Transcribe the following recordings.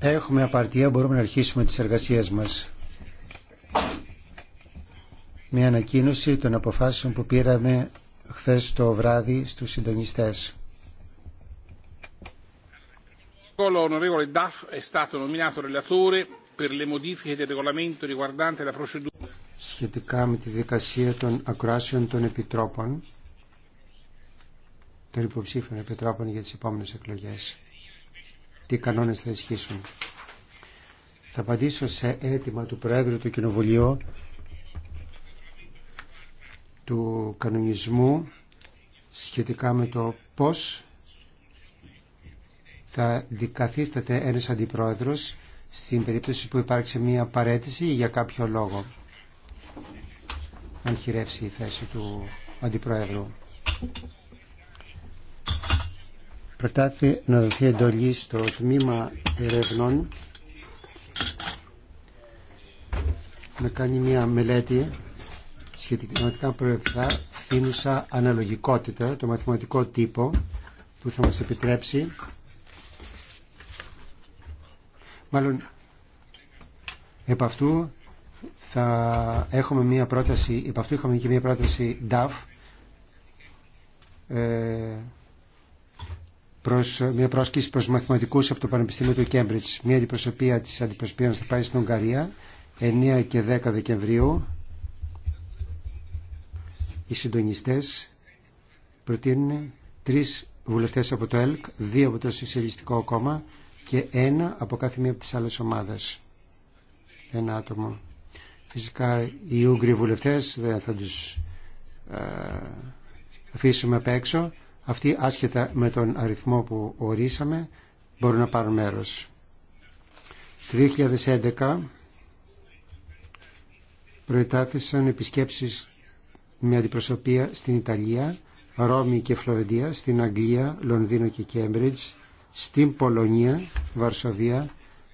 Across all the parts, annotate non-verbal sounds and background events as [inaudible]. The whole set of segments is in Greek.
Έχουμε απαρτία, μπορούμε να αρχίσουμε τις εργασίες μας. Μια ανακοίνωση των αποφάσεων που πήραμε χθες το βράδυ στους συντονιστές. Σχετικά με τη δικασία των ακροάσεων των επιτρόπων, των επιτρόπων για τις επόμενες εκλογές. Τι κανόνες θα ισχύσουν. Θα απαντήσω σε αίτημα του Προέδρου του Κοινοβουλίου του κανονισμού σχετικά με το πώς θα δικαθίσταται ένας αντιπρόεδρος στην περίπτωση που υπάρξει μία παρέτηση για κάποιο λόγο αν χειρεύσει η θέση του αντιπρόεδρου προτάθη να δοθεί εντολή στο τμήμα ερευνών να κάνει μια μελέτη σχετικά προεφθά θύνουσα αναλογικότητα, το μαθηματικό τύπο που θα μας επιτρέψει μάλλον επ' αυτού θα έχουμε μια πρόταση επ' αυτού είχαμε και μια πρόταση DAF ε, μια πρόσκληση προς μαθηματικούς από το Πανεπιστήμιο του Κέμπριτζ. Μια αντιπροσωπεία της αντιπροσωπείας θα πάει στην Ουγγαρία 9 και 10 Δεκεμβρίου. Οι συντονιστές προτείνουν τρεις βουλευτές από το ΕΛΚ, δύο από το Συσιαλιστικό Κόμμα και ένα από κάθε μία από τις άλλες ομάδες. Ένα άτομο. Φυσικά οι Ούγγροι βουλευτές δεν θα τους ε, αφήσουμε απ' έξω αυτοί άσχετα με τον αριθμό που ορίσαμε μπορούν να πάρουν μέρος. Το 2011 προετάθησαν επισκέψεις με αντιπροσωπεία στην Ιταλία, Ρώμη και Φλωρεντία, στην Αγγλία, Λονδίνο και Κέμπριτζ, στην Πολωνία, Βαρσοβία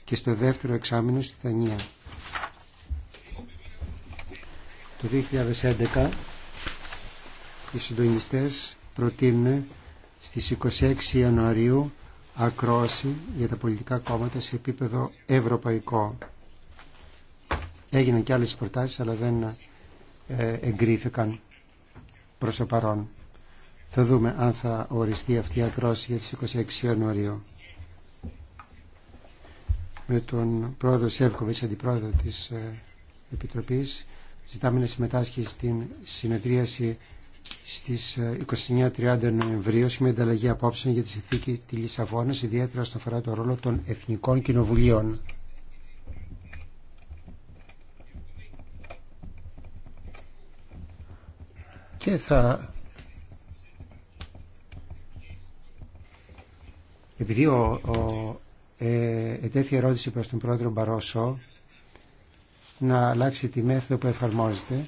και στο δεύτερο εξάμεινο στη Θανία. Το 2011 οι συντονιστές προτείνουν στις 26 Ιανουαρίου ακρόαση για τα πολιτικά κόμματα σε επίπεδο ευρωπαϊκό. Έγιναν και άλλες προτάσεις αλλά δεν ε, εγκρίθηκαν προς το παρόν. Θα δούμε αν θα οριστεί αυτή η ακρόαση για τις 26 Ιανουαρίου. Με τον πρόεδρο Σεύκοβιτς, αντιπρόεδρο της ε, Επιτροπής, ζητάμε να συμμετάσχει στην συνεδρίαση στις 29-30 ε, Νοεμβρίου με ανταλλαγή απόψεων για τη συνθήκη τη Λισαβόνα, ιδιαίτερα στον αφορά το ρόλο των εθνικών κοινοβουλίων. Και θα... Επειδή ο, ο, ε, ετέθη ερώτηση προς τον πρόεδρο Μπαρόσο να αλλάξει τη μέθοδο που εφαρμόζεται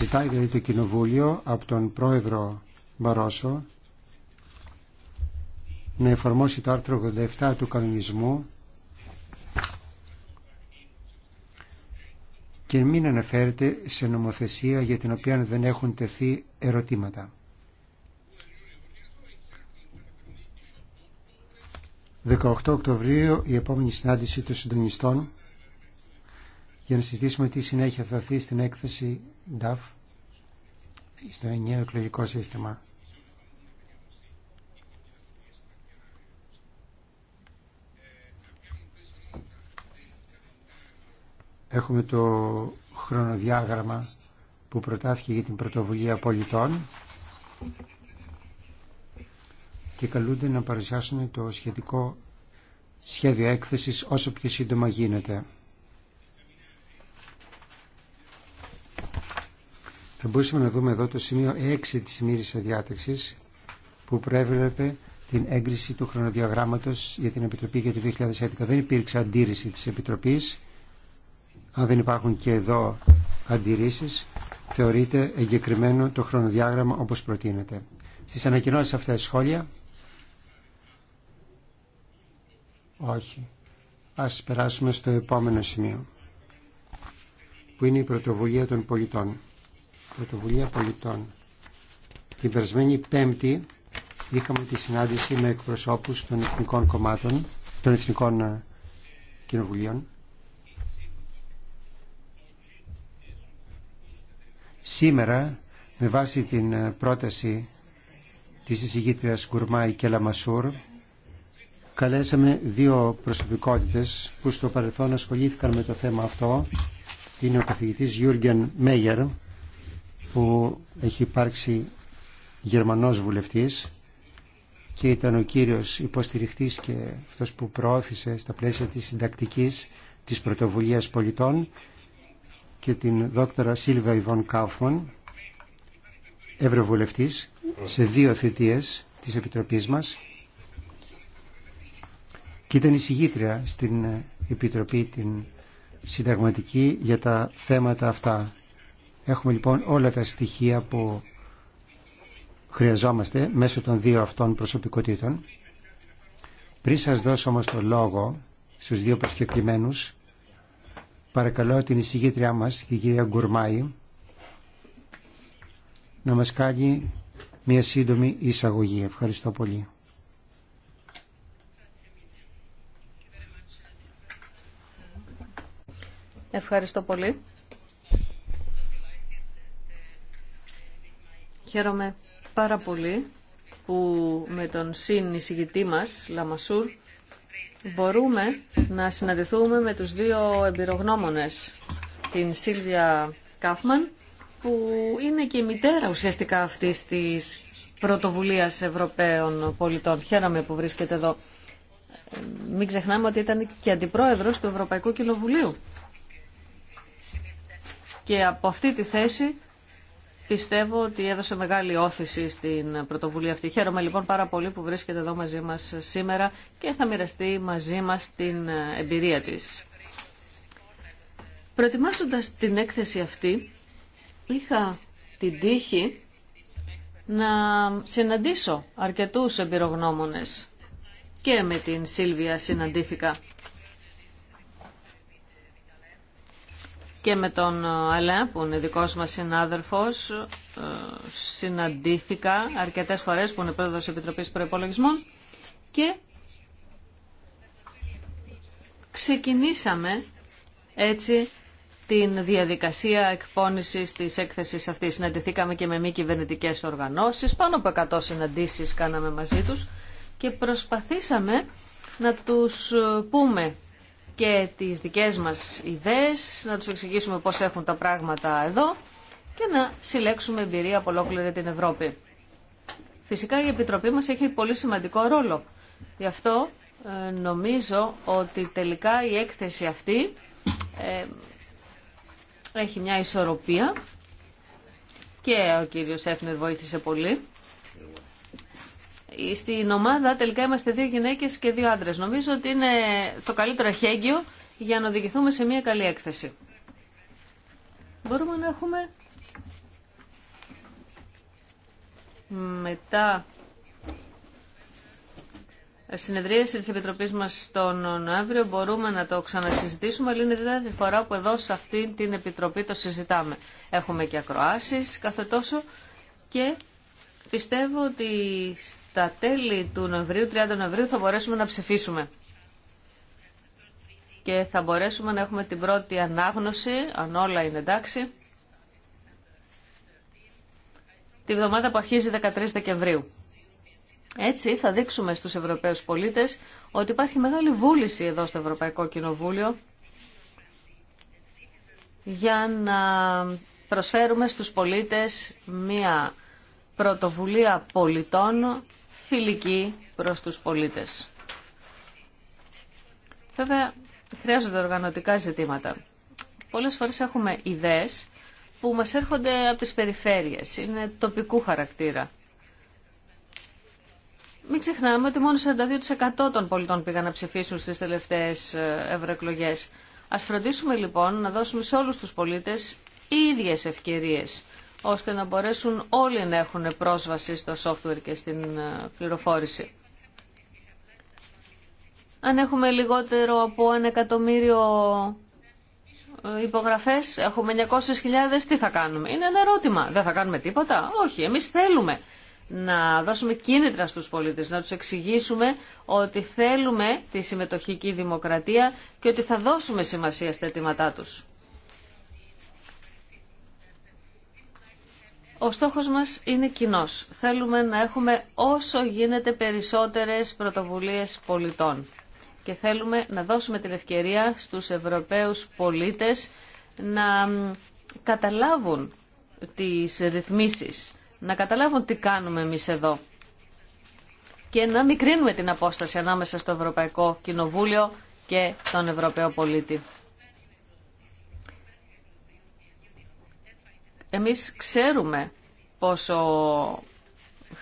Ζητάει δηλαδή το Κοινοβούλιο από τον πρόεδρο Μπαρόσο να εφαρμόσει το άρθρο 87 του κανονισμού και μην αναφέρεται σε νομοθεσία για την οποία δεν έχουν τεθεί ερωτήματα. 18 Οκτωβρίου η επόμενη συνάντηση των συντονιστών για να συζητήσουμε τι συνέχεια θα δοθεί στην έκθεση DAF στο ενιαίο εκλογικό σύστημα. Έχουμε το χρονοδιάγραμμα που προτάθηκε για την πρωτοβουλία πολιτών και καλούνται να παρουσιάσουν το σχετικό σχέδιο έκθεσης όσο πιο σύντομα γίνεται. Θα μπορούσαμε να δούμε εδώ το σημείο 6 της ημίρης διάταξης που προέβλεπε την έγκριση του χρονοδιαγράμματος για την Επιτροπή για το 2011. Δεν υπήρξε αντίρρηση της Επιτροπής. Αν δεν υπάρχουν και εδώ αντιρρήσεις, θεωρείται εγκεκριμένο το χρονοδιάγραμμα όπως προτείνεται. Στις ανακοινώσεις αυτές σχόλια. Όχι. Ας περάσουμε στο επόμενο σημείο που είναι η πρωτοβουλία των πολιτών. Πρωτοβουλία Πολιτών. Την περασμένη Πέμπτη είχαμε τη συνάντηση με εκπροσώπους των εθνικών κομμάτων, των εθνικών ε, κοινοβουλίων. Σήμερα, με βάση την ε, πρόταση της εισηγήτριας Γκουρμάη και Λαμασούρ, καλέσαμε δύο προσωπικότητες που στο παρελθόν ασχολήθηκαν με το θέμα αυτό. Είναι ο καθηγητής Γιούργεν Μέγερ, που έχει υπάρξει Γερμανός βουλευτής και ήταν ο κύριος υποστηριχτής και αυτός που προώθησε στα πλαίσια της συντακτικής της πρωτοβουλίας πολιτών και την δόκτωρα Σίλβα Ιβον Κάουφμαν, ευρωβουλευτής σε δύο θητείες της Επιτροπής μας και ήταν συγγήτρια στην Επιτροπή την Συνταγματική για τα θέματα αυτά. Έχουμε λοιπόν όλα τα στοιχεία που χρειαζόμαστε μέσω των δύο αυτών προσωπικότητων. Πριν σας δώσω όμως το λόγο στους δύο προσκεκλημένους, παρακαλώ την εισηγήτριά μας, την κυρία Γκουρμάη, να μας κάνει μια σύντομη εισαγωγή. Ευχαριστώ πολύ. Ευχαριστώ πολύ. Χαίρομαι πάρα πολύ που με τον συνεισηγητή μας, Λαμασούρ, μπορούμε να συναντηθούμε με τους δύο εμπειρογνώμονες, την Σίλβια Κάφμαν, που είναι και η μητέρα ουσιαστικά αυτής της πρωτοβουλίας Ευρωπαίων πολιτών. Χαίρομαι που βρίσκεται εδώ. Μην ξεχνάμε ότι ήταν και αντιπρόεδρος του Ευρωπαϊκού Κοινοβουλίου. Και από αυτή τη θέση Πιστεύω ότι έδωσε μεγάλη όθηση στην πρωτοβουλία αυτή. Χαίρομαι λοιπόν πάρα πολύ που βρίσκεται εδώ μαζί μας σήμερα και θα μοιραστεί μαζί μας την εμπειρία της. Προετοιμάζοντας την έκθεση αυτή, είχα την τύχη να συναντήσω αρκετούς εμπειρογνώμονες και με την Σίλβια συναντήθηκα. και με τον ε, Αλέ που είναι δικός μας συνάδελφος ε, συναντήθηκα αρκετές φορές που είναι πρόεδρος της Επιτροπής Προϋπολογισμών και ξεκινήσαμε έτσι την διαδικασία εκπόνησης της έκθεσης αυτής. Συναντηθήκαμε και με μη κυβερνητικέ οργανώσεις, πάνω από 100 συναντήσεις κάναμε μαζί τους και προσπαθήσαμε να τους ε, πούμε και τις δικές μας ιδέες, να τους εξηγήσουμε πώς έχουν τα πράγματα εδώ και να συλλέξουμε εμπειρία από ολόκληρη την Ευρώπη. Φυσικά η Επιτροπή μας έχει πολύ σημαντικό ρόλο. Γι' αυτό ε, νομίζω ότι τελικά η έκθεση αυτή ε, έχει μια ισορροπία και ο κύριος Έφνερ βοήθησε πολύ στην ομάδα τελικά είμαστε δύο γυναίκες και δύο άντρες. Νομίζω ότι είναι το καλύτερο αχέγγυο για να οδηγηθούμε σε μια καλή έκθεση. Μπορούμε να έχουμε μετά συνεδρίαση της Επιτροπής μας τον Νοέμβριο μπορούμε να το ξανασυζητήσουμε, αλλά είναι δεύτερη φορά που εδώ σε αυτή την Επιτροπή το συζητάμε. Έχουμε και ακροάσεις κάθε τόσο και Πιστεύω ότι στα τέλη του Νοεμβρίου, 30 Νοεμβρίου, θα μπορέσουμε να ψηφίσουμε. Και θα μπορέσουμε να έχουμε την πρώτη ανάγνωση, αν όλα είναι εντάξει, τη βδομάδα που αρχίζει 13 Δεκεμβρίου. Έτσι θα δείξουμε στους Ευρωπαίους πολίτες ότι υπάρχει μεγάλη βούληση εδώ στο Ευρωπαϊκό Κοινοβούλιο για να προσφέρουμε στους πολίτες μία πρωτοβουλία πολιτών φιλική προς τους πολίτες. Βέβαια, χρειάζονται οργανωτικά ζητήματα. Πολλές φορές έχουμε ιδέες που μας έρχονται από τις περιφέρειες, είναι τοπικού χαρακτήρα. Μην ξεχνάμε ότι μόνο 42% των πολιτών πήγαν να ψηφίσουν στις τελευταίες ε, ευρωεκλογέ. Ας φροντίσουμε λοιπόν να δώσουμε σε όλους τους πολίτες οι ίδιες ευκαιρίες ώστε να μπορέσουν όλοι να έχουν πρόσβαση στο software και στην ε, πληροφόρηση. Αν έχουμε λιγότερο από ένα εκατομμύριο ε, υπογραφές, έχουμε 900.000, τι θα κάνουμε. Είναι ένα ερώτημα. Δεν θα κάνουμε τίποτα. Όχι, εμείς θέλουμε να δώσουμε κίνητρα στους πολίτες, να τους εξηγήσουμε ότι θέλουμε τη συμμετοχική δημοκρατία και ότι θα δώσουμε σημασία στα αιτήματά τους. Ο στόχος μας είναι κοινό. Θέλουμε να έχουμε όσο γίνεται περισσότερες πρωτοβουλίες πολιτών και θέλουμε να δώσουμε την ευκαιρία στους Ευρωπαίους πολίτες να καταλάβουν τις ρυθμίσεις, να καταλάβουν τι κάνουμε εμείς εδώ και να μικρύνουμε την απόσταση ανάμεσα στο Ευρωπαϊκό Κοινοβούλιο και τον Ευρωπαίο πολίτη. Εμείς ξέρουμε πόσο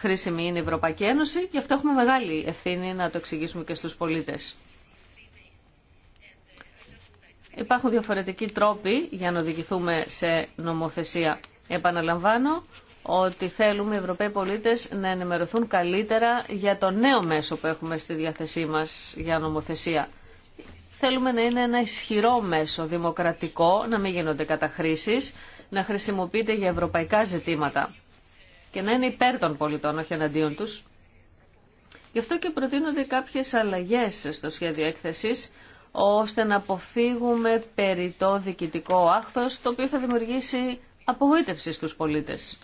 χρήσιμη είναι η Ευρωπαϊκή Ένωση, γι' αυτό έχουμε μεγάλη ευθύνη να το εξηγήσουμε και στους πολίτες. Υπάρχουν διαφορετικοί τρόποι για να οδηγηθούμε σε νομοθεσία. Επαναλαμβάνω ότι θέλουμε οι Ευρωπαίοι πολίτες να ενημερωθούν καλύτερα για το νέο μέσο που έχουμε στη διάθεσή μας για νομοθεσία. Θέλουμε να είναι ένα ισχυρό μέσο δημοκρατικό, να μην γίνονται καταχρήσεις, να χρησιμοποιείται για ευρωπαϊκά ζητήματα και να είναι υπέρ των πολιτών, όχι εναντίον τους. Γι' αυτό και προτείνονται κάποιες αλλαγές στο σχέδιο έκθεσης, ώστε να αποφύγουμε περί το διοικητικό άχθος, το οποίο θα δημιουργήσει απογοήτευση στους πολίτες.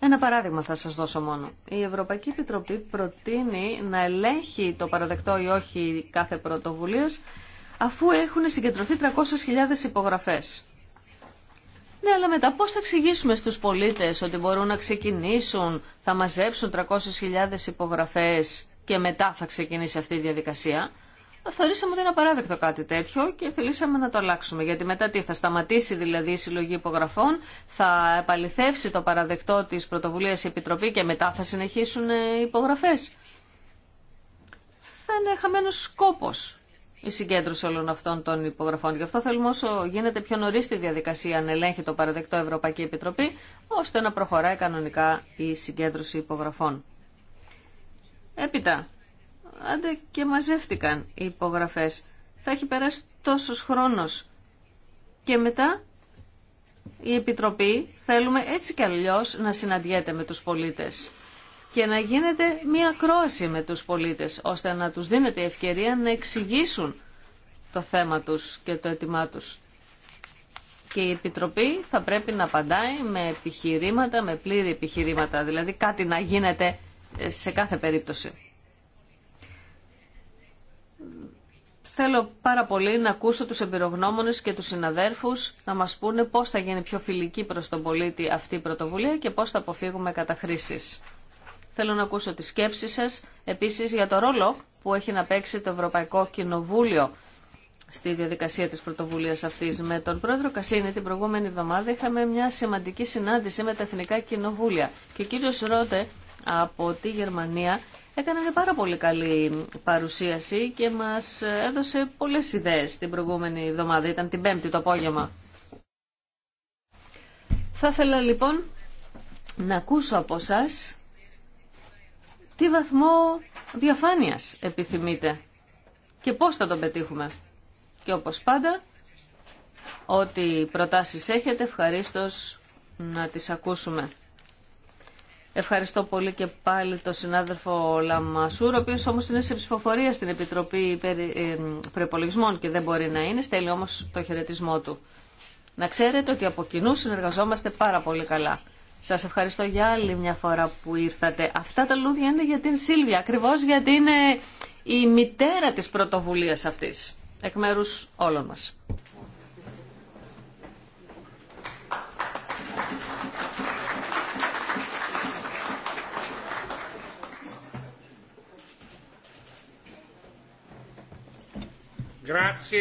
Ένα παράδειγμα θα σας δώσω μόνο. Η Ευρωπαϊκή Επιτροπή προτείνει να ελέγχει το παραδεκτό ή όχι κάθε πρωτοβουλίας αφού έχουν συγκεντρωθεί 300.000 υπογραφές. Ναι, αλλά μετά πώς θα εξηγήσουμε στους πολίτες ότι μπορούν να ξεκινήσουν, θα μαζέψουν 300.000 υπογραφές και μετά θα ξεκινήσει αυτή η οχι καθε πρωτοβουλία, αφου εχουν συγκεντρωθει 300000 υπογραφες ναι αλλα μετα πως θα εξηγησουμε στους πολιτες οτι μπορουν να ξεκινησουν θα μαζεψουν 300000 υπογραφες και μετα θα ξεκινησει αυτη η διαδικασια θεωρήσαμε ότι είναι απαράδεκτο κάτι τέτοιο και θελήσαμε να το αλλάξουμε. Γιατί μετά τι, θα σταματήσει δηλαδή η συλλογή υπογραφών, θα επαληθεύσει το παραδεκτό τη πρωτοβουλία η Επιτροπή και μετά θα συνεχίσουν ε, οι υπογραφέ. Θα είναι Γι' αυτό θέλω όμω γίνεται πιο νωρί στη διαδικασία σκόπος η συγκέντρωση όλων αυτών των υπογραφών. Γι' αυτό θέλουμε όσο γίνεται πιο νωρί τη διαδικασία να ελέγχει το παραδεκτό Ευρωπαϊκή Επιτροπή, ώστε να προχωράει κανονικά η συγκέντρωση υπογραφών. Έπειτα, άντε και μαζεύτηκαν οι υπογραφές. Θα έχει περάσει τόσος χρόνος. Και μετά η Επιτροπή θέλουμε έτσι κι αλλιώς να συναντιέται με τους πολίτες και να γίνεται μία κρόαση με τους πολίτες, ώστε να τους δίνεται η ευκαιρία να εξηγήσουν το θέμα τους και το αίτημά τους. Και η Επιτροπή θα πρέπει να απαντάει με επιχειρήματα, με πλήρη επιχειρήματα, δηλαδή κάτι να γίνεται σε κάθε περίπτωση. Θέλω πάρα πολύ να ακούσω τους εμπειρογνώμονες και τους συναδέρφους να μας πούνε πώς θα γίνει πιο φιλική προς τον πολίτη αυτή η πρωτοβουλία και πώς θα αποφύγουμε καταχρήσεις. Θέλω να ακούσω τις σκέψεις σας επίσης για το ρόλο που έχει να παίξει το Ευρωπαϊκό Κοινοβούλιο στη διαδικασία της πρωτοβουλίας αυτής. Με τον πρόεδρο Κασίνη την προηγούμενη εβδομάδα είχαμε μια σημαντική συνάντηση με τα Εθνικά Κοινοβούλια και ο κύριος Ρότε από τη Γερμανία έκανε μια πάρα πολύ καλή παρουσίαση και μας έδωσε πολλές ιδέες την προηγούμενη εβδομάδα, ήταν την πέμπτη το απόγευμα. Θα ήθελα λοιπόν να ακούσω από εσά τι βαθμό διαφάνειας επιθυμείτε και πώς θα τον πετύχουμε. Και όπως πάντα, ό,τι προτάσεις έχετε, ευχαρίστως να τις ακούσουμε. Ευχαριστώ πολύ και πάλι τον συνάδελφο Λαμασούρ, ο οποίο όμως είναι σε ψηφοφορία στην Επιτροπή ε, Προπολογισμών και δεν μπορεί να είναι, στέλνει όμω το χαιρετισμό του. Να ξέρετε ότι από κοινού συνεργαζόμαστε πάρα πολύ καλά. Σας ευχαριστώ για άλλη μια φορά που ήρθατε. Αυτά τα λούδια είναι για την Σίλβια, Ακριβώ γιατί είναι η μητέρα τη πρωτοβουλία αυτή, εκ μέρου όλων μα. Σας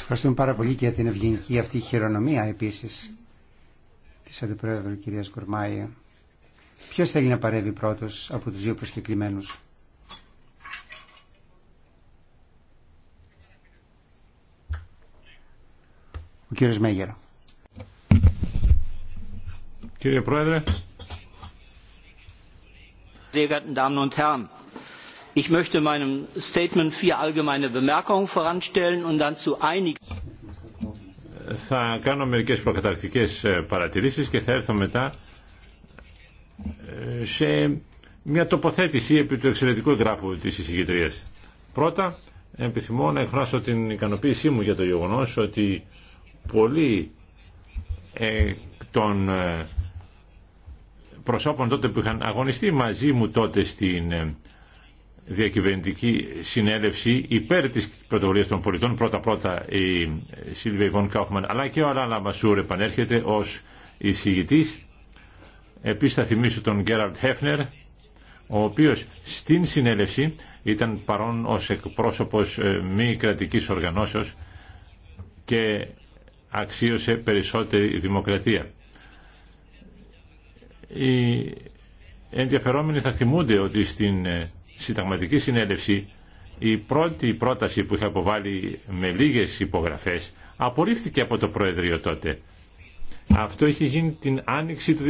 ευχαριστούμε πάρα πολύ και για την ευγενική αυτή χειρονομία επίσης της Αντιπρόεδρου κυρίας Κορμάη. Ποιος θέλει να παρεύει πρώτος από τους δύο προσκεκλημένους. Ο κύριος Μέγερα. Κύριε Πρόεδρε. Sehr geehrten Damen und θα κάνω μερικές προκαταρκτικές ε, παρατηρήσεις και θα έρθω μετά ε, σε μια τοποθέτηση επί του εξαιρετικού εγγράφου της εισηγητρίας. Πρώτα, επιθυμώ να εκφράσω την ικανοποίησή μου για το γεγονός ότι πολλοί των ε, προσώπων τότε που είχαν αγωνιστεί μαζί μου τότε στην διακυβερνητική συνέλευση υπέρ της πρωτοβουλία των πολιτών. Πρώτα-πρώτα η Σίλβια Ιβόν Κάουχμαν, αλλά και ο Αλάλα Μασούρ επανέρχεται ως εισηγητής. Επίσης θα θυμίσω τον Γκέραλτ Χέφνερ, ο οποίος στην συνέλευση ήταν παρόν ως εκπρόσωπος ε, μη κρατικής οργανώσεως και αξίωσε περισσότερη δημοκρατία. Οι ενδιαφερόμενοι θα θυμούνται ότι στην ε, συνταγματική συνέλευση η πρώτη πρόταση που είχε αποβάλει με λίγες υπογραφές απορρίφθηκε από το Προεδρείο τότε. Αυτό είχε γίνει την άνοιξη του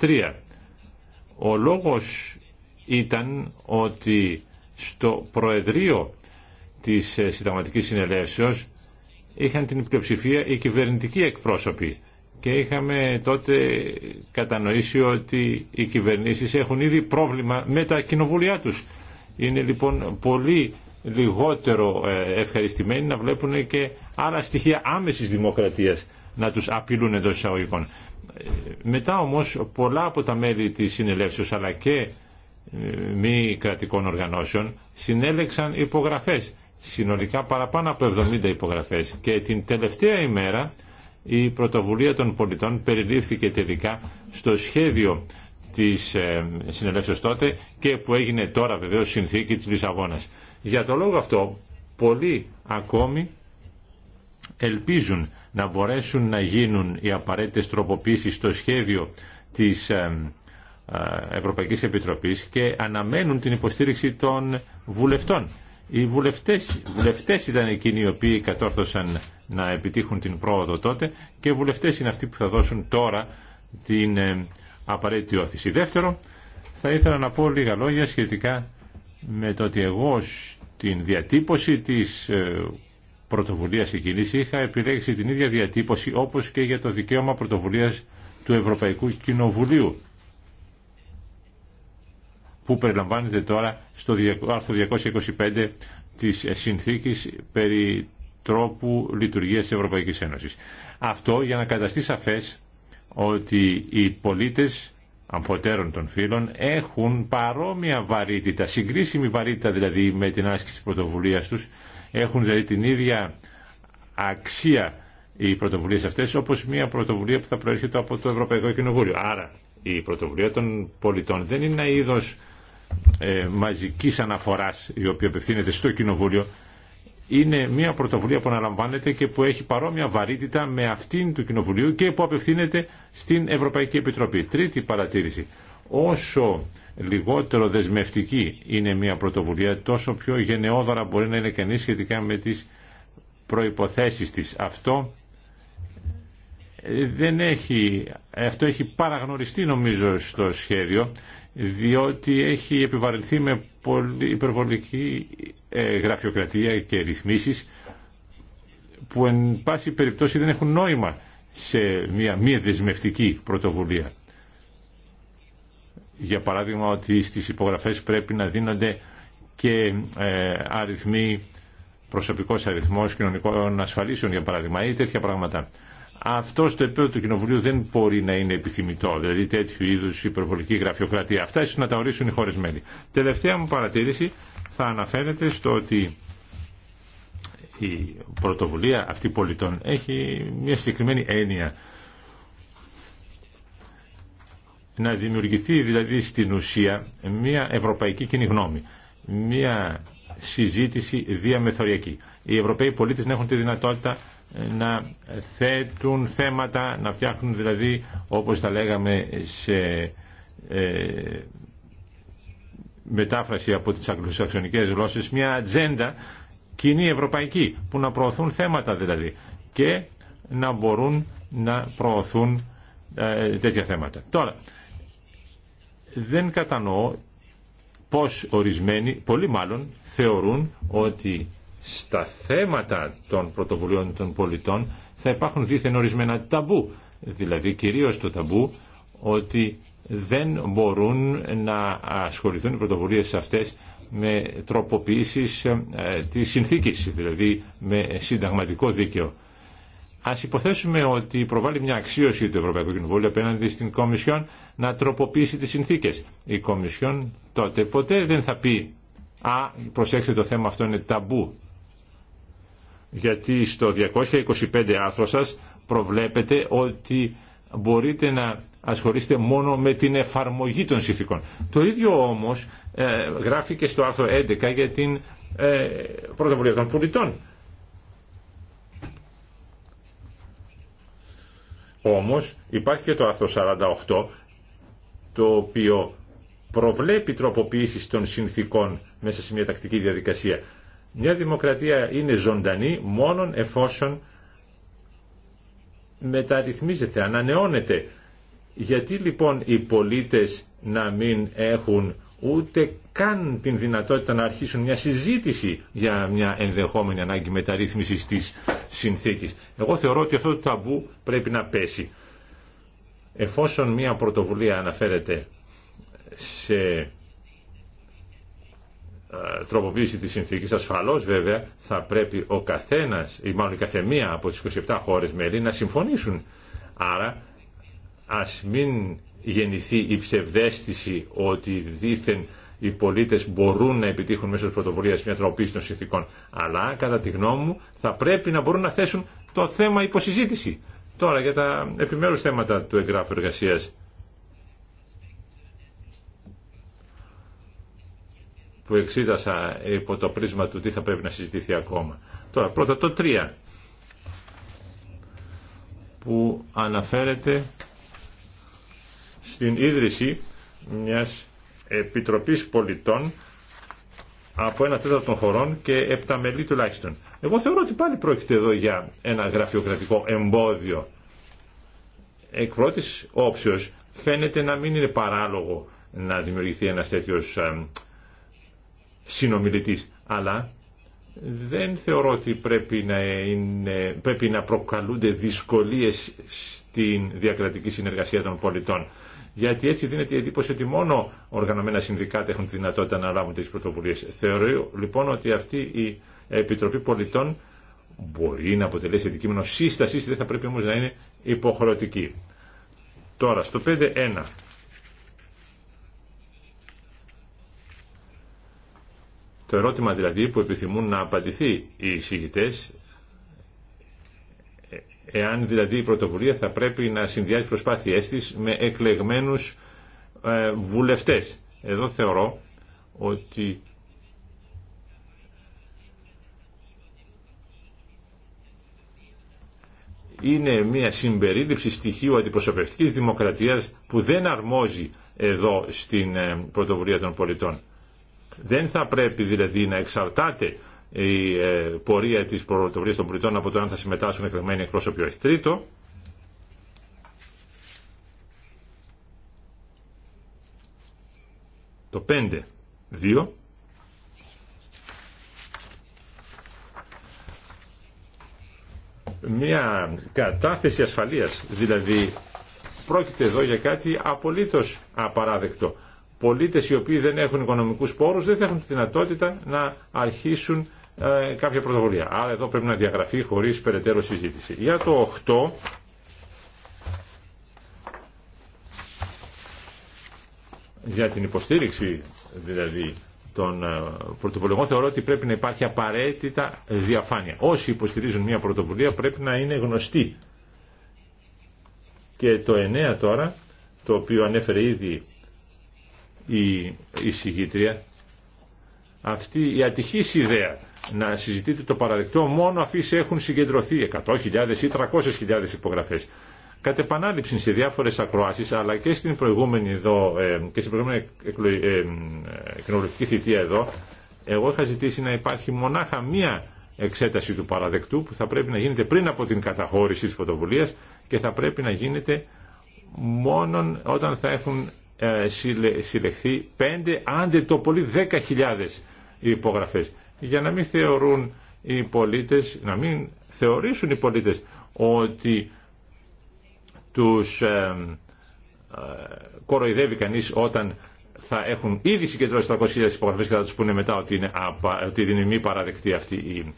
2003. Ο λόγος ήταν ότι στο Προεδρείο της ε, Συνταγματικής Συνελεύσεως είχαν την πλειοψηφία οι κυβερνητικοί εκπρόσωποι και είχαμε τότε κατανοήσει ότι οι κυβερνήσεις έχουν ήδη πρόβλημα με τα κοινοβουλιά τους είναι λοιπόν πολύ λιγότερο ε, ευχαριστημένοι να βλέπουν και άλλα στοιχεία άμεσης δημοκρατίας να τους απειλούν εντός εισαγωγικών. Ε, μετά όμως πολλά από τα μέλη της συνελεύσεως αλλά και ε, μη κρατικών οργανώσεων συνέλεξαν υπογραφές, συνολικά παραπάνω από 70 υπογραφές και την τελευταία ημέρα η πρωτοβουλία των πολιτών περιλήφθηκε τελικά στο σχέδιο της ε, συνελεύσεως τότε και που έγινε τώρα βεβαίως συνθήκη της Λισαβόνας. Για το λόγο αυτό, πολλοί ακόμη ελπίζουν να μπορέσουν να γίνουν οι απαραίτητες τροποποίησεις στο σχέδιο της ε, ε, Ευρωπαϊκής Επιτροπής και αναμένουν την υποστήριξη των βουλευτών. Οι βουλευτές, βουλευτές ήταν εκείνοι οι οποίοι κατόρθωσαν να επιτύχουν την πρόοδο τότε και οι βουλευτές είναι αυτοί που θα δώσουν τώρα την απαραίτητη όθηση. Δεύτερο, θα ήθελα να πω λίγα λόγια σχετικά με το ότι εγώ στην διατύπωση της ε, πρωτοβουλίας εκείνης είχα επιλέξει την ίδια διατύπωση όπως και για το δικαίωμα πρωτοβουλίας του Ευρωπαϊκού Κοινοβουλίου που περιλαμβάνεται τώρα στο άρθρο 225 της ε, συνθήκης περί τρόπου λειτουργίας της Ευρωπαϊκής Ένωσης. Αυτό για να καταστεί σαφές ότι οι πολίτες αμφωτέρων των φίλων έχουν παρόμοια βαρύτητα, συγκρίσιμη βαρύτητα δηλαδή με την άσκηση της πρωτοβουλίας τους, έχουν δηλαδή την ίδια αξία οι πρωτοβουλίες αυτές όπως μια πρωτοβουλία που θα προέρχεται από το Ευρωπαϊκό Κοινοβούλιο. Άρα η πρωτοβουλία των πολιτών δεν είναι ένα είδος ε, μαζικής αναφοράς η οποία απευθύνεται στο Κοινοβούλιο είναι μια πρωτοβουλία που αναλαμβάνεται και που έχει παρόμοια βαρύτητα με αυτήν του Κοινοβουλίου και που απευθύνεται στην Ευρωπαϊκή Επιτροπή. Τρίτη παρατήρηση. Όσο λιγότερο δεσμευτική είναι μια πρωτοβουλία, τόσο πιο γενναιόδωρα μπορεί να είναι κανείς σχετικά με τις προϋποθέσεις της. Αυτό ε, δεν έχει, αυτό έχει παραγνωριστεί νομίζω στο σχέδιο, διότι έχει επιβαρυνθεί με πολύ υπερβολική ε, γραφειοκρατία και ρυθμίσεις που εν πάση περιπτώσει δεν έχουν νόημα σε μια μη δεσμευτική πρωτοβουλία. Για παράδειγμα ότι στις υπογραφές πρέπει να δίνονται και ε, αριθμοί, προσωπικός αριθμός κοινωνικών ασφαλίσεων για παράδειγμα ή τέτοια πράγματα. Αυτό στο επίπεδο του Κοινοβουλίου δεν μπορεί να είναι επιθυμητό, δηλαδή τέτοιου είδου υπερβολική γραφειοκρατία. Αυτά ίσω να τα ορίσουν οι χώρε μέλη. Τελευταία μου παρατήρηση θα αναφέρεται στο ότι η πρωτοβουλία αυτή πολιτών έχει μια συγκεκριμένη έννοια. Να δημιουργηθεί δηλαδή στην ουσία μια ευρωπαϊκή κοινή γνώμη, μια συζήτηση διαμεθοριακή. Οι Ευρωπαίοι πολίτες να έχουν τη δυνατότητα ε, να θέτουν θέματα, να φτιάχνουν δηλαδή όπως τα λέγαμε σε ε, μετάφραση από τις αγγλοσαξονικές γλώσσες, μια ατζέντα κοινή ευρωπαϊκή που να προωθούν θέματα δηλαδή και να μπορούν να προωθούν ε, τέτοια θέματα. Τώρα, δεν κατανοώ πως ορισμένοι, πολύ μάλλον, θεωρούν ότι στα θέματα των πρωτοβουλίων των πολιτών θα υπάρχουν δίθεν ορισμένα ταμπού. Δηλαδή κυρίως το ταμπού ότι δεν μπορούν να ασχοληθούν οι πρωτοβουλίες αυτές με τροποποιήσεις ε, της συνθήκης, δηλαδή με συνταγματικό δίκαιο. Α υποθέσουμε ότι προβάλλει μια αξίωση του Ευρωπαϊκού Κοινοβούλου απέναντι στην Κομισιόν να τροποποιήσει τι συνθήκε. Η Κομισιόν τότε ποτέ δεν θα πει Α, προσέξτε το θέμα αυτό είναι ταμπού. Γιατί στο 225 άρθρο σα προβλέπετε ότι μπορείτε να ασχολείστε μόνο με την εφαρμογή των συνθήκων. Το ίδιο όμως ε, γράφει και στο άρθρο 11 για την ε, πρωτοβουλία των πολιτών. Όμως υπάρχει και το άρθρο 48 το οποίο προβλέπει τροποποίηση των συνθήκων μέσα σε μια τακτική διαδικασία. Μια δημοκρατία είναι ζωντανή μόνον εφόσον μεταρρυθμίζεται, ανανεώνεται γιατί λοιπόν οι πολίτες να μην έχουν ούτε καν την δυνατότητα να αρχίσουν μια συζήτηση για μια ενδεχόμενη ανάγκη μεταρρύθμισης της συνθήκης. Εγώ θεωρώ ότι αυτό το ταμπού πρέπει να πέσει. Εφόσον μια πρωτοβουλία αναφέρεται σε τροποποίηση της συνθήκης, ασφαλώς βέβαια θα πρέπει ο καθένας, ή μάλλον η καθεμία από τις 27 χώρες μέλη να συμφωνήσουν. Άρα Ας μην γεννηθεί η ψευδέστηση ότι δήθεν οι πολίτες μπορούν να επιτύχουν μέσω της πρωτοβουλίας μια τροπή των συνθήκων. Αλλά, κατά τη γνώμη μου, θα πρέπει να μπορούν να θέσουν το θέμα υποσυζήτηση. Τώρα, για τα επιμέρους θέματα του εγγράφου εργασίας. που εξήτασα υπό το πρίσμα του τι θα πρέπει να συζητηθεί ακόμα. Τώρα, πρώτα το 3 που αναφέρεται στην ίδρυση μιας Επιτροπής Πολιτών από ένα τέταρτο των χωρών και μελή τουλάχιστον. Εγώ θεωρώ ότι πάλι πρόκειται εδώ για ένα γραφειοκρατικό εμπόδιο. Εκ πρώτης όψεως φαίνεται να μην είναι παράλογο να δημιουργηθεί ένας τέτοιος συνομιλητής, αλλά δεν θεωρώ ότι πρέπει να, είναι, πρέπει να προκαλούνται δυσκολίες στην διακρατική συνεργασία των πολιτών γιατί έτσι δίνεται η εντύπωση ότι μόνο οργανωμένα συνδικάτα έχουν τη δυνατότητα να λάβουν τι πρωτοβουλίε. Θεωρώ λοιπόν ότι αυτή η Επιτροπή Πολιτών μπορεί να αποτελέσει αντικείμενο σύσταση, δεν θα πρέπει όμω να είναι υποχρεωτική. Τώρα, στο 5.1. Το ερώτημα δηλαδή που επιθυμούν να απαντηθεί οι εισηγητές Εάν δηλαδή η πρωτοβουλία θα πρέπει να συνδυάζει προσπάθειές της με εκλεγμένους ε, βουλευτές. Εδώ θεωρώ ότι είναι μια συμπερίληψη στοιχείου αντιπροσωπευτικής δημοκρατίας που δεν αρμόζει εδώ στην ε, πρωτοβουλία των πολιτών. Δεν θα πρέπει δηλαδή να εξαρτάται η ε, πορεία της πρωτοβουλία των πολιτών από το αν θα συμμετάσχουν εκλεγμένοι εκπρόσωποι όχι τρίτο. Το 5, 2. Μια κατάθεση ασφαλείας, δηλαδή πρόκειται εδώ για κάτι απολύτως απαράδεκτο. Πολίτες οι οποίοι δεν έχουν οικονομικούς πόρους δεν θα έχουν τη δυνατότητα να αρχίσουν ε, κάποια πρωτοβουλία. Άρα εδώ πρέπει να διαγραφεί χωρίς περαιτέρω συζήτηση. Για το 8... Για την υποστήριξη δηλαδή των ε, πρωτοβουλειών θεωρώ ότι πρέπει να υπάρχει απαραίτητα διαφάνεια. Όσοι υποστηρίζουν μια πρωτοβουλία πρέπει να είναι γνωστοί. Και το 9 τώρα, το οποίο ανέφερε ήδη η εισηγήτρια, αυτή η ατυχή ιδέα να συζητείτε το παραδεκτό μόνο αφήσει έχουν συγκεντρωθεί 100.000 ή 300.000 υπογραφές. Κατ' επανάληψη σε διάφορες ακροάσεις αλλά και στην προηγούμενη, εδώ, ε, και στην προηγούμενη ε, κοινοβουλευτική θητεία εδώ εγώ είχα ζητήσει να υπάρχει μονάχα μία εξέταση του παραδεκτού που θα πρέπει να γίνεται πριν από την καταχώρηση της πρωτοβουλία και θα πρέπει να γίνεται μόνο όταν θα έχουν ε, συλλεχθεί 5, άντε το πολύ 10.000 υπογραφές. Για να μην θεωρούν οι πολίτες, να μην θεωρήσουν οι πολίτες ότι τους ε, ε, κοροϊδεύει κανείς όταν θα έχουν ήδη συγκεντρώσει 300.000 υπογραφές και θα τους πούνε μετά ότι είναι, ότι είναι μη παραδεκτή αυτή η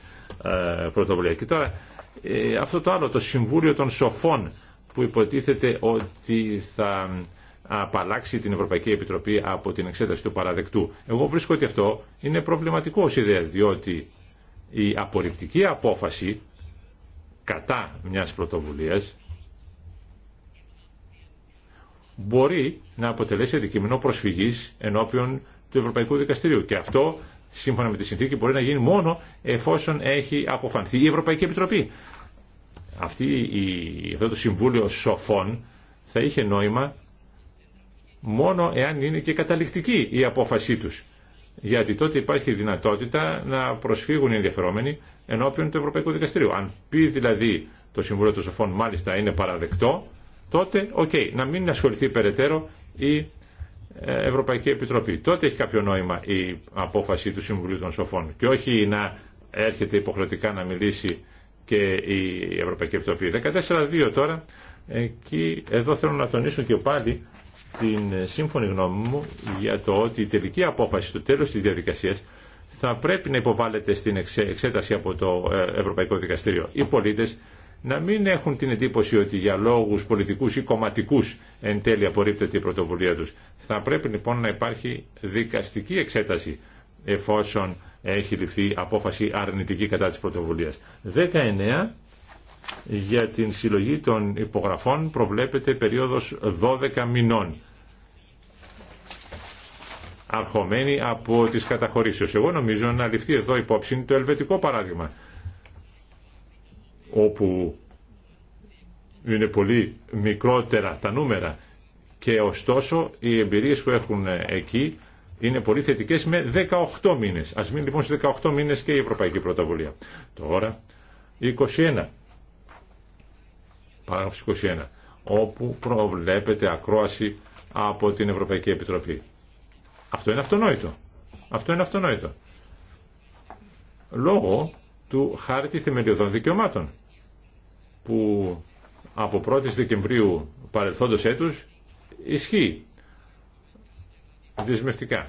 ε, πρωτοβουλία. Και τώρα ε, αυτό το άλλο, το Συμβούλιο των Σοφών που υποτίθεται ότι θα απαλλάξει την Ευρωπαϊκή Επιτροπή από την εξέταση του παραδεκτού. Εγώ βρίσκω ότι αυτό είναι προβληματικό ως ιδέα, διότι η απορριπτική απόφαση κατά μιας πρωτοβουλίας μπορεί να αποτελέσει αντικείμενο προσφυγής ενώπιον του Ευρωπαϊκού Δικαστηρίου. Και αυτό, σύμφωνα με τη συνθήκη, μπορεί να γίνει μόνο εφόσον έχει αποφανθεί η Ευρωπαϊκή Επιτροπή. αυτό το Συμβούλιο Σοφών θα είχε νόημα μόνο εάν είναι και καταληκτική η απόφασή τους. Γιατί τότε υπάρχει δυνατότητα να προσφύγουν οι ενδιαφερόμενοι ενώπιον του Ευρωπαϊκού Δικαστηρίου. Αν πει δηλαδή το Συμβούλιο των Σοφών μάλιστα είναι παραδεκτό, τότε οκ, okay, να μην ασχοληθεί περαιτέρω η ε, Ευρωπαϊκή Επιτροπή. Τότε έχει κάποιο νόημα η απόφαση του Συμβουλίου των Σοφών και όχι να έρχεται υποχρεωτικά να μιλήσει και η Ευρωπαϊκή Επιτροπή. 14.2 τώρα, εκεί, εδώ θέλω να τονίσω και πάλι την ε, σύμφωνη γνώμη μου για το ότι η τελική απόφαση στο τέλος της διαδικασίας θα πρέπει να υποβάλλεται στην εξέταση από το ε, Ευρωπαϊκό Δικαστήριο. Οι πολίτες να μην έχουν την εντύπωση ότι για λόγους πολιτικούς ή κομματικούς εν τέλει απορρίπτεται η πρωτοβουλία τους. Θα πρέπει λοιπόν να υπάρχει δικαστική εξέταση εφόσον έχει ληφθεί απόφαση αρνητική κατά της πρωτοβουλίας. 19. Για την συλλογή των υπογραφών προβλέπεται περίοδος 12 μηνών αρχομένη από τις καταχωρήσεις. Εγώ νομίζω να ληφθεί εδώ υπόψη το ελβετικό παράδειγμα όπου είναι πολύ μικρότερα τα νούμερα και ωστόσο οι εμπειρίες που έχουν εκεί είναι πολύ θετικές με 18 μήνες. Ας μην λοιπόν σε 18 μήνες και η Ευρωπαϊκή Πρωτοβουλία. Τώρα 21 παράγραφος όπου προβλέπεται ακρόαση από την Ευρωπαϊκή Επιτροπή. Αυτό είναι αυτονόητο. Αυτό είναι αυτονόητο. Λόγω του χάρτη θεμελιωδών δικαιωμάτων, που από 1η Δεκεμβρίου παρελθόντος έτους ισχύει δεσμευτικά.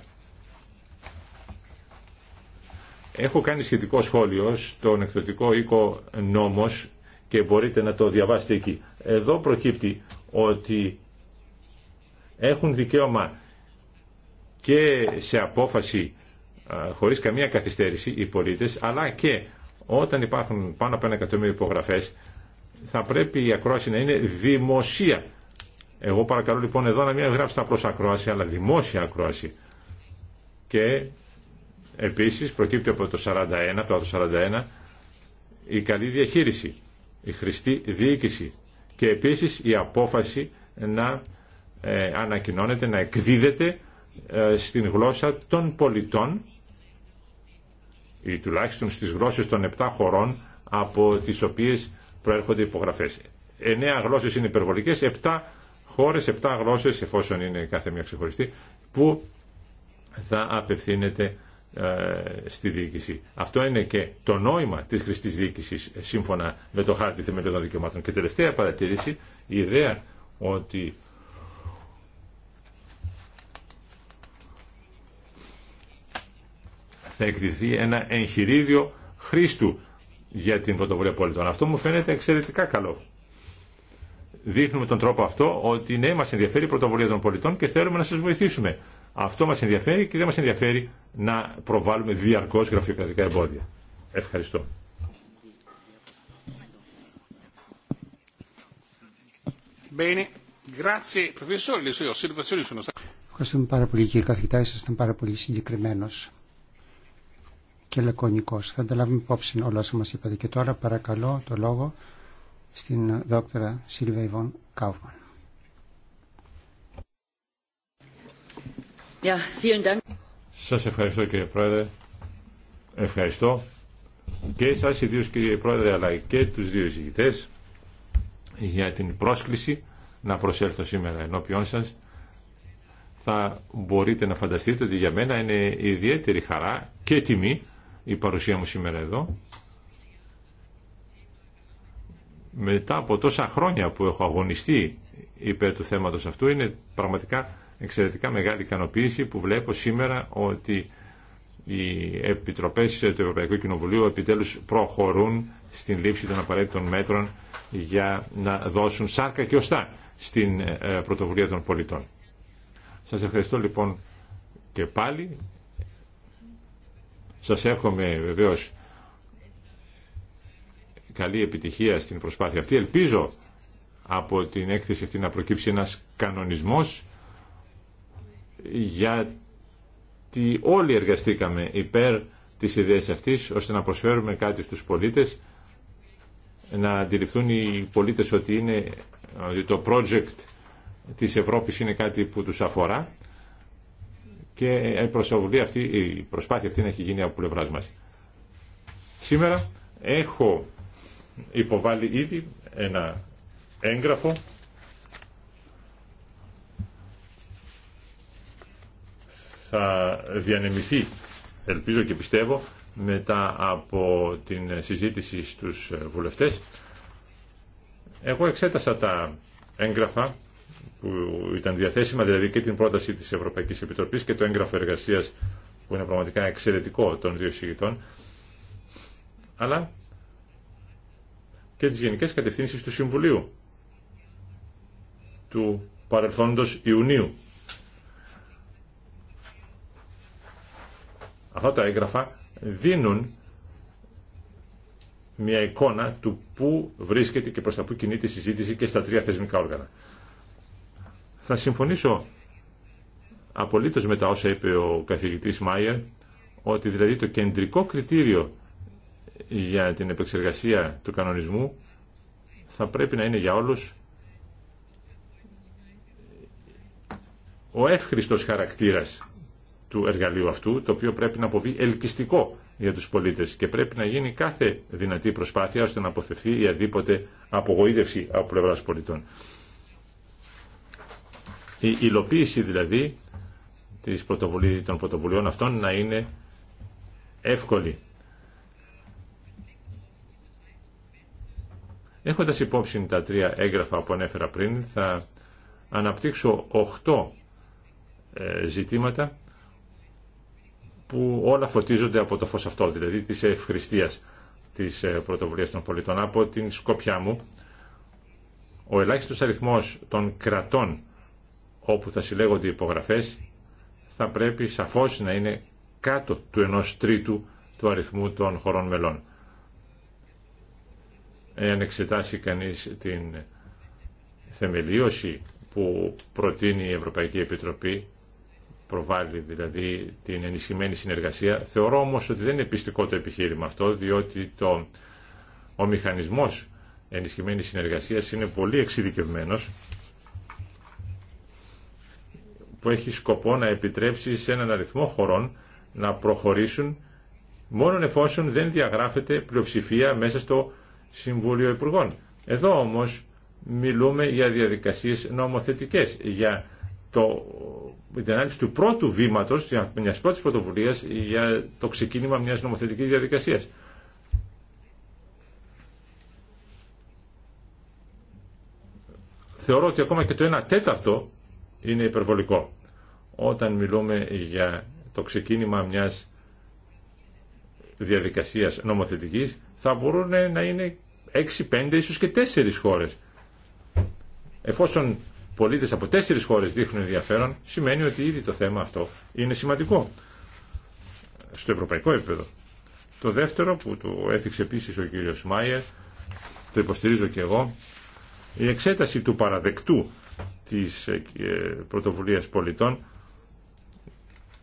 Έχω κάνει σχετικό σχόλιο στον εκδοτικό οίκο νόμος και μπορείτε να το διαβάσετε εκεί. Εδώ προκύπτει ότι έχουν δικαίωμα και σε απόφαση χωρίς καμία καθυστέρηση οι πολίτες, αλλά και όταν υπάρχουν πάνω από ένα εκατομμύριο υπογραφές, θα πρέπει η ακρόαση να είναι δημοσία. Εγώ παρακαλώ λοιπόν εδώ να μην γράψετε απλώς ακρόαση, αλλά δημόσια ακρόαση. Και επίσης προκύπτει από το 41, το 41, η καλή διαχείριση η χρηστή διοίκηση και επίσης η απόφαση να ε, ανακοινώνεται, να εκδίδεται ε, στην γλώσσα των πολιτών ή τουλάχιστον στις γλώσσες των 7 χωρών από τις οποίες προέρχονται υπογραφές. 9 γλώσσες είναι υπερβολικές, 7 χώρες, 7 γλώσσες, εφόσον είναι κάθε μια ξεχωριστή, που θα απευθύνεται ε, στη διοίκηση. Αυτό είναι και το νόημα της χρηστή διοίκηση ε, σύμφωνα με το χάρτη των δικαιωμάτων. Και τελευταία παρατήρηση, η ιδέα ότι θα εκδηθεί ένα εγχειρίδιο χρήστου για την πρωτοβουλία πολιτών. Αυτό μου φαίνεται εξαιρετικά καλό. Δείχνουμε τον τρόπο αυτό ότι ναι, μα ενδιαφέρει η πρωτοβουλία των πολιτών και θέλουμε να σα βοηθήσουμε. Αυτό μας ενδιαφέρει και δεν μας ενδιαφέρει να προβάλλουμε διαρκώς γραφειοκρατικά εμπόδια. Ευχαριστώ. Ευχαριστούμε πάρα πολύ κύριε καθηγητά, ήσασταν πάρα πολύ συγκεκριμένο και λακωνικό. Θα ανταλάβουμε υπόψη όλα όσα μα είπατε. Και τώρα παρακαλώ το λόγο στην δόκτωρα Σίλβα Ιβον Κάουφμαν. σας ευχαριστώ κύριε Πρόεδρε. Ευχαριστώ και εσάς ιδίως κύριε Πρόεδρε αλλά και τους δύο ζητητές για την πρόσκληση να προσέλθω σήμερα ενώπιόν σας. Θα μπορείτε να φανταστείτε ότι για μένα είναι ιδιαίτερη χαρά και τιμή η παρουσία μου σήμερα εδώ. Μετά από τόσα χρόνια που έχω αγωνιστεί υπέρ του θέματος αυτού είναι πραγματικά εξαιρετικά μεγάλη ικανοποίηση που βλέπω σήμερα ότι οι επιτροπές του Ευρωπαϊκού Κοινοβουλίου επιτέλους προχωρούν στην λήψη των απαραίτητων μέτρων για να δώσουν σάρκα και οστά στην ε, πρωτοβουλία των πολιτών. Σας ευχαριστώ λοιπόν και πάλι. Σας εύχομαι βεβαίως καλή επιτυχία στην προσπάθεια αυτή. Ελπίζω από την έκθεση αυτή να προκύψει ένας κανονισμός γιατί όλοι εργαστήκαμε υπέρ της ιδέας αυτής ώστε να προσφέρουμε κάτι στους πολίτες να αντιληφθούν οι πολίτες ότι, είναι, ότι το project της Ευρώπης είναι κάτι που τους αφορά και η, αυτή, η προσπάθεια αυτή να έχει γίνει από πλευράς μας. Σήμερα έχω υποβάλει ήδη ένα έγγραφο θα διανεμηθεί, ελπίζω και πιστεύω, μετά από την συζήτηση στους βουλευτές. Εγώ εξέτασα τα έγγραφα που ήταν διαθέσιμα, δηλαδή και την πρόταση της Ευρωπαϊκής Επιτροπής και το έγγραφο εργασίας που είναι πραγματικά εξαιρετικό των δύο συγητών, αλλά και τις γενικές κατευθύνσεις του Συμβουλίου του παρελθόντος Ιουνίου Αυτά τα έγγραφα δίνουν μια εικόνα του πού βρίσκεται και προς τα πού κινείται η συζήτηση και στα τρία θεσμικά όργανα. Θα συμφωνήσω απολύτως με τα όσα είπε ο καθηγητής Μάιερ, ότι δηλαδή το κεντρικό κριτήριο για την επεξεργασία του κανονισμού θα πρέπει να είναι για όλους ο εύχριστος χαρακτήρας του εργαλείου αυτού, το οποίο πρέπει να αποβεί ελκυστικό για τους πολίτες και πρέπει να γίνει κάθε δυνατή προσπάθεια ώστε να αποφευθεί η αδίποτε απογοήτευση από πλευρά πολιτών. Η υλοποίηση δηλαδή της των πρωτοβουλειών αυτών να είναι εύκολη. Έχοντας υπόψη τα τρία έγγραφα που ανέφερα πριν, θα αναπτύξω οχτώ ε, ζητήματα που όλα φωτίζονται από το φως αυτό, δηλαδή της ευχρηστίας... της ε, πρωτοβουλίας των πολιτών. Από την σκοπιά μου, ο ελάχιστος αριθμός των κρατών όπου θα συλλέγονται οι υπογραφές θα πρέπει σαφώς να είναι κάτω του ενός τρίτου του αριθμού των χωρών μελών. Εάν εξετάσει κανείς την θεμελίωση που προτείνει η Ευρωπαϊκή Επιτροπή προβάλλει δηλαδή την ενισχυμένη συνεργασία. Θεωρώ όμως ότι δεν είναι πιστικό το επιχείρημα αυτό, διότι το, ο μηχανισμός ενισχυμένης συνεργασίας είναι πολύ εξειδικευμένος που έχει σκοπό να επιτρέψει σε έναν αριθμό χωρών να προχωρήσουν μόνο εφόσον δεν διαγράφεται πλειοψηφία μέσα στο Συμβούλιο Υπουργών. Εδώ όμως μιλούμε για διαδικασίες νομοθετικές, για το, την ανάλυση του πρώτου βήματο, μια πρώτη πρωτοβουλία για το ξεκίνημα μιας νομοθετικής διαδικασίας. Θεωρώ ότι ακόμα και το 1 τέταρτο είναι υπερβολικό όταν μιλούμε για το ξεκίνημα μιας διαδικασίας νομοθετικής θα μπορούν να είναι 6, 5, ίσως και 4 χώρες. Εφόσον Πολίτε από τέσσερις χώρες δείχνουν ενδιαφέρον, σημαίνει ότι ήδη το θέμα αυτό είναι σημαντικό στο ευρωπαϊκό επίπεδο. Το δεύτερο που το έθιξε επίση ο κύριος Μάιερ, το υποστηρίζω και εγώ, η εξέταση του παραδεκτού της ε, πρωτοβουλία πολιτών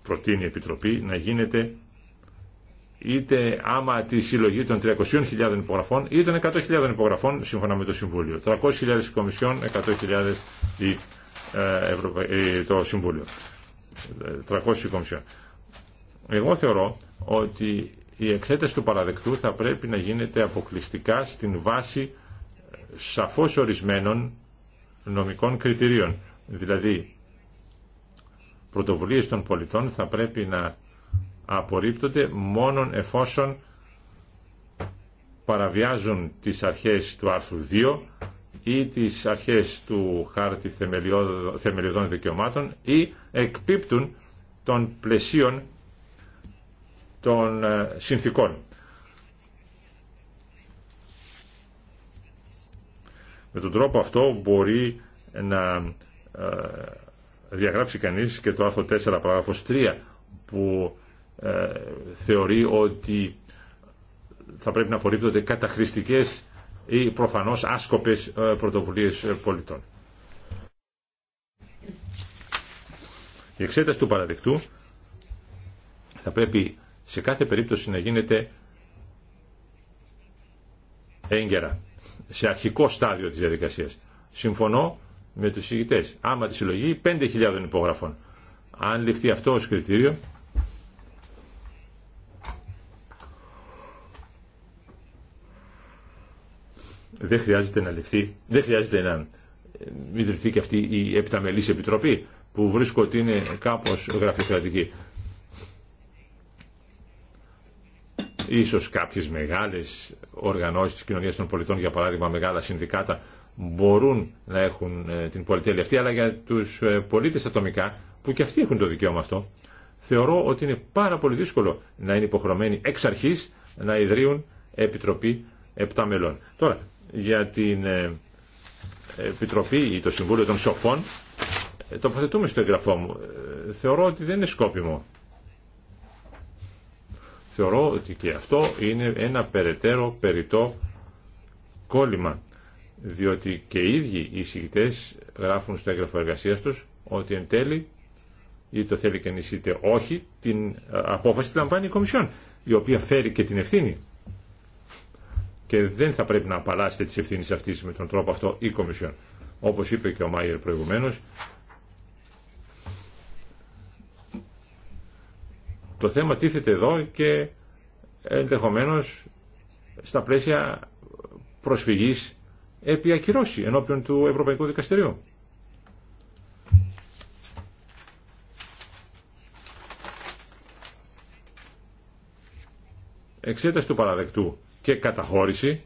προτείνει η Επιτροπή να γίνεται είτε άμα τη συλλογή των 300.000 υπογραφών ή των 100.000 υπογραφών σύμφωνα με το Συμβούλιο. 300.000 ε, η Κομισιόν, 100.000 το Συμβούλιο. 300 η Εγώ θεωρώ ότι η εξέταση του παραδεκτού θα πρέπει να γίνεται αποκλειστικά στην βάση σαφώς ορισμένων νομικών κριτηρίων. Δηλαδή, πρωτοβουλίες των πολιτών θα πρέπει να απορρίπτονται μόνον εφόσον παραβιάζουν τις αρχές του άρθρου 2 ή τις αρχές του χάρτη θεμελιωδών δικαιωμάτων ή εκπίπτουν των πλαισίων των ε, συνθήκων. Με τον τρόπο αυτό μπορεί να ε, διαγράψει κανείς και το άρθρο 4 παράγραφος 3 που ε, θεωρεί ότι θα πρέπει να απορρίπτονται καταχρηστικές ή προφανώς άσκοπες ε, πρωτοβουλίες ε, πολιτών. Η εξέταση του παραδεκτού θα πρέπει σε κάθε περίπτωση να γίνεται έγκαιρα, σε αρχικό στάδιο της διαδικασίας. Συμφωνώ με τους ηγητές. Άμα τη συλλογή 5.000 υπογραφών. Αν ληφθεί αυτό ως κριτήριο, δεν χρειάζεται να ληφθεί, δεν χρειάζεται να ιδρυθεί ε, και αυτή η επιταμελής επιτροπή που βρίσκω ότι είναι κάπως γραφειοκρατική. Ίσως κάποιες μεγάλες οργανώσεις της κοινωνίας των πολιτών, για παράδειγμα μεγάλα συνδικάτα, μπορούν να έχουν ε, την πολυτέλεια αυτή, αλλά για τους ε, πολίτες ατομικά, που και αυτοί έχουν το δικαίωμα αυτό, θεωρώ ότι είναι πάρα πολύ δύσκολο να είναι υποχρεωμένοι εξ αρχής να ιδρύουν επιτροπή Επτά μελών. Τώρα, για την ε, Επιτροπή ή το Συμβούλιο των Σοφών ε, τοποθετούμε στο εγγραφό μου. Ε, θεωρώ ότι δεν είναι σκόπιμο. Θεωρώ ότι και αυτό είναι ένα περαιτέρω περιττό κόλλημα. Διότι και οι ίδιοι οι συγκητές γράφουν στο έγγραφο εργασία τους ότι εν τέλει ή το θέλει κανεί είτε όχι, την απόφαση τη λαμβάνει η Κομισιόν, η οποία φέρει και την ευθύνη και δεν θα πρέπει να απαλλάσσετε τις ευθύνες αυτής με τον τρόπο αυτό η Κομισιόν. Όπως είπε και ο Μάιερ προηγουμένως, το θέμα τίθεται εδώ και ενδεχομένως στα πλαίσια προσφυγής επί ακυρώσει ενώπιον του Ευρωπαϊκού Δικαστηρίου. Εξέταση του παραδεκτού και καταχώρηση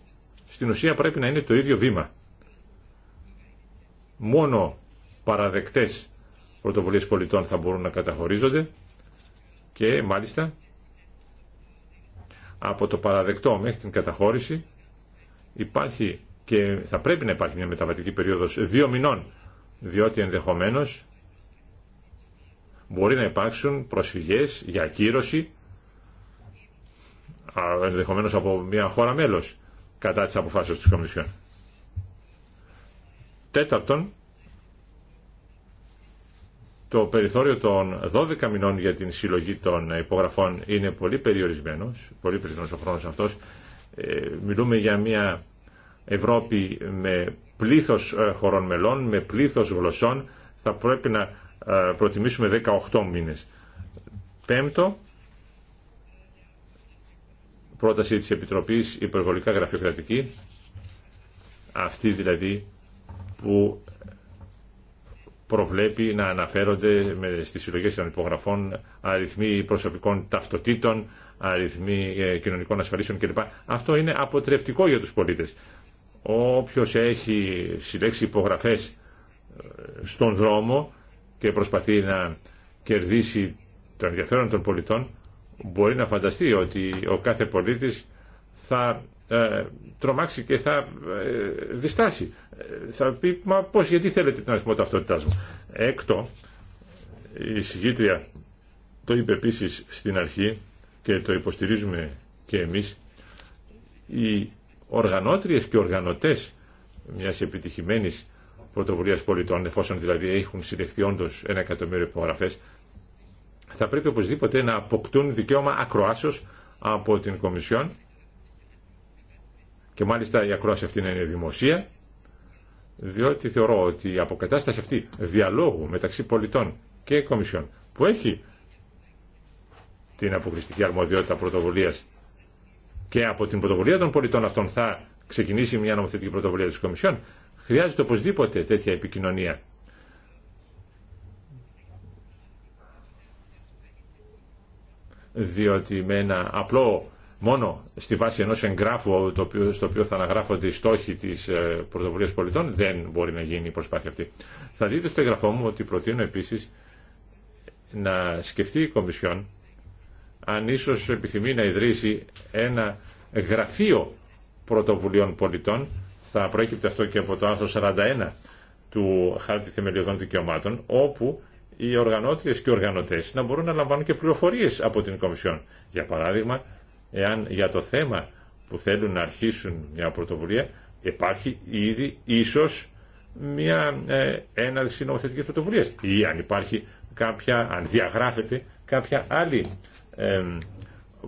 στην ουσία πρέπει να είναι το ίδιο βήμα. Μόνο παραδεκτές πρωτοβουλίες πολιτών θα μπορούν να καταχωρίζονται και μάλιστα από το παραδεκτό μέχρι την καταχώρηση υπάρχει και θα πρέπει να υπάρχει μια μεταβατική περίοδος δύο μηνών διότι ενδεχομένως μπορεί να υπάρξουν προσφυγές για ακύρωση ενδεχομένω από μια χώρα μέλο κατά τι αποφάσει της Κομισιόν. Τέταρτον, το περιθώριο των 12 μηνών για την συλλογή των υπογραφών είναι πολύ περιορισμένος, πολύ περιορισμένο ο χρόνος αυτός. Ε, μιλούμε για μια Ευρώπη με πλήθος ε, χωρών μελών, με πλήθος γλωσσών, θα πρέπει να ε, προτιμήσουμε 18 μήνες. Πέμπτο, πρόταση της Επιτροπής υπερβολικά γραφειοκρατική, αυτή δηλαδή που προβλέπει να αναφέρονται στις συλλογές των υπογραφών αριθμοί προσωπικών ταυτοτήτων, αριθμοί ε, κοινωνικών ασφαλίσεων κλπ. Αυτό είναι αποτρεπτικό για τους πολίτες. Όποιος έχει συλλέξει υπογραφές ε, στον δρόμο και προσπαθεί να κερδίσει το ενδιαφέρον των πολιτών, μπορεί να φανταστεί ότι ο κάθε πολίτης θα ε, τρομάξει και θα ε, διστάσει. Ε, θα πει, μα πώς, γιατί θέλετε την αριθμό ταυτότητάς μου. Έκτο, η συγκήτρια το είπε επίση στην αρχή και το υποστηρίζουμε και εμείς, οι οργανώτριες και οργανωτές μιας επιτυχημένης πρωτοβουλίας πολιτών, εφόσον δηλαδή έχουν συλλεχθεί όντω ένα εκατομμύριο υπογραφές, θα πρέπει οπωσδήποτε να αποκτούν δικαίωμα ακροάσεως από την Κομισιόν και μάλιστα η ακρόαση αυτή να είναι δημοσία διότι θεωρώ ότι η αποκατάσταση αυτή διαλόγου μεταξύ πολιτών και Κομισιόν που έχει την αποκλειστική αρμοδιότητα πρωτοβουλίας και από την πρωτοβουλία των πολιτών αυτών θα ξεκινήσει μια νομοθετική πρωτοβουλία της Κομισιόν, χρειάζεται οπωσδήποτε τέτοια επικοινωνία διότι με ένα απλό μόνο στη βάση ενός εγγράφου το οποίο, στο οποίο θα αναγράφονται οι στόχοι της ε, πρωτοβουλία πολιτών δεν μπορεί να γίνει η προσπάθεια αυτή. Θα δείτε στο εγγραφό μου ότι προτείνω επίσης να σκεφτεί η Κομισιόν αν ίσως επιθυμεί να ιδρύσει ένα γραφείο πρωτοβουλίων πολιτών θα προέκυπτε αυτό και από το άρθρο 41 του Χάρτη Θεμελιωδών Δικαιωμάτων όπου οι οργανώτριες και οι οργανωτές να μπορούν να λαμβάνουν και πληροφορίες από την Κομισιόν. Για παράδειγμα, εάν για το θέμα που θέλουν να αρχίσουν μια πρωτοβουλία υπάρχει ήδη ίσως μια ε, έναρξη νομοθετικής πρωτοβουλίας ή αν υπάρχει κάποια, αν διαγράφεται κάποια άλλη ε,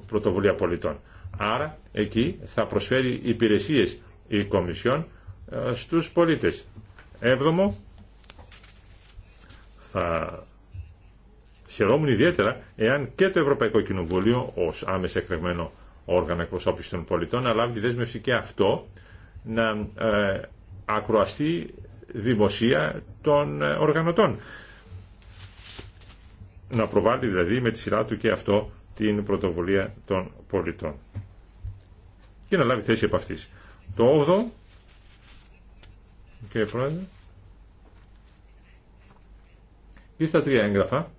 πρωτοβουλία πολιτών. Άρα εκεί θα προσφέρει υπηρεσίες η Κομισιόν ε, στους πολίτες. Έβδομο, θα χαιρόμουν ιδιαίτερα εάν και το Ευρωπαϊκό Κοινοβούλιο ως άμεσα εκλεγμένο όργανο εκπροσώπηση των πολιτών να λάβει τη δέσμευση και αυτό να ε, ακροαστεί δημοσία των ε, οργανωτών. Να προβάλλει δηλαδή με τη σειρά του και αυτό την πρωτοβουλία των πολιτών. Και να λάβει θέση από αυτής. Το 8ο, ή στα τρία έγγραφα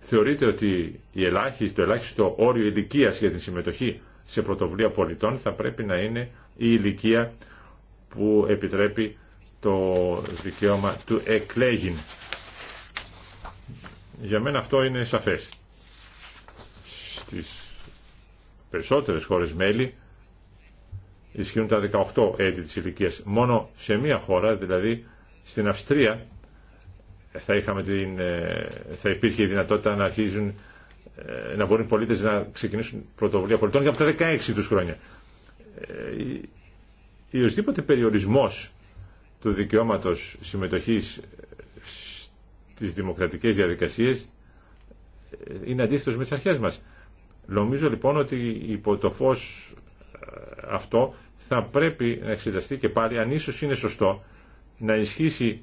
θεωρείτε ότι η στα τρια εγγραφα θεωρείται οτι η το ελάχιστο όριο ηλικία για τη συμμετοχή σε πρωτοβουλία πολιτών θα πρέπει να είναι η ηλικία που επιτρέπει το δικαίωμα του εκλέγην. Για μένα αυτό είναι σαφές. Στις περισσότερες χώρες μέλη ισχύουν τα 18 έτη της ηλικίας. Μόνο σε μία χώρα, δηλαδή στην Αυστρία, θα, είχαμε την, ε, θα υπήρχε η δυνατότητα να αρχίζουν ε, να μπορούν οι πολίτες να ξεκινήσουν πρωτοβουλία πολιτών για από τα 16 τους χρόνια. Οι ε, οσδήποτε περιορισμός του δικαιώματος συμμετοχής στις δημοκρατικές διαδικασίες είναι αντίθετος με τις αρχές μας. Νομίζω λοιπόν ότι υπό το φως αυτό θα πρέπει να εξεταστεί και πάλι αν ίσως είναι σωστό να ισχύσει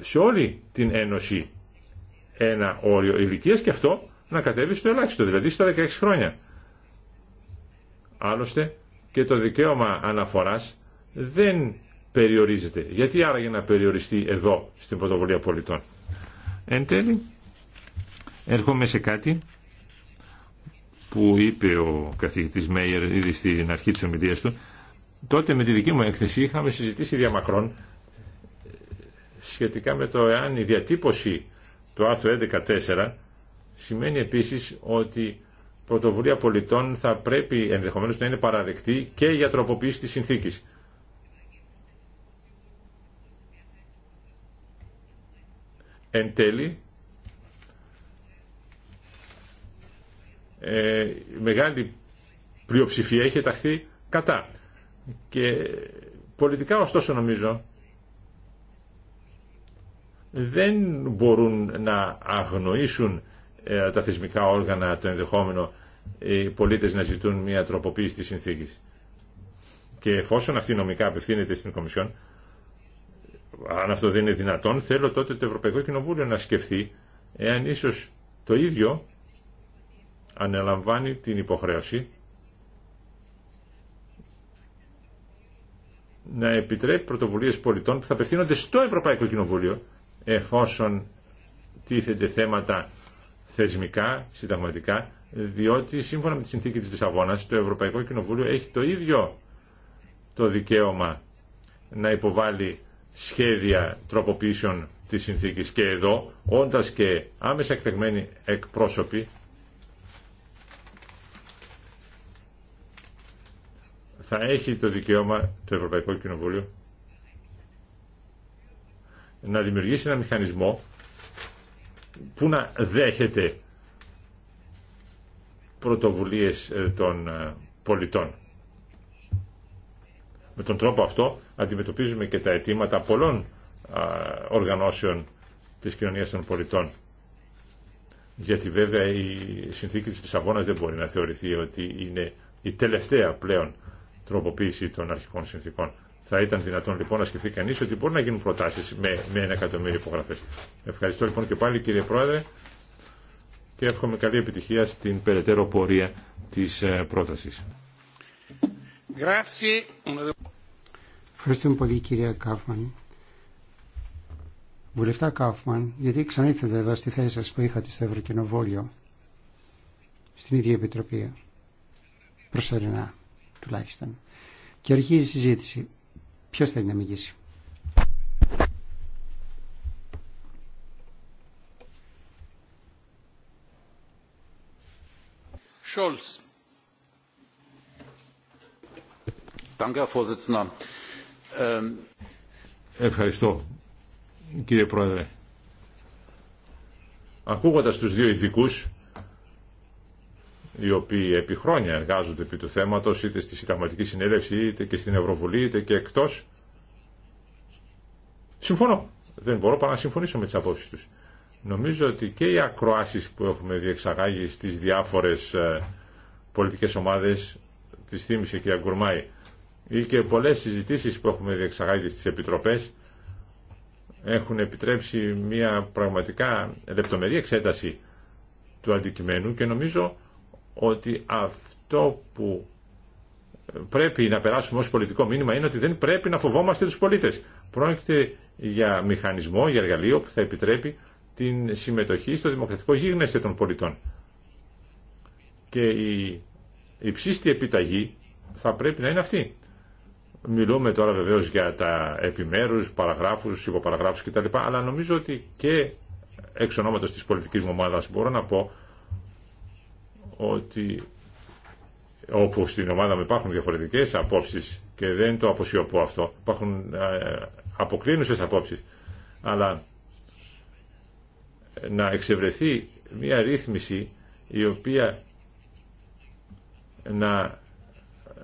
σε όλη την Ένωση ένα όριο ηλικίας και αυτό να κατέβει στο ελάχιστο, δηλαδή στα 16 χρόνια. Άλλωστε και το δικαίωμα αναφοράς δεν περιορίζεται. Γιατί άραγε να περιοριστεί εδώ στην πρωτοβουλία πολιτών. Εν τέλει, έρχομαι σε κάτι που είπε ο καθηγητής Μέιερ ήδη στην αρχή της ομιλίας του, τότε με τη δική μου έκθεση είχαμε συζητήσει διαμακρών σχετικά με το εάν η διατύπωση του άρθρου 11.4 σημαίνει επίσης ότι πρωτοβουλία πολιτών θα πρέπει ενδεχομένως να είναι παραδεκτή και για τροποποίηση της συνθήκης. Εν τέλει, ε, μεγάλη πλειοψηφία είχε ταχθεί κατά. Και πολιτικά ωστόσο νομίζω δεν μπορούν να αγνοήσουν ε, τα θεσμικά όργανα το ενδεχόμενο οι πολίτες να ζητούν μια τροποποίηση της συνθήκης. Και εφόσον αυτή νομικά απευθύνεται στην Κομισιόν, αν αυτό δεν είναι δυνατόν, θέλω τότε το Ευρωπαϊκό Κοινοβούλιο να σκεφτεί εάν ίσως το ίδιο αναλαμβάνει την υποχρέωση να επιτρέπει πρωτοβουλίες πολιτών που θα απευθύνονται στο Ευρωπαϊκό Κοινοβούλιο εφόσον τίθεται θέματα θεσμικά, συνταγματικά, διότι σύμφωνα με τη συνθήκη της Λισαβόνας το Ευρωπαϊκό Κοινοβούλιο έχει το ίδιο το δικαίωμα να υποβάλει σχέδια τροποποίησεων της συνθήκης και εδώ, όντας και άμεσα εκλεγμένοι εκπρόσωποι θα έχει το δικαίωμα το Ευρωπαϊκό Κοινοβούλιο να δημιουργήσει ένα μηχανισμό που να δέχεται πρωτοβουλίες ε, των ε, πολιτών. Με τον τρόπο αυτό αντιμετωπίζουμε και τα αιτήματα πολλών οργανώσεων της κοινωνίας των πολιτών. Γιατί βέβαια η συνθήκη της Λισαβόνας δεν μπορεί να θεωρηθεί ότι είναι η τελευταία πλέον τροποποίηση των αρχικών συνθήκων. Θα ήταν δυνατόν λοιπόν να σκεφτεί κανεί ότι μπορεί να γίνουν προτάσει με, με ένα εκατομμύριο υπογραφέ. Ευχαριστώ λοιπόν και πάλι κύριε Πρόεδρε και εύχομαι καλή επιτυχία στην περαιτέρω πορεία τη ε, πρόταση. Ευχαριστούμε πολύ κυρία Κάφμαν. Βουλευτά Κάφμαν, γιατί ξανήρθατε εδώ στη θέση σας που είχατε στο Ευρωκοινοβόλιο, στην ίδια Επιτροπή, προσωρινά τουλάχιστον. Και αρχίζει η συζήτηση. Ποιος θέλει να μιλήσει. Scholz. Ähm, Ευχαριστώ, κύριε Πρόεδρε. Ακούγοντας τους δύο ειδικούς, οι οποίοι επί χρόνια εργάζονται επί του θέματος είτε στη Συνταγματική Συνέλευση είτε και στην Ευρωβουλή είτε και εκτός συμφωνώ δεν μπορώ παρά να συμφωνήσω με τις απόψεις τους νομίζω ότι και οι ακροάσεις που έχουμε διεξαγάγει στις διάφορες ε, πολιτικές ομάδες της θύμισε και η Αγκουρμάη ή και πολλές συζητήσεις που έχουμε διεξαγάγει στις επιτροπές έχουν επιτρέψει μια πραγματικά λεπτομερή εξέταση του αντικειμένου και νομίζω ότι αυτό που πρέπει να περάσουμε ως πολιτικό μήνυμα είναι ότι δεν πρέπει να φοβόμαστε τους πολίτες. Πρόκειται για μηχανισμό, για εργαλείο που θα επιτρέπει την συμμετοχή στο δημοκρατικό γίγνεσθε των πολιτών. Και η υψίστη επιταγή θα πρέπει να είναι αυτή. Μιλούμε τώρα βεβαίω για τα επιμέρους, παραγράφους, υποπαραγράφους κτλ. Αλλά νομίζω ότι και εξ ονόματο της πολιτικής μου ομάδας μπορώ να πω ότι όπου στην ομάδα μου υπάρχουν διαφορετικές απόψεις και δεν το αποσιωπώ αυτό, υπάρχουν ε, αποκλίνουσες απόψεις, αλλά να εξευρεθεί μια ρύθμιση η οποία να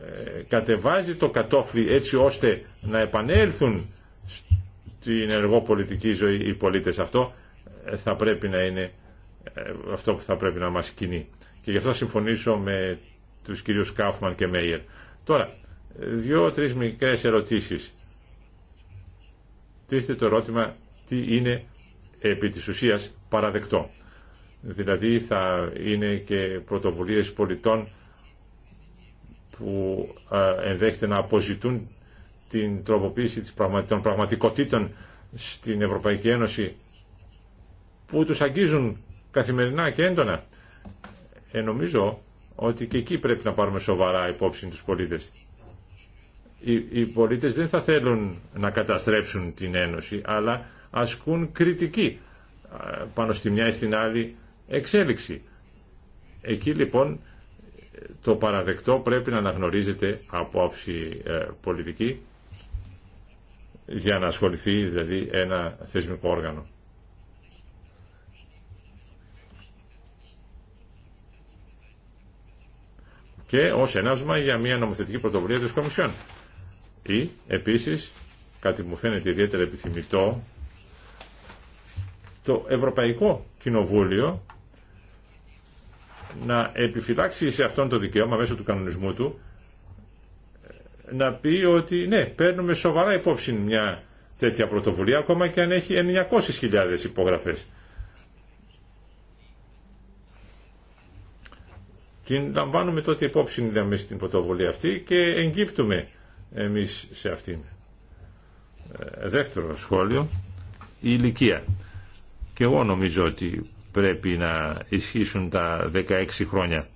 ε, κατεβάζει το κατόφλι έτσι ώστε να επανέλθουν στην εργοπολιτική ζωή οι πολίτες αυτό θα πρέπει να είναι ε, αυτό που θα πρέπει να μας κινεί. Και γι' αυτό συμφωνήσω με τους κυρίους Κάφμαν και Μέιερ. Τώρα, δύο-τρεις μικρέ ερωτήσεις. Τίθεται το ερώτημα τι είναι επί της ουσίας παραδεκτό. Δηλαδή θα είναι και πρωτοβουλίες πολιτών που ε, ενδέχεται να αποζητούν την τροποποίηση των πραγματικότητων στην Ευρωπαϊκή Ένωση που τους αγγίζουν καθημερινά και έντονα. Ε, νομίζω ότι και εκεί πρέπει να πάρουμε σοβαρά υπόψη τους πολίτες. Οι, οι πολίτες δεν θα θέλουν να καταστρέψουν την Ένωση, αλλά ασκούν κριτική πάνω στη μια ή στην άλλη εξέλιξη. Εκεί λοιπόν το παραδεκτό πρέπει να αναγνωρίζεται από άψη ε, πολιτική για να ασχοληθεί δηλαδή ένα θεσμικό όργανο. και ω ενάσμα για μια νομοθετική πρωτοβουλία της Κομισιόν. Ή, επίσης, κάτι που μου φαίνεται ιδιαίτερα επιθυμητό, το Ευρωπαϊκό Κοινοβούλιο να επιφυλάξει σε αυτόν το δικαίωμα μέσω του κανονισμού του να πει ότι ναι, παίρνουμε σοβαρά υπόψη μια τέτοια πρωτοβουλία ακόμα και αν έχει 900.000 υπογραφές. Την λαμβάνουμε τότε υπόψη μέσα στην πρωτοβουλία αυτή και εγκύπτουμε εμείς σε αυτήν. Ε, δεύτερο σχόλιο, η ηλικία. Και εγώ νομίζω ότι πρέπει να ισχύσουν τα 16 χρόνια.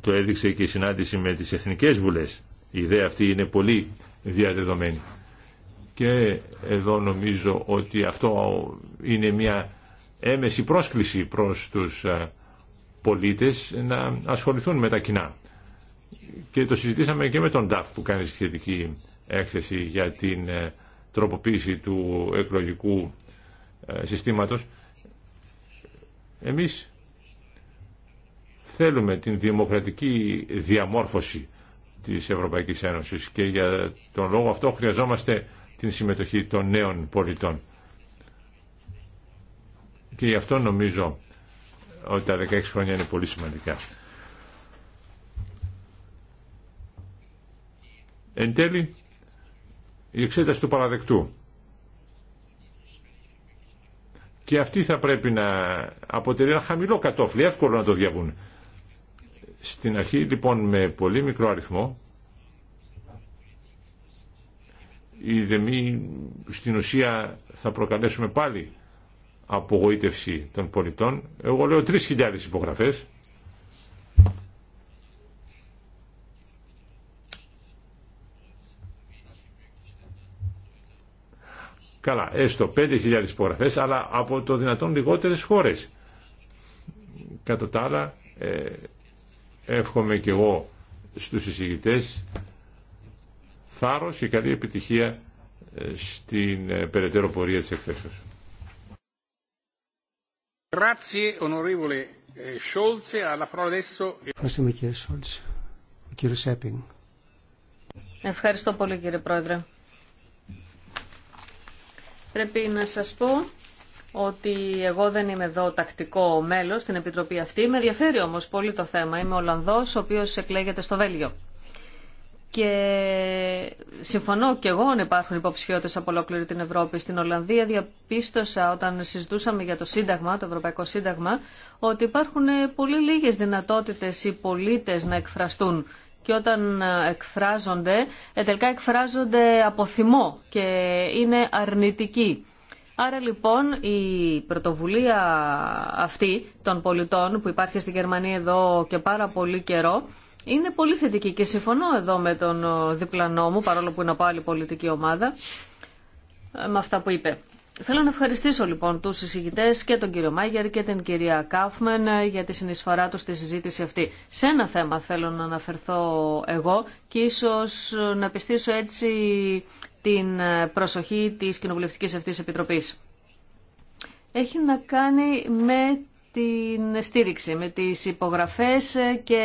Το έδειξε και η συνάντηση με τις Εθνικές Βουλές. Η ιδέα αυτή είναι πολύ διαδεδομένη. Και εδώ νομίζω ότι αυτό είναι μια έμεση πρόσκληση προς τους ε, πολίτες να ασχοληθούν με τα κοινά. Και το συζητήσαμε και με τον ΤΑΦ που κάνει σχετική έκθεση για την ε, τροποποίηση του εκλογικού ε, συστήματος. Εμείς θέλουμε την δημοκρατική διαμόρφωση της Ευρωπαϊκής Ένωσης και για τον λόγο αυτό χρειαζόμαστε την συμμετοχή των νέων πολιτών και γι' αυτό νομίζω ότι τα 16 χρόνια είναι πολύ σημαντικά. Εν τέλει, η εξέταση του παραδεκτού. Και αυτή θα πρέπει να αποτελεί ένα χαμηλό κατόφλι, εύκολο να το διαβούν. Στην αρχή, λοιπόν, με πολύ μικρό αριθμό, οι δεμοί στην ουσία θα προκαλέσουμε πάλι απογοήτευση των πολιτών. Εγώ λέω 3.000 υπογραφές. Καλά, έστω 5.000 υπογραφές, αλλά από το δυνατόν λιγότερες χώρες. Κατά τα άλλα, ε, εύχομαι και εγώ στους εισηγητές θάρρος και καλή επιτυχία ε, στην ε, περαιτέρω πορεία της εκθέσεως. Eh, Ευχαριστώ πολύ κύριε Πρόεδρε. Πρέπει να σας πω ότι εγώ δεν είμαι εδώ τακτικό μέλος στην Επιτροπή αυτή. Με ενδιαφέρει όμως πολύ το θέμα. Είμαι Ολλανδός, ο οποίος εκλέγεται στο Βέλγιο. Και συμφωνώ και εγώ αν υπάρχουν υποψηφιότητε από ολόκληρη την Ευρώπη. Στην Ολλανδία διαπίστωσα όταν συζητούσαμε για το Σύνταγμα, το Ευρωπαϊκό Σύνταγμα, ότι υπάρχουν πολύ λίγες δυνατότητες οι πολίτες να εκφραστούν. Και όταν εκφράζονται, ε, τελικά εκφράζονται από θυμό και είναι αρνητικοί. Άρα λοιπόν η πρωτοβουλία αυτή των πολιτών που υπάρχει στη Γερμανία εδώ και πάρα πολύ καιρό, είναι πολύ θετική και συμφωνώ εδώ με τον διπλανό μου, παρόλο που είναι από άλλη πολιτική ομάδα, ε, με αυτά που είπε. Θέλω να ευχαριστήσω λοιπόν τους συζητητές και τον κύριο Μάγερ και την κυρία Κάφμεν ε, για τη συνεισφορά τους στη συζήτηση αυτή. Σε ένα θέμα θέλω να αναφερθώ εγώ και ίσως να πιστήσω έτσι την ε, προσοχή της κοινοβουλευτικής αυτής επιτροπής. Έχει να κάνει με την στήριξη, με τις υπογραφές και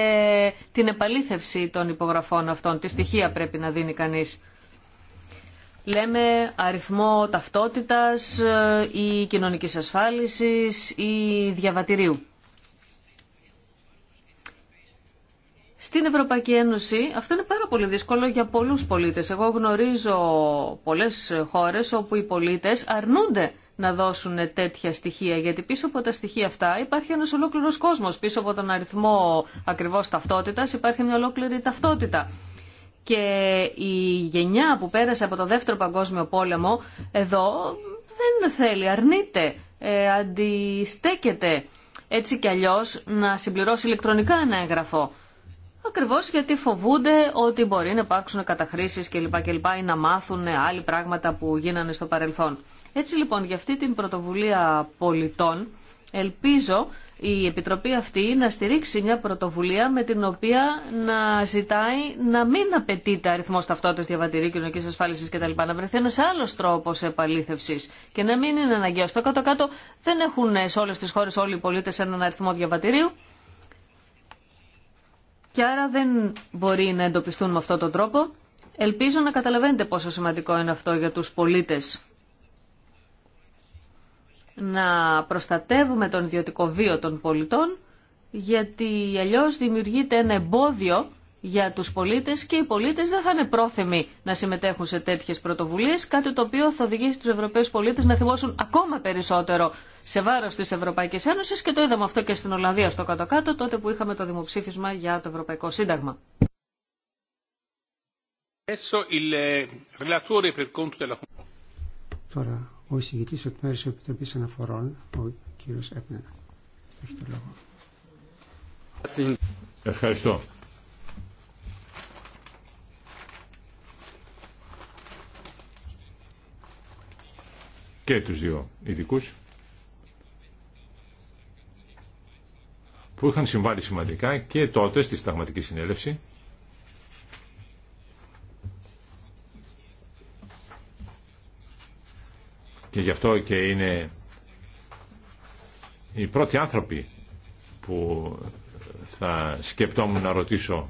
την επαλήθευση των υπογραφών αυτών. Τι στοιχεία πρέπει να δίνει κανείς. Λέμε αριθμό ταυτότητας ή κοινωνικής ασφάλισης ή διαβατηρίου. Στην Ευρωπαϊκή Ένωση αυτό είναι πάρα πολύ δύσκολο για πολλούς πολίτες. Εγώ γνωρίζω πολλές χώρες όπου οι πολίτες αρνούνται να δώσουν τέτοια στοιχεία, γιατί πίσω από τα στοιχεία αυτά υπάρχει ένα ολόκληρο κόσμος. Πίσω από τον αριθμό ακριβώς ταυτότητας υπάρχει μια ολόκληρη ταυτότητα. Και η γενιά που πέρασε από το Δεύτερο Παγκόσμιο Πόλεμο εδώ δεν θέλει, αρνείται, ε, αντιστέκεται έτσι κι αλλιώς να συμπληρώσει ηλεκτρονικά ένα έγγραφο. Ακριβώ γιατί φοβούνται ότι μπορεί να υπάρξουν καταχρήσει κλπ. ή να μάθουν άλλοι πράγματα που γίνανε στο παρελθόν. Έτσι λοιπόν για αυτή την πρωτοβουλία πολιτών ελπίζω η Επιτροπή αυτή να στηρίξει μια πρωτοβουλία με την οποία να ζητάει να μην απαιτείται αριθμό ταυτότητα διαβατηρίου κοινωνική ασφάλιση κτλ. Να βρεθεί ένα άλλο τρόπο επαλήθευση και να μην είναι αναγκαίο. Στο κάτω-κάτω δεν έχουν σε όλε τι χώρε όλοι οι πολίτε έναν αριθμό διαβατηρίου. Και άρα δεν μπορεί να εντοπιστούν με αυτόν τον τρόπο. Ελπίζω να καταλαβαίνετε πόσο σημαντικό είναι αυτό για τους πολίτες να προστατεύουμε τον ιδιωτικό βίο των πολιτών γιατί αλλιώς δημιουργείται ένα εμπόδιο για τους πολίτες και οι πολίτες δεν θα είναι πρόθυμοι να συμμετέχουν σε τέτοιες πρωτοβουλίες, κάτι το οποίο θα οδηγήσει τους Ευρωπαίους πολίτες να θυμώσουν ακόμα περισσότερο σε βάρος της Ευρωπαϊκής Ένωσης και το είδαμε αυτό και στην Ολλανδία στο κάτω-κάτω τότε που είχαμε το δημοψήφισμα για το Ευρωπαϊκό Σύνταγμα. Τώρα, ο εισηγητής εκ μέρους της Επιτροπής Αναφορών, ο κύριος Έπνερ. Έχει το λόγο. Ευχαριστώ. και τους δύο ειδικού που είχαν συμβάλει σημαντικά και τότε στη Σταγματική συνέλευση και γι' αυτό και είναι οι πρώτοι άνθρωποι που θα σκεπτόμουν να ρωτήσω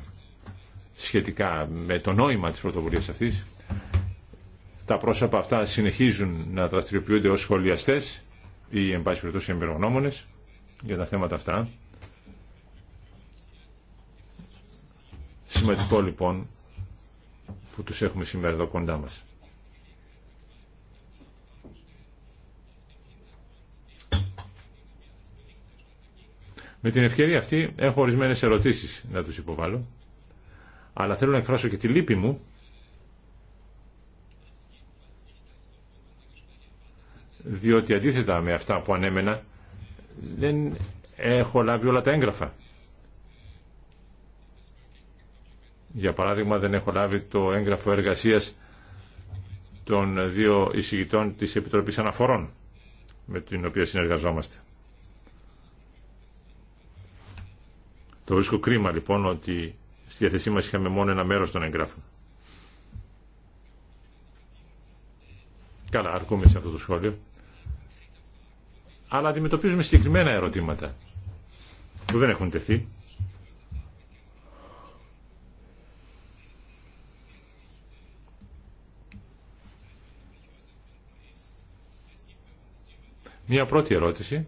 σχετικά με το νόημα της πρωτοβουλίας αυτής. Τα πρόσωπα αυτά συνεχίζουν να δραστηριοποιούνται ως σχολιαστές ή εν πάση περιπτώσει εμπειρογνώμονες για τα θέματα αυτά. Σημαντικό λοιπόν που τους έχουμε σήμερα εδώ κοντά μας. Με την ευκαιρία αυτή έχω ορισμένε ερωτήσεις να τους υποβάλω, αλλά θέλω να εκφράσω και τη λύπη μου διότι αντίθετα με αυτά που ανέμενα δεν έχω λάβει όλα τα έγγραφα. Για παράδειγμα δεν έχω λάβει το έγγραφο εργασίας των δύο εισηγητών της Επιτροπής Αναφορών με την οποία συνεργαζόμαστε. Το βρίσκω κρίμα λοιπόν ότι στη διαθεσή μας είχαμε μόνο ένα μέρος των εγγράφων. Καλά, αρκούμε σε αυτό το σχόλιο. Αλλά αντιμετωπίζουμε συγκεκριμένα ερωτήματα που δεν έχουν τεθεί. Μία πρώτη ερώτηση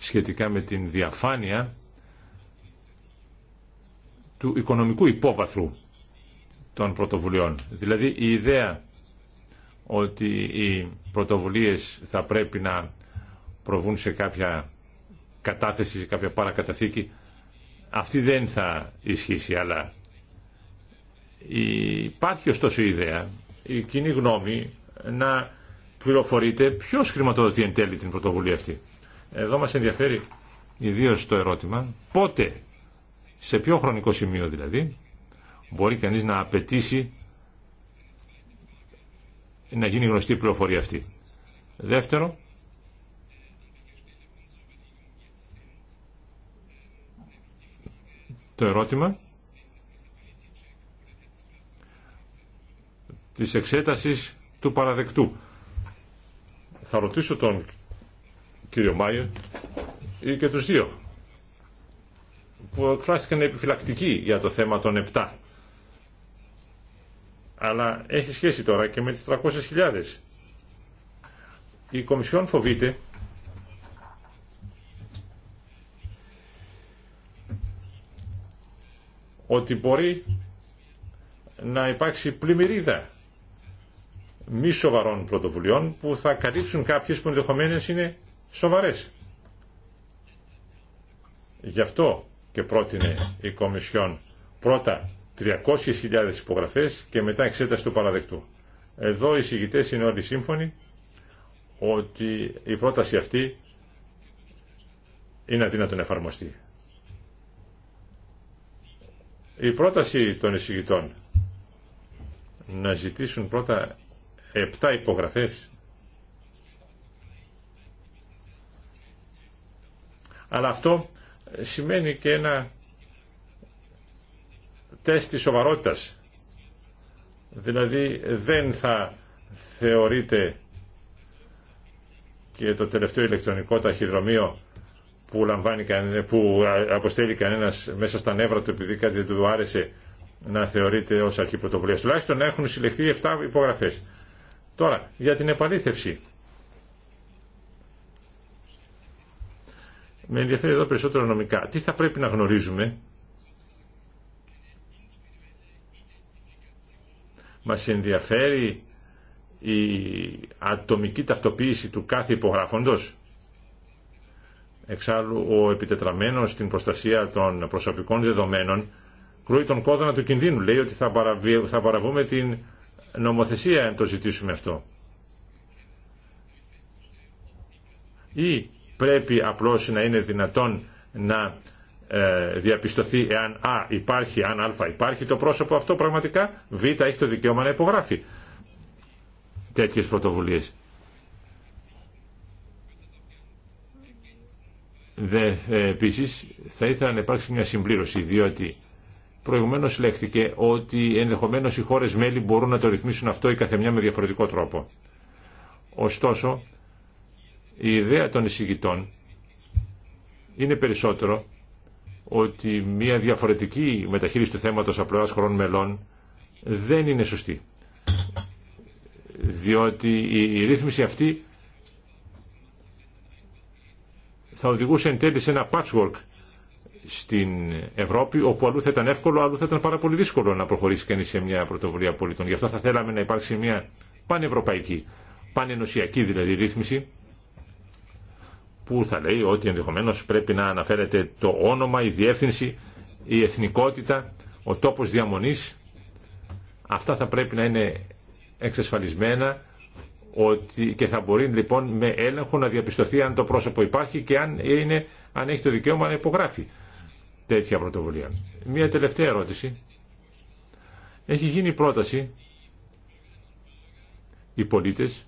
σχετικά με την διαφάνεια του οικονομικού υπόβαθρου των πρωτοβουλειών. Δηλαδή η ιδέα ότι οι πρωτοβουλίες θα πρέπει να προβούν σε κάποια κατάθεση, σε κάποια παρακαταθήκη, αυτή δεν θα ισχύσει, αλλά υπάρχει ωστόσο η ιδέα, η κοινή γνώμη, να πληροφορείται ποιος χρηματοδοτεί εν τέλει την πρωτοβουλία αυτή. Εδώ μας ενδιαφέρει ιδίω το ερώτημα πότε, σε ποιο χρονικό σημείο δηλαδή, μπορεί κανείς να απαιτήσει να γίνει γνωστή η πληροφορία αυτή. Δεύτερο, το ερώτημα της εξέτασης του παραδεκτού. Θα ρωτήσω τον κύριο Μάιο ή και τους δύο που εκφράστηκαν επιφυλακτικοί για το θέμα των 7. Αλλά έχει σχέση τώρα και με τις 300.000. Η Κομισιόν φοβείται ότι μπορεί να υπάρξει πλημμυρίδα μη σοβαρών πρωτοβουλειών που θα καλύψουν κάποιες που ενδεχομένω είναι σοβαρές. Γι' αυτό και πρότεινε η Κομισιόν πρώτα 300.000 υπογραφές και μετά εξέταση του παραδεκτού. Εδώ οι συγητές είναι όλοι σύμφωνοι ότι η πρόταση αυτή είναι αδύνατον να εφαρμοστεί. Η πρόταση των εισηγητών να ζητήσουν πρώτα 7 υπογραφές αλλά αυτό σημαίνει και ένα τεστ της σοβαρότητας. Δηλαδή δεν θα θεωρείται και το τελευταίο ηλεκτρονικό ταχυδρομείο που, λαμβάνει, που αποστέλει κανένας μέσα στα νεύρα του επειδή κάτι δεν του άρεσε να θεωρείται ως αρχή πρωτοβουλία. Τουλάχιστον έχουν συλλεχθεί 7 υπογραφές. Τώρα, για την επαλήθευση. Με ενδιαφέρει εδώ περισσότερο νομικά. Τι θα πρέπει να γνωρίζουμε. Μας ενδιαφέρει η ατομική ταυτοποίηση του κάθε υπογράφοντος. Εξάλλου, ο επιτετραμένος στην προστασία των προσωπικών δεδομένων κρούει τον κόδωνα του κινδύνου. Λέει ότι θα, θα παραβούμε την νομοθεσία αν το ζητήσουμε αυτό. Ή πρέπει απλώς να είναι δυνατόν να ε, διαπιστωθεί εάν Α υπάρχει, αν Α υπάρχει το πρόσωπο αυτό πραγματικά, Β έχει το δικαίωμα να υπογράφει τέτοιες πρωτοβουλίες. Δε, ε, επίσης θα ήθελα να υπάρξει μια συμπλήρωση διότι προηγουμένως λέχθηκε ότι ενδεχομένως οι χώρες μέλη μπορούν να το ρυθμίσουν αυτό η καθεμιά με διαφορετικό τρόπο. Ωστόσο, η ιδέα των εισηγητών είναι περισσότερο ότι μια διαφορετική μεταχείριση του θέματος από χωρών μελών δεν είναι σωστή. Διότι η ρύθμιση αυτή θα οδηγούσε εν τέλει σε ένα patchwork στην Ευρώπη, όπου αλλού θα ήταν εύκολο, αλλού θα ήταν πάρα πολύ δύσκολο να προχωρήσει κανεί σε μια πρωτοβουλία πολιτών. Γι' αυτό θα θέλαμε να υπάρξει μια πανευρωπαϊκή, πανενωσιακή δηλαδή ρύθμιση, που θα λέει ότι ενδεχομένως πρέπει να αναφέρεται το όνομα, η διεύθυνση, η εθνικότητα, ο τόπος διαμονής. Αυτά θα πρέπει να είναι εξασφαλισμένα ότι και θα μπορεί λοιπόν με έλεγχο να διαπιστωθεί αν το πρόσωπο υπάρχει και αν, είναι, αν έχει το δικαίωμα να υπογράφει τέτοια πρωτοβουλία. Μία τελευταία ερώτηση. Έχει γίνει πρόταση οι πολίτες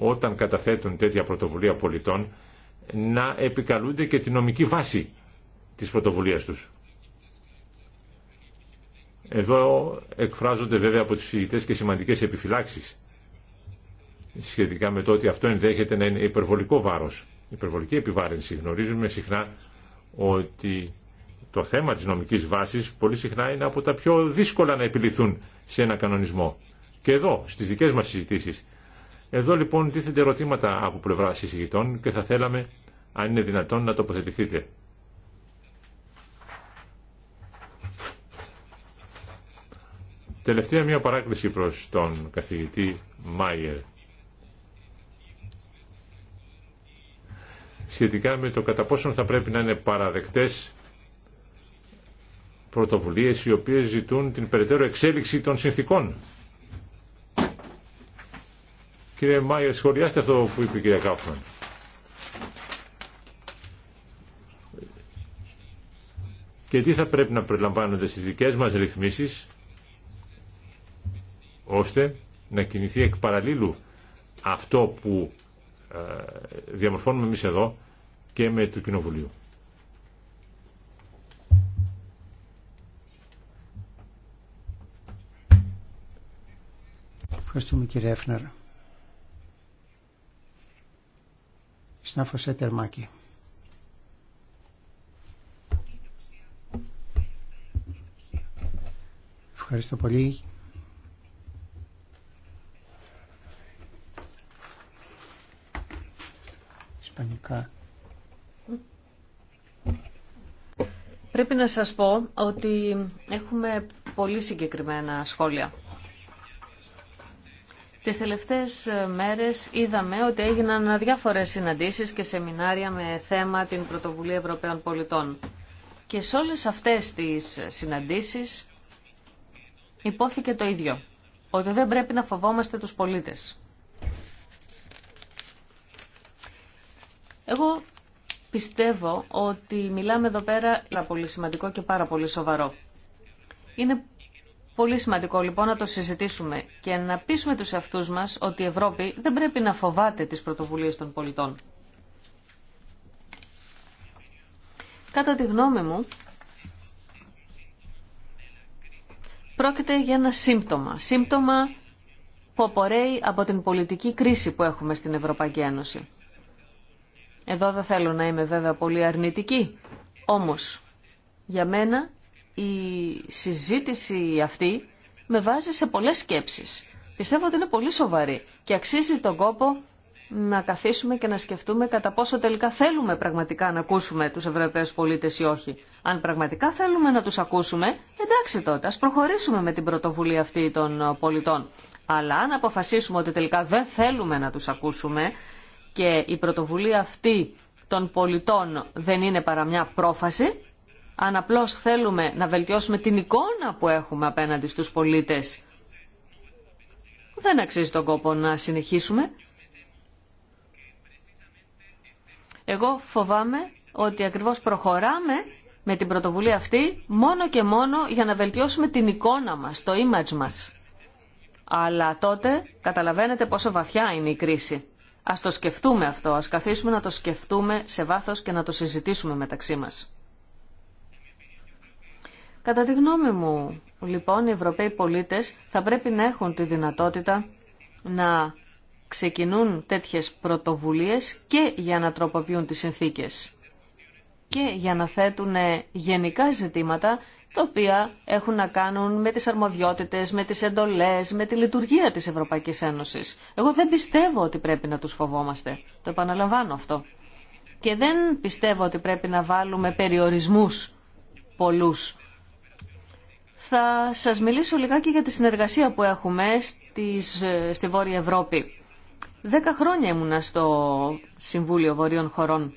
όταν καταθέτουν τέτοια πρωτοβουλία πολιτών να επικαλούνται και τη νομική βάση της πρωτοβουλίας τους. Εδώ εκφράζονται βέβαια από τους φοιτητές και σημαντικές επιφυλάξεις σχετικά με το ότι αυτό ενδέχεται να είναι υπερβολικό βάρος, υπερβολική επιβάρυνση. Γνωρίζουμε συχνά ότι το θέμα της νομικής βάσης πολύ συχνά είναι από τα πιο δύσκολα να επιληθούν σε ένα κανονισμό. Και εδώ, στις δικές μας συζητήσεις, εδώ λοιπόν τίθενται ερωτήματα από πλευρά συζητητών και θα θέλαμε, αν είναι δυνατόν, να τοποθετηθείτε. Τελευταία μια παράκληση προς τον καθηγητή Μάιερ. Σχετικά με το κατά πόσον θα πρέπει να είναι παραδεκτές πρωτοβουλίες οι οποίες ζητούν την περαιτέρω εξέλιξη των συνθήκων. Κύριε Μάιερ, σχολιάστε αυτό που είπε η κυρία Κάφμαν. Και τι θα πρέπει να περιλαμβάνονται στις δικές μας ρυθμίσεις, ώστε να κινηθεί εκ παραλίλου αυτό που ε, διαμορφώνουμε εμείς εδώ και με το Κοινοβουλίο. Ευχαριστούμε κύριε Έφνερα. συνάφο Ετερμάκη. Ευχαριστώ πολύ. Ισπανικά. Πρέπει να σας πω ότι έχουμε πολύ συγκεκριμένα σχόλια. Τις τελευταίες ε, μέρες είδαμε ότι έγιναν διάφορες συναντήσεις και σεμινάρια με θέμα την πρωτοβουλία Ευρωπαίων πολιτών. Και σε όλες αυτές τις συναντήσεις υπόθηκε το ίδιο, ότι δεν πρέπει να φοβόμαστε τους πολίτες. Εγώ πιστεύω ότι μιλάμε εδώ πέρα για πολύ σημαντικό και πάρα πολύ σοβαρό. Είναι Πολύ σημαντικό λοιπόν να το συζητήσουμε και να πείσουμε τους εαυτούς μας ότι η Ευρώπη δεν πρέπει να φοβάται τις πρωτοβουλίες των πολιτών. Κατά τη γνώμη μου, πρόκειται για ένα σύμπτωμα. Σύμπτωμα που απορρέει από την πολιτική κρίση που έχουμε στην Ευρωπαϊκή Ένωση. Εδώ δεν θέλω να είμαι βέβαια πολύ αρνητική, όμως για μένα η συζήτηση αυτή με βάζει σε πολλές σκέψεις. Πιστεύω ότι είναι πολύ σοβαρή και αξίζει τον κόπο να καθίσουμε και να σκεφτούμε κατά πόσο τελικά θέλουμε πραγματικά να ακούσουμε τους Ευρωπαίους πολίτες ή όχι. Αν πραγματικά θέλουμε να τους ακούσουμε, εντάξει τότε, ας προχωρήσουμε με την πρωτοβουλία αυτή των πολιτών. Αλλά αν αποφασίσουμε ότι τελικά δεν θέλουμε να τους ακούσουμε και η πρωτοβουλία αυτή των πολιτών δεν είναι παρά μια πρόφαση, αν απλώς θέλουμε να βελτιώσουμε την εικόνα που έχουμε απέναντι στους πολίτες, δεν αξίζει τον κόπο να συνεχίσουμε. Εγώ φοβάμαι ότι ακριβώς προχωράμε με την πρωτοβουλία αυτή μόνο και μόνο για να βελτιώσουμε την εικόνα μας, το image μας. Αλλά τότε καταλαβαίνετε πόσο βαθιά είναι η κρίση. Ας το σκεφτούμε αυτό, ας καθίσουμε να το σκεφτούμε σε βάθος και να το συζητήσουμε μεταξύ μας. Κατά τη γνώμη μου, λοιπόν, οι Ευρωπαίοι πολίτες θα πρέπει να έχουν τη δυνατότητα να ξεκινούν τέτοιες πρωτοβουλίες και για να τροποποιούν τις συνθήκες και για να θέτουν γενικά ζητήματα τα οποία έχουν να κάνουν με τις αρμοδιότητες, με τις εντολές, με τη λειτουργία της Ευρωπαϊκής Ένωσης. Εγώ δεν πιστεύω ότι πρέπει να τους φοβόμαστε. Το επαναλαμβάνω αυτό. Και δεν πιστεύω ότι πρέπει να βάλουμε περιορισμούς πολλούς θα σας μιλήσω λιγάκι για τη συνεργασία που έχουμε στις, στη Βόρεια Ευρώπη. Δέκα χρόνια ήμουνα στο Συμβούλιο Βορείων Χωρών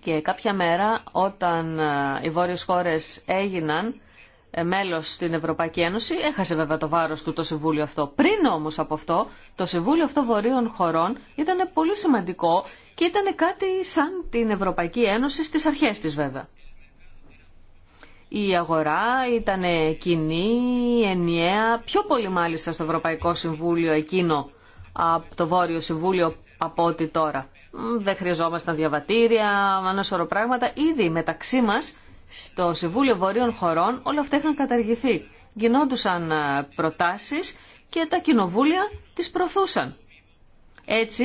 και κάποια μέρα όταν οι βόρειες χώρες έγιναν ε, μέλος στην Ευρωπαϊκή Ένωση, έχασε βέβαια το βάρος του το Συμβούλιο αυτό. Πριν όμως από αυτό, το Συμβούλιο αυτό Βορείων Χωρών ήταν πολύ σημαντικό και ήταν κάτι σαν την Ευρωπαϊκή Ένωση στις αρχές της βέβαια. Η αγορά ήταν κοινή, ενιαία, πιο πολύ μάλιστα στο Ευρωπαϊκό Συμβούλιο εκείνο από το Βόρειο Συμβούλιο από ό,τι τώρα. Δεν χρειαζόμασταν διαβατήρια, ένα σωρό πράγματα. Ήδη μεταξύ μας στο Συμβούλιο Βορείων Χωρών όλα αυτά είχαν καταργηθεί. Γινόντουσαν ε, προτάσεις και τα κοινοβούλια τις προθούσαν. Έτσι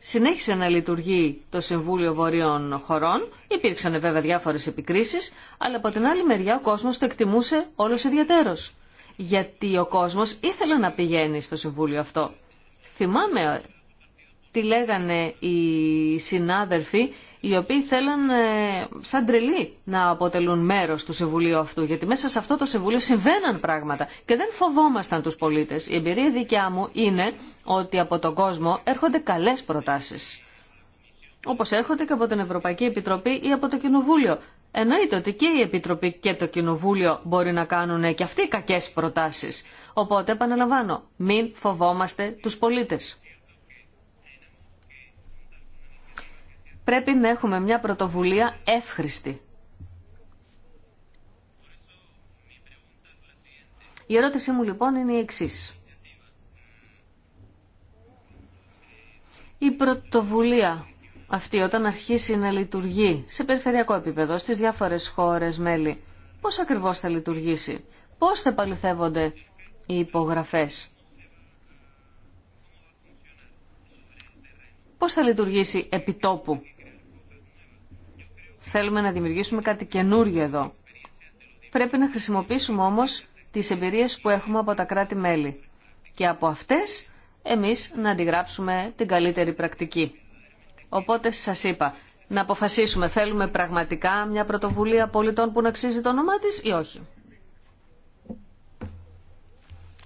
συνέχισε να λειτουργεί το Συμβούλιο Βορείων Χωρών. Υπήρξαν βέβαια διάφορες επικρίσεις, αλλά από την άλλη μεριά ο κόσμος το εκτιμούσε όλος ιδιαίτερος. Γιατί ο κόσμος ήθελε να πηγαίνει στο Συμβούλιο αυτό. Θυμάμαι τι λέγανε οι συνάδελφοι οι οποίοι θέλαν ε, σαν τρελοί να αποτελούν μέρος του Συμβουλίου αυτού, γιατί μέσα σε αυτό το Συμβούλιο συμβαίναν πράγματα και δεν φοβόμασταν τους πολίτες. Η εμπειρία δικιά μου είναι ότι από τον κόσμο έρχονται καλές προτάσεις. Όπως έρχονται και από την Ευρωπαϊκή Επιτροπή ή από το Κοινοβούλιο. Εννοείται ότι και η Επιτροπή και το Κοινοβούλιο μπορεί να κάνουν και αυτοί κακές προτάσεις. Οπότε επαναλαμβάνω, μην φοβόμαστε τους πολίτες. πρέπει να έχουμε μια πρωτοβουλία εύχρηστη. Η ερώτησή μου λοιπόν είναι η εξής. Η πρωτοβουλία αυτή όταν αρχίσει να λειτουργεί σε περιφερειακό επίπεδο, στις διάφορες χώρες μέλη, πώς ακριβώς θα λειτουργήσει, πώς θα επαληθεύονται οι υπογραφές, πώς θα λειτουργήσει επιτόπου Θέλουμε να δημιουργήσουμε κάτι καινούριο εδώ. Πρέπει να χρησιμοποιήσουμε όμως τις εμπειρίες που έχουμε από τα κράτη-μέλη και από αυτές εμείς να αντιγράψουμε την καλύτερη πρακτική. Οπότε σας είπα, να αποφασίσουμε θέλουμε πραγματικά μια πρωτοβουλία πολιτών που να αξίζει το όνομά της ή όχι.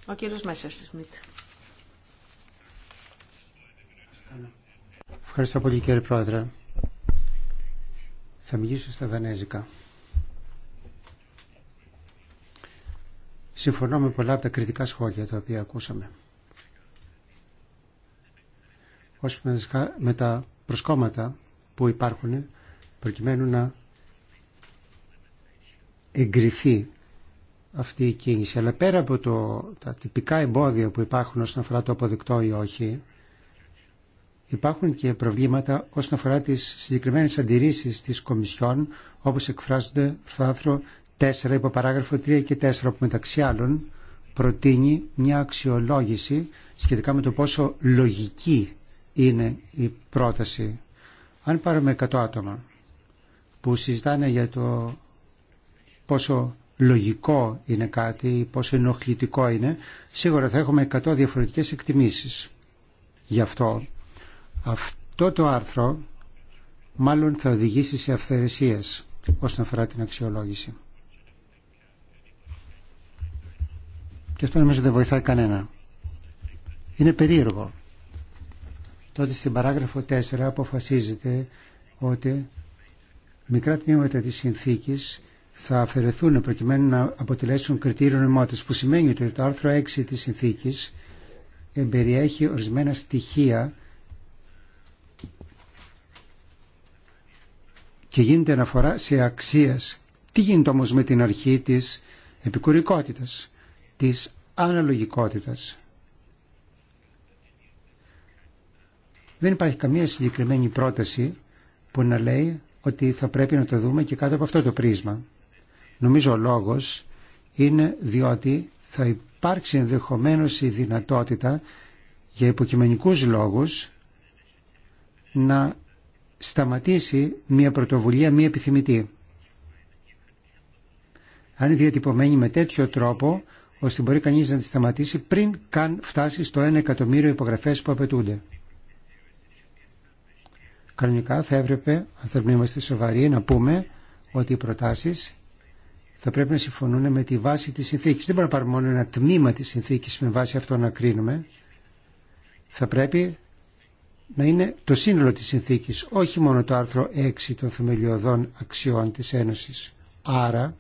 Ο κύριος Μέσσερ Σμιτ. Ευχαριστώ πολύ κύριε Πρόεδρε. Θα μιλήσω στα δανέζικα. Συμφωνώ με πολλά από τα κριτικά σχόλια τα οποία ακούσαμε. Όσο με τα προσκόμματα που υπάρχουν προκειμένου να εγκριθεί αυτή η κίνηση. Αλλά πέρα από το, τα τυπικά εμπόδια που υπάρχουν όσον αφορά το αποδεκτό ή όχι, Υπάρχουν και προβλήματα όσον αφορά τις συγκεκριμένες αντιρρήσεις της Κομισιόν, όπως εκφράζονται στο άρθρο 4 υπό παράγραφο 3 και 4, που μεταξύ άλλων προτείνει μια αξιολόγηση σχετικά με το πόσο λογική είναι η πρόταση. Αν πάρουμε 100 άτομα που συζητάνε για το πόσο λογικό είναι κάτι, πόσο ενοχλητικό είναι, σίγουρα θα έχουμε 100 διαφορετικές εκτιμήσεις. Γι' αυτό αυτό το άρθρο μάλλον θα οδηγήσει σε αυθαιρεσίες όσον αφορά την αξιολόγηση. Και αυτό νομίζω δεν βοηθάει κανένα. Είναι περίεργο. Τότε στην παράγραφο 4 αποφασίζεται ότι μικρά τμήματα της συνθήκης θα αφαιρεθούν προκειμένου να αποτελέσουν κριτήριο νομιμότητας που σημαίνει ότι το άρθρο 6 της συνθήκης περιέχει ορισμένα στοιχεία και γίνεται αναφορά σε αξίες. Τι γίνεται όμως με την αρχή της επικουρικότητας, της αναλογικότητας. Δεν υπάρχει καμία συγκεκριμένη πρόταση που να λέει ότι θα πρέπει να το δούμε και κάτω από αυτό το πρίσμα. Νομίζω ο λόγος είναι διότι θα υπάρξει ενδεχομένως η δυνατότητα για υποκειμενικούς λόγους να σταματήσει μια πρωτοβουλία μια επιθυμητή. Αν είναι διατυπωμένη με τέτοιο τρόπο, ώστε μπορεί κανείς να τη σταματήσει πριν καν φτάσει στο 1 εκατομμύριο υπογραφές που απαιτούνται. Κανονικά θα έπρεπε, αν θέλουμε να είμαστε σοβαροί, να πούμε ότι οι προτάσεις θα πρέπει να συμφωνούν με τη βάση της συνθήκης. Δεν μπορούμε να πάρουμε μόνο ένα τμήμα της συνθήκης με βάση αυτό να κρίνουμε. Θα πρέπει να είναι το σύνολο της συνθήκης, όχι μόνο το άρθρο 6 των θεμελιωδών αξιών της Ένωσης. Άρα,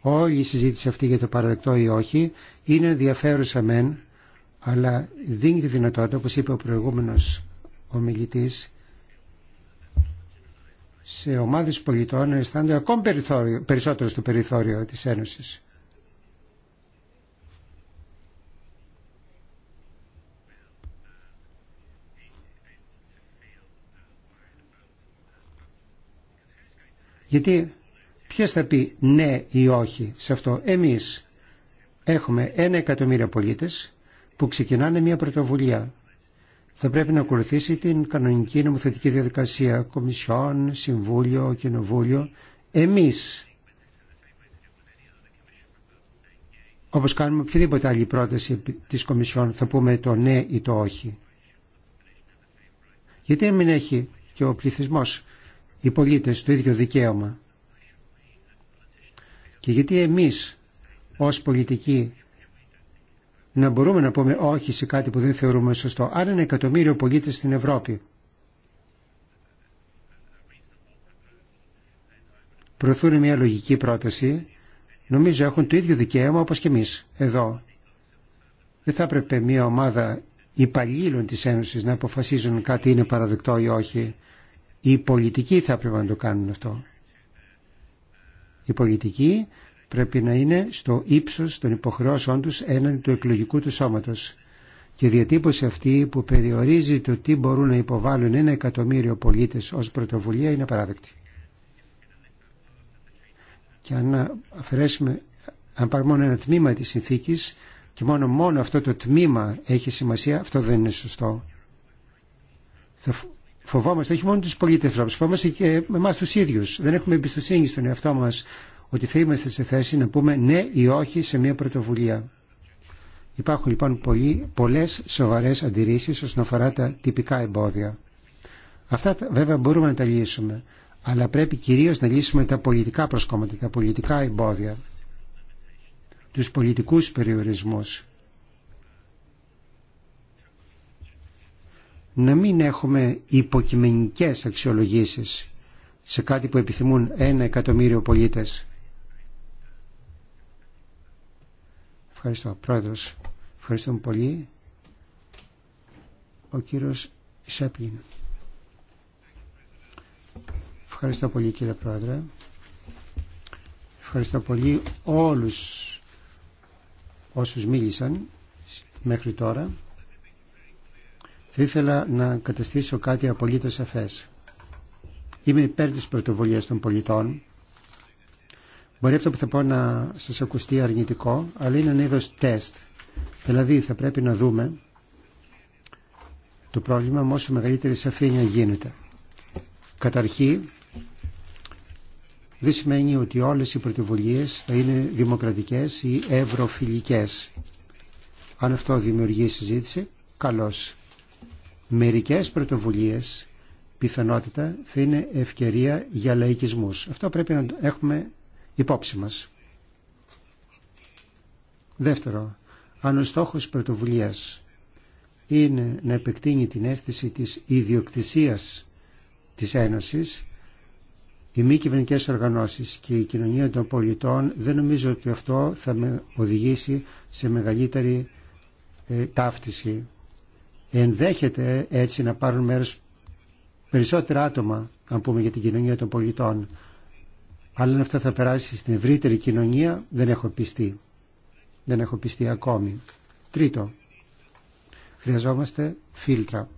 όλη η συζήτηση αυτή για το παραδεκτό ή όχι είναι ενδιαφέρουσα μεν, αλλά δίνει τη δυνατότητα, όπως είπε ο προηγούμενος ομιλητής, σε ομάδες πολιτών να αισθάνονται ακόμη περισσότερο στο περιθώριο της Ένωσης. Γιατί ποιος θα πει ναι ή όχι σε αυτό. Εμείς έχουμε ένα εκατομμύριο πολίτες που ξεκινάνε μια πρωτοβουλία. Θα πρέπει να ακολουθήσει την κανονική νομοθετική διαδικασία, κομισιόν, συμβούλιο, κοινοβούλιο. Εμείς, όπως κάνουμε οποιαδήποτε άλλη πρόταση της κομισιόν, θα πούμε το ναι ή το όχι. Γιατί μην έχει και ο πληθυσμό, οι πολίτες το ίδιο δικαίωμα. Και γιατί εμείς ως πολιτικοί να μπορούμε να πούμε όχι σε κάτι που δεν θεωρούμε σωστό. Αν ένα εκατομμύριο πολίτες στην Ευρώπη. Προωθούν μια λογική πρόταση. Νομίζω έχουν το ίδιο δικαίωμα όπως και εμείς εδώ. Δεν θα έπρεπε μια ομάδα υπαλλήλων της Ένωσης να αποφασίζουν κάτι είναι παραδεκτό ή όχι. Οι πολιτικοί θα πρέπει να το κάνουν αυτό. Οι πολιτικοί πρέπει να είναι στο ύψος των υποχρεώσεών τους έναντι του εκλογικού του σώματος. Και η διατύπωση αυτή που περιορίζει το τι μπορούν να υποβάλουν ένα εκατομμύριο πολίτες ως πρωτοβουλία είναι απαράδεκτη. Και αν αφαιρέσουμε, αν πάρουμε μόνο ένα τμήμα της συνθήκης και μόνο, μόνο αυτό το τμήμα έχει σημασία, αυτό δεν είναι σωστό. Φοβόμαστε όχι μόνο του πολίτε φοβόμαστε και εμά του ίδιου. Δεν έχουμε εμπιστοσύνη στον εαυτό μα ότι θα είμαστε σε θέση να πούμε ναι ή όχι σε μια πρωτοβουλία. Υπάρχουν λοιπόν πολλέ σοβαρέ αντιρρήσει όσον αφορά τα τυπικά εμπόδια. Αυτά βέβαια μπορούμε να τα λύσουμε, αλλά πρέπει κυρίω να λύσουμε τα πολιτικά προσκόμματα, τα πολιτικά εμπόδια, του πολιτικού περιορισμού να μην έχουμε υποκειμενικές αξιολογήσεις σε κάτι που επιθυμούν ένα εκατομμύριο πολίτες. Ευχαριστώ, Πρόεδρος. Ευχαριστούμε πολύ. Ο κύριος Σέπλιν. Ευχαριστώ πολύ κύριε Πρόεδρε. Ευχαριστώ πολύ όλους όσους μίλησαν μέχρι τώρα. Θα ήθελα να καταστήσω κάτι απολύτω σαφέ. Είμαι υπέρ τη πρωτοβουλία των πολιτών. Μπορεί αυτό που θα πω να σα ακουστεί αρνητικό, αλλά είναι ένα είδο τεστ. Δηλαδή θα πρέπει να δούμε το πρόβλημα με όσο μεγαλύτερη σαφήνεια γίνεται. Καταρχή, δεν σημαίνει ότι όλες οι πρωτοβουλίες θα είναι δημοκρατικές ή ευρωφιλικές. Αν αυτό δημιουργεί συζήτηση, καλώς μερικές πρωτοβουλίες πιθανότητα θα είναι ευκαιρία για λαϊκισμούς. Αυτό πρέπει να έχουμε υπόψη μας. Δεύτερο, αν ο στόχος πρωτοβουλίας είναι να επεκτείνει την αίσθηση της ιδιοκτησίας της Ένωσης, οι μη κυβερνικέ οργανώσεις και η κοινωνία των πολιτών δεν νομίζω ότι αυτό θα με οδηγήσει σε μεγαλύτερη ε, ταύτιση ενδέχεται έτσι να πάρουν μέρος περισσότερα άτομα, αν πούμε για την κοινωνία των πολιτών. Αλλά αν αυτό θα περάσει στην ευρύτερη κοινωνία, δεν έχω πιστεί. Δεν έχω πιστεί ακόμη. Τρίτο, χρειαζόμαστε φίλτρα.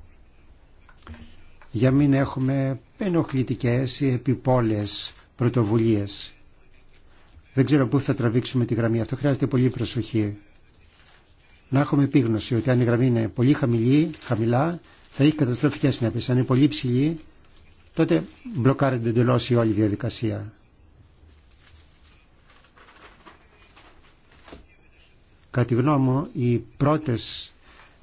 Για μην έχουμε ενοχλητικές ή επιπόλαιες πρωτοβουλίες. Δεν ξέρω πού θα τραβήξουμε τη γραμμή. Αυτό χρειάζεται πολύ προσοχή να έχουμε επίγνωση ότι αν η γραμμή είναι πολύ χαμηλή, χαμηλά, θα έχει καταστροφικέ συνέπειε. Αν είναι πολύ ψηλή, τότε μπλοκάρεται εντελώ η όλη διαδικασία. Κατά τη γνώμη μου, οι πρώτε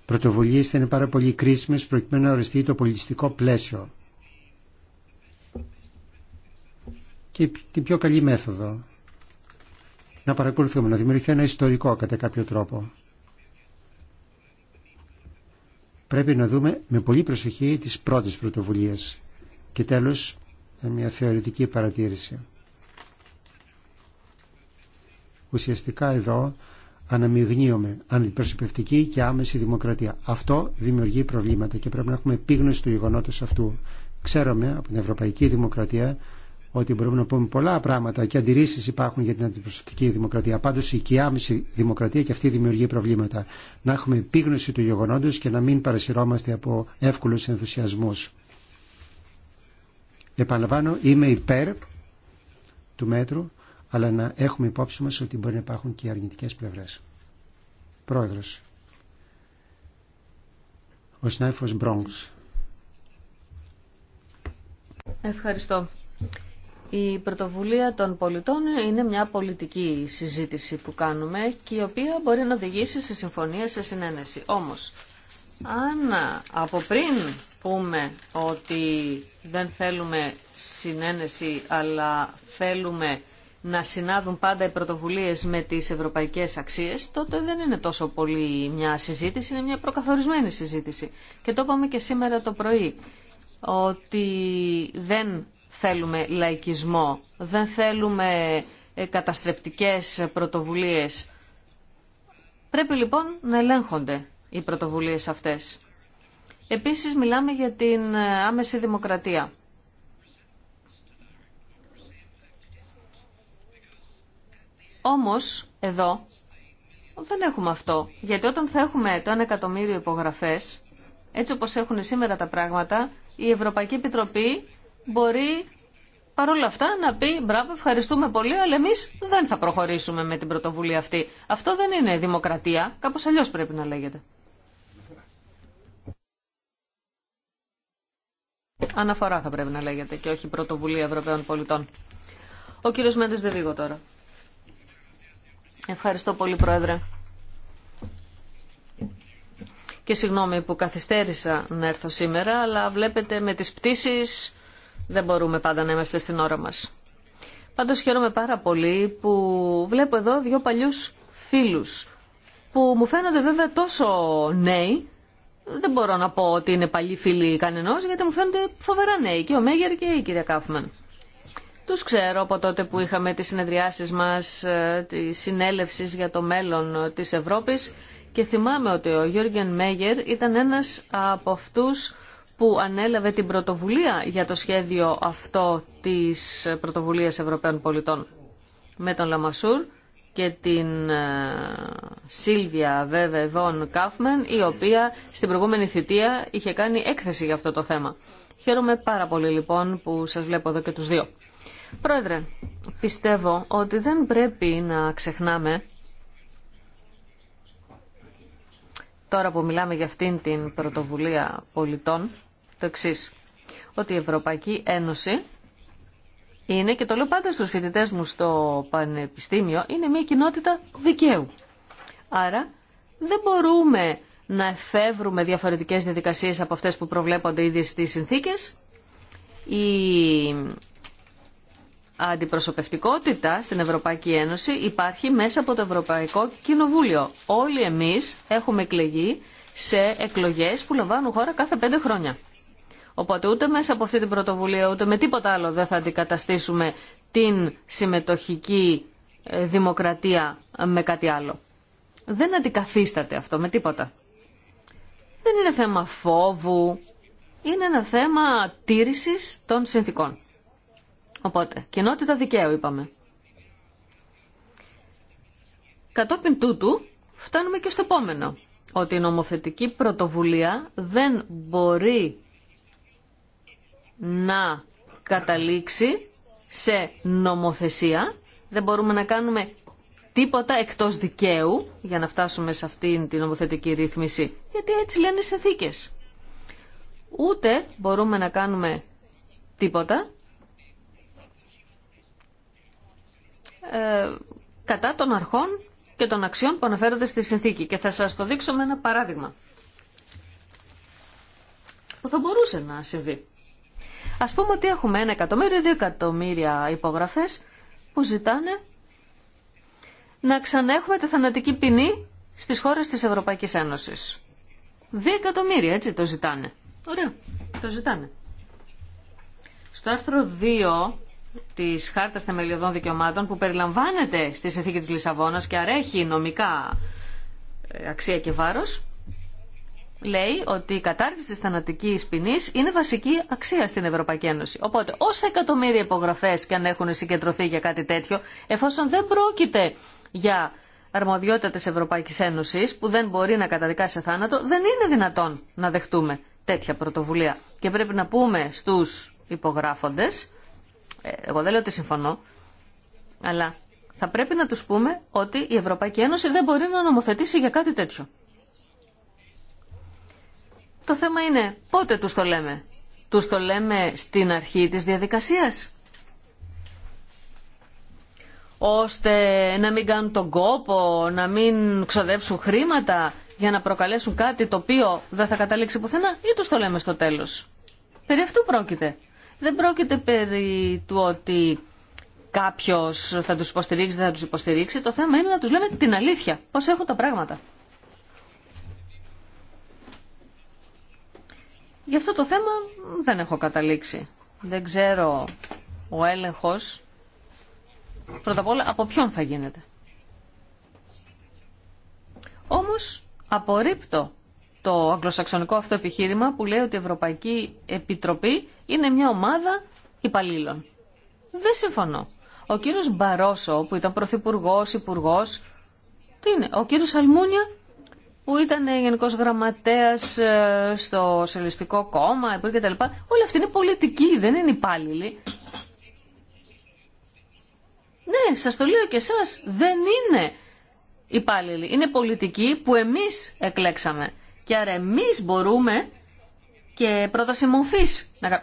πρωτοβουλίε θα είναι πάρα πολύ κρίσιμε προκειμένου να οριστεί το πολιτιστικό πλαίσιο. Και την πιο καλή μέθοδο να παρακολουθούμε, να δημιουργηθεί ένα ιστορικό κατά κάποιο τρόπο. Πρέπει να δούμε με πολύ προσοχή τις πρώτες πρωτοβουλίες. Και τέλος, μια θεωρητική παρατήρηση. Ουσιαστικά εδώ αναμειγνύομαι αντιπροσωπευτική και άμεση δημοκρατία. Αυτό δημιουργεί προβλήματα και πρέπει να έχουμε επίγνωση του γεγονότος αυτού. Ξέρουμε από την Ευρωπαϊκή Δημοκρατία ότι μπορούμε να πούμε πολλά πράγματα και αντιρρήσει υπάρχουν για την αντιπροσωπευτική δημοκρατία. Πάντως η άμεση δημοκρατία και αυτή δημιουργεί προβλήματα. Να έχουμε επίγνωση του γεγονότος και να μην παρασυρώμαστε από εύκολου ενθουσιασμούς. Επαναλαμβάνω, είμαι υπέρ του μέτρου, αλλά να έχουμε υπόψη μα ότι μπορεί να υπάρχουν και αρνητικέ πλευρέ. Πρόεδρο. Ο Σνάιφος Μπρόγκς. Ευχαριστώ. Η πρωτοβουλία των πολιτών είναι μια πολιτική συζήτηση που κάνουμε και η οποία μπορεί να οδηγήσει σε συμφωνία, σε συνένεση. Όμως, αν από πριν πούμε ότι δεν θέλουμε συνένεση αλλά θέλουμε να συνάδουν πάντα οι πρωτοβουλίες με τις ευρωπαϊκές αξίες, τότε δεν είναι τόσο πολύ μια συζήτηση, είναι μια προκαθορισμένη συζήτηση. Και το είπαμε και σήμερα το πρωί, ότι δεν θέλουμε λαϊκισμό, δεν θέλουμε ε, καταστρεπτικές πρωτοβουλίες. Πρέπει λοιπόν να ελέγχονται οι πρωτοβουλίες αυτές. Επίσης μιλάμε για την ε, άμεση δημοκρατία. Όμως εδώ δεν έχουμε αυτό. Γιατί όταν θα έχουμε το 1 εκατομμύριο υπογραφές, έτσι όπως έχουν σήμερα τα πράγματα, η Ευρωπαϊκή Επιτροπή μπορεί παρόλα αυτά να πει μπράβο, ευχαριστούμε πολύ, αλλά εμεί δεν θα προχωρήσουμε με την πρωτοβουλία αυτή. Αυτό δεν είναι δημοκρατία, κάπω αλλιώ πρέπει να λέγεται. Αναφορά θα πρέπει να λέγεται και όχι πρωτοβουλία Ευρωπαίων πολιτών. Ο κύριος Μέντες δίγω τώρα. Ευχαριστώ πολύ Πρόεδρε. Και συγγνώμη που καθυστέρησα να έρθω σήμερα, αλλά βλέπετε με τις πτήσεις δεν μπορούμε πάντα να είμαστε στην ώρα μας. Πάντως χαίρομαι πάρα πολύ που βλέπω εδώ δύο παλιούς φίλους που μου φαίνονται βέβαια τόσο νέοι δεν μπορώ να πω ότι είναι παλιοί φίλοι κανενός γιατί μου φαίνονται φοβερά νέοι και ο Μέγερ και η κυρία Κάφμαν. Τους ξέρω από τότε που είχαμε τις συνεδριάσεις μας ε, τις συνέλευσει για το μέλλον της Ευρώπης και θυμάμαι ότι ο Γιώργεν Μέγερ ήταν ένας από αυτούς που ανέλαβε την πρωτοβουλία για το σχέδιο αυτό της πρωτοβουλίας Ευρωπαίων πολιτών με τον Λαμασούρ και την ε, Σίλβια βέβαια Κάφμεν η οποία στην προηγούμενη θητεία είχε κάνει έκθεση για αυτό το θέμα. Χαίρομαι πάρα πολύ λοιπόν που σας βλέπω εδώ και τους δύο. Πρόεδρε, πιστεύω ότι δεν πρέπει να ξεχνάμε τώρα που μιλάμε για αυτήν την πρωτοβουλία πολιτών το εξή. Ότι η Ευρωπαϊκή Ένωση είναι, και το λέω πάντα στους φοιτητέ μου στο Πανεπιστήμιο, είναι μια κοινότητα δικαίου. Άρα δεν μπορούμε να εφεύρουμε διαφορετικές διαδικασίες από αυτές που προβλέπονται ήδη στις συνθήκες. Η αντιπροσωπευτικότητα στην Ευρωπαϊκή Ένωση υπάρχει μέσα από το Ευρωπαϊκό Κοινοβούλιο. Όλοι εμείς έχουμε εκλεγεί σε εκλογές που λαμβάνουν χώρα κάθε πέντε χρόνια. Οπότε ούτε μέσα από αυτή την πρωτοβουλία ούτε με τίποτα άλλο δεν θα αντικαταστήσουμε την συμμετοχική ε, δημοκρατία ε, με κάτι άλλο. Δεν αντικαθίσταται αυτό με τίποτα. Δεν είναι θέμα φόβου, είναι ένα θέμα τήρησης των συνθήκων. Οπότε, κοινότητα δικαίου είπαμε. Κατόπιν τούτου φτάνουμε και στο επόμενο, ότι η νομοθετική πρωτοβουλία δεν μπορεί να καταλήξει σε νομοθεσία. Δεν μπορούμε να κάνουμε τίποτα εκτός δικαίου για να φτάσουμε σε αυτήν την νομοθετική ρύθμιση. Γιατί έτσι λένε οι συνθήκες. Ούτε μπορούμε να κάνουμε τίποτα ε, κατά των αρχών και των αξιών που αναφέρονται στη συνθήκη. Και θα σας το δείξω με ένα παράδειγμα που θα μπορούσε να συμβεί. Α πούμε ότι έχουμε ένα εκατομμύριο, ή δύο εκατομμύρια υπογραφές που ζητάνε να ξανέχουμε τη θανατική ποινή στις χώρες της Ευρωπαϊκής Ένωσης. Δύο εκατομμύρια, έτσι το ζητάνε. Ωραία, το ζητάνε. Στο άρθρο 2 της Χάρτας Θεμελιωδών Δικαιωμάτων που περιλαμβάνεται στη Συνθήκη της Λισαβόνας και αρέχει νομικά ε, αξία και βάρος, λέει ότι η κατάργηση της θανατικής ποινής είναι βασική αξία στην Ευρωπαϊκή Ένωση. Οπότε, όσα εκατομμύρια υπογραφές και αν έχουν συγκεντρωθεί για κάτι τέτοιο, εφόσον δεν πρόκειται για αρμοδιότητα της Ευρωπαϊκής Ένωσης που δεν μπορεί να καταδικάσει σε θάνατο, δεν είναι δυνατόν να δεχτούμε τέτοια πρωτοβουλία. Και πρέπει να πούμε στους υπογράφοντες, ε, εγώ δεν λέω ότι συμφωνώ, αλλά θα πρέπει να τους πούμε ότι η Ευρωπαϊκή Ένωση δεν μπορεί να νομοθετήσει για κάτι τέτοιο. Το θέμα είναι πότε τους το λέμε. Τους το λέμε στην αρχή της διαδικασίας ώστε να μην κάνουν τον κόπο, να μην ξοδέψουν χρήματα για να προκαλέσουν κάτι το οποίο δεν θα καταλήξει πουθενά ή τους το λέμε στο τέλος. Περί αυτού πρόκειται. Δεν πρόκειται περί του ότι κάποιος θα τους υποστηρίξει, δεν θα τους υποστηρίξει. Το θέμα είναι να τους λέμε την αλήθεια, πώς έχουν τα πράγματα. Γι' αυτό το θέμα δεν έχω καταλήξει. Δεν ξέρω ο έλεγχος πρώτα απ' όλα από ποιον θα γίνεται. Όμως απορρίπτω το αγγλοσαξονικό αυτό επιχείρημα που λέει ότι η Ευρωπαϊκή Επιτροπή είναι μια ομάδα υπαλλήλων. Δεν συμφωνώ. Ο κύριος Μπαρόσο που ήταν πρωθυπουργό, υπουργό, τι είναι, ο κύριος Αλμούνια που ήταν γενικό γραμματέα ε, στο Σελιστικό Κόμμα, υπουργέ κτλ. Όλοι αυτοί είναι πολιτικοί, δεν είναι υπάλληλοι. Ναι, σα το λέω και εσά, δεν είναι υπάλληλοι. Είναι πολιτικοί που εμεί εκλέξαμε. Και άρα εμεί μπορούμε και πρόταση μορφή.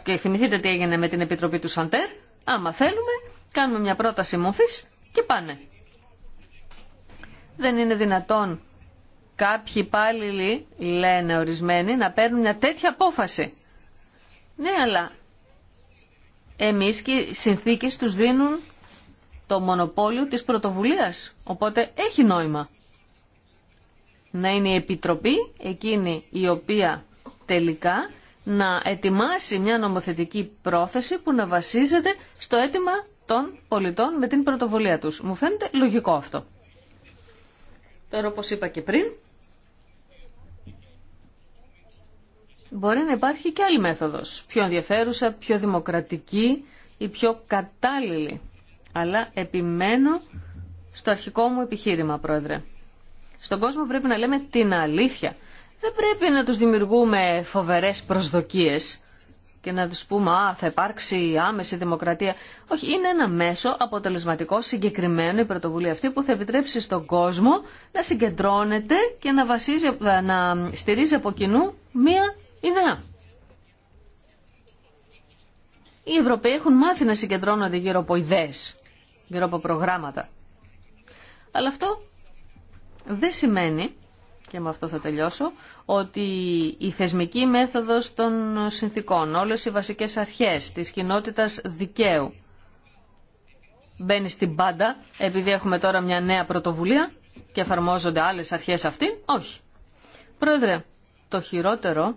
Και θυμηθείτε τι έγινε με την Επιτροπή του Σαντέρ. Άμα θέλουμε, κάνουμε μια πρόταση μορφή και πάνε. Δεν είναι δυνατόν Κάποιοι υπάλληλοι λένε ορισμένοι να παίρνουν μια τέτοια απόφαση. Ναι, αλλά εμείς και οι συνθήκες τους δίνουν το μονοπόλιο της πρωτοβουλίας. Οπότε έχει νόημα να είναι η Επιτροπή εκείνη η οποία τελικά να ετοιμάσει μια νομοθετική πρόθεση που να βασίζεται στο αίτημα των πολιτών με την πρωτοβουλία τους. Μου φαίνεται λογικό αυτό. Τώρα όπως είπα και πριν, Μπορεί να υπάρχει και άλλη μέθοδος, πιο ενδιαφέρουσα, πιο δημοκρατική ή πιο κατάλληλη. Αλλά επιμένω στο αρχικό μου επιχείρημα, Πρόεδρε. Στον κόσμο πρέπει να λέμε την αλήθεια. Δεν πρέπει να τους δημιουργούμε φοβερές προσδοκίες και να τους πούμε «Α, θα υπάρξει άμεση δημοκρατία». Όχι, είναι ένα μέσο αποτελεσματικό, συγκεκριμένο η πρωτοβουλία αυτή που θα επιτρέψει στον κόσμο να συγκεντρώνεται και να, βασίζει, να στηρίζει από κοινού μία ιδέα. Οι Ευρωπαίοι έχουν μάθει να συγκεντρώνονται γύρω από ιδέε, γύρω από προγράμματα. Αλλά αυτό δεν σημαίνει, και με αυτό θα τελειώσω, ότι η θεσμική μέθοδος των συνθήκων, όλες οι βασικές αρχές της κοινότητας δικαίου, μπαίνει στην πάντα επειδή έχουμε τώρα μια νέα πρωτοβουλία και εφαρμόζονται άλλες αρχές αυτή. Όχι. Πρόεδρε, το χειρότερο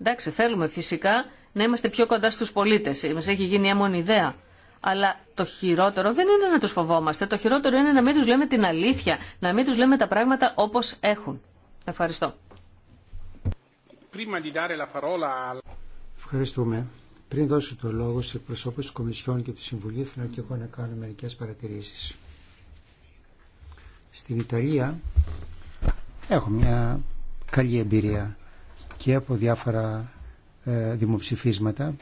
Εντάξει, θέλουμε φυσικά να είμαστε πιο κοντά στους πολίτες. Μας έχει γίνει έμονη ιδέα. Αλλά το χειρότερο δεν είναι να τους φοβόμαστε. Το χειρότερο είναι να μην τους λέμε την αλήθεια, να μην τους λέμε τα πράγματα όπως έχουν. Ευχαριστώ. Ευχαριστούμε. Πριν δώσω το λόγο σε προσώπους της Κομισιόν και του Συμβουλίου, θέλω και εγώ να κάνω μερικές παρατηρήσεις. Στην Ιταλία έχω μια καλή εμπειρία και από διάφορα ε, δημοψηφίσματα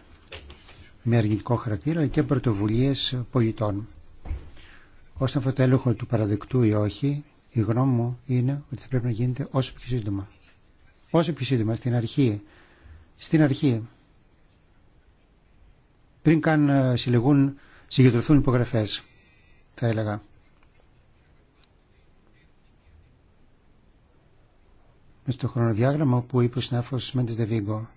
με αρνητικό χαρακτήρα και πρωτοβουλίε πολιτών. Όσον αυτό το έλεγχο του παραδεκτού ή όχι, η γνώμη μου είναι ότι θα πρέπει να γίνεται όσο πιο σύντομα. Όσο πιο σύντομα, στην αρχή. Στην αρχή. Πριν καν ε, συλλεγούν, συγκεντρωθούν υπογραφές, θα έλεγα. με στο χρονοδιάγραμμα που είπε ο συνάδελφος Μέντες Δεβίγκο.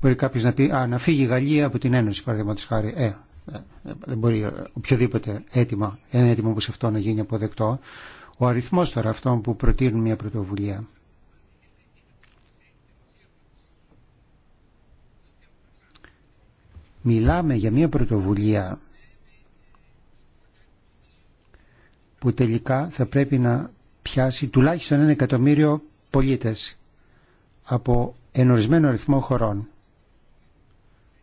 Μπορεί κάποιο να πει α, να φύγει η Γαλλία από την Ένωση, παραδείγματο χάρη. Ε, ε, ε, δεν μπορεί ε, οποιοδήποτε έτοιμο... ένα έτοιμο όπως αυτό να γίνει αποδεκτό. Ο αριθμός τώρα αυτών που προτείνουν μια πρωτοβουλία. Μιλάμε για μια πρωτοβουλία που τελικά θα πρέπει να πιάσει τουλάχιστον ένα εκατομμύριο πολίτες από ενορισμένο αριθμό χωρών.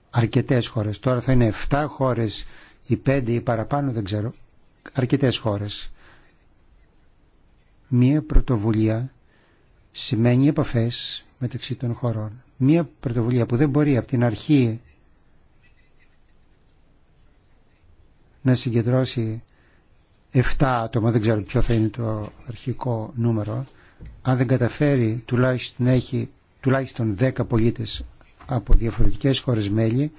Αρκετές χώρες. Τώρα θα είναι 7 χώρες ή 5 ή παραπάνω, δεν ξέρω. Αρκετές χώρες. Μία πρωτοβουλία σημαίνει επαφές μεταξύ των χωρών. Μία πρωτοβουλία που δεν μπορεί από την αρχή να συγκεντρώσει 7 άτομα, δεν ξέρω ποιο θα είναι το αρχικό νούμερο, αν δεν καταφέρει τουλάχιστον έχει τουλάχιστον 10 πολίτες από διαφορετικές χώρες μέλη,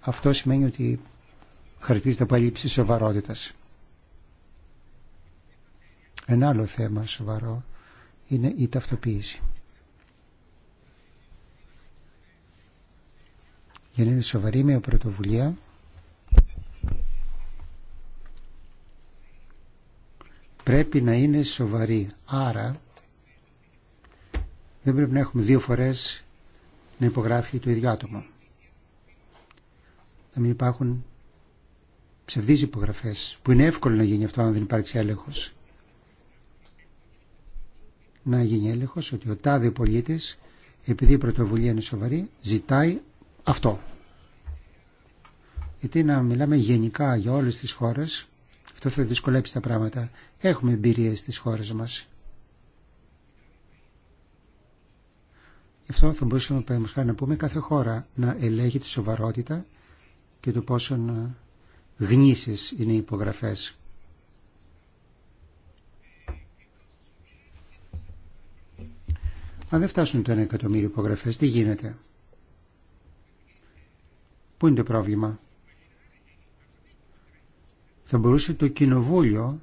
αυτό σημαίνει ότι χαρακτηρίζεται από έλλειψη σοβαρότητας. Ένα άλλο θέμα σοβαρό είναι η ταυτοποίηση. Για να είναι σοβαρή μια πρωτοβουλία πρέπει να είναι σοβαρή. Άρα δεν πρέπει να έχουμε δύο φορές να υπογράφει το ίδιο άτομο. Να μην υπάρχουν ψευδείς υπογραφές που είναι εύκολο να γίνει αυτό αν δεν υπάρξει έλεγχος. Να γίνει έλεγχος ότι ο τάδε πολίτης επειδή η πρωτοβουλία είναι σοβαρή ζητάει αυτό. Γιατί να μιλάμε γενικά για όλες τις χώρες αυτό θα δυσκολέψει τα πράγματα. Έχουμε εμπειρίε στις χώρες μας. Γι' αυτό θα μπορούσαμε να πούμε κάθε χώρα να ελέγχει τη σοβαρότητα και το πόσο ε, γνήσεις είναι οι υπογραφές. Αν δεν φτάσουν το 1 εκατομμύριο υπογραφές, τι γίνεται. Πού είναι το πρόβλημα θα μπορούσε το κοινοβούλιο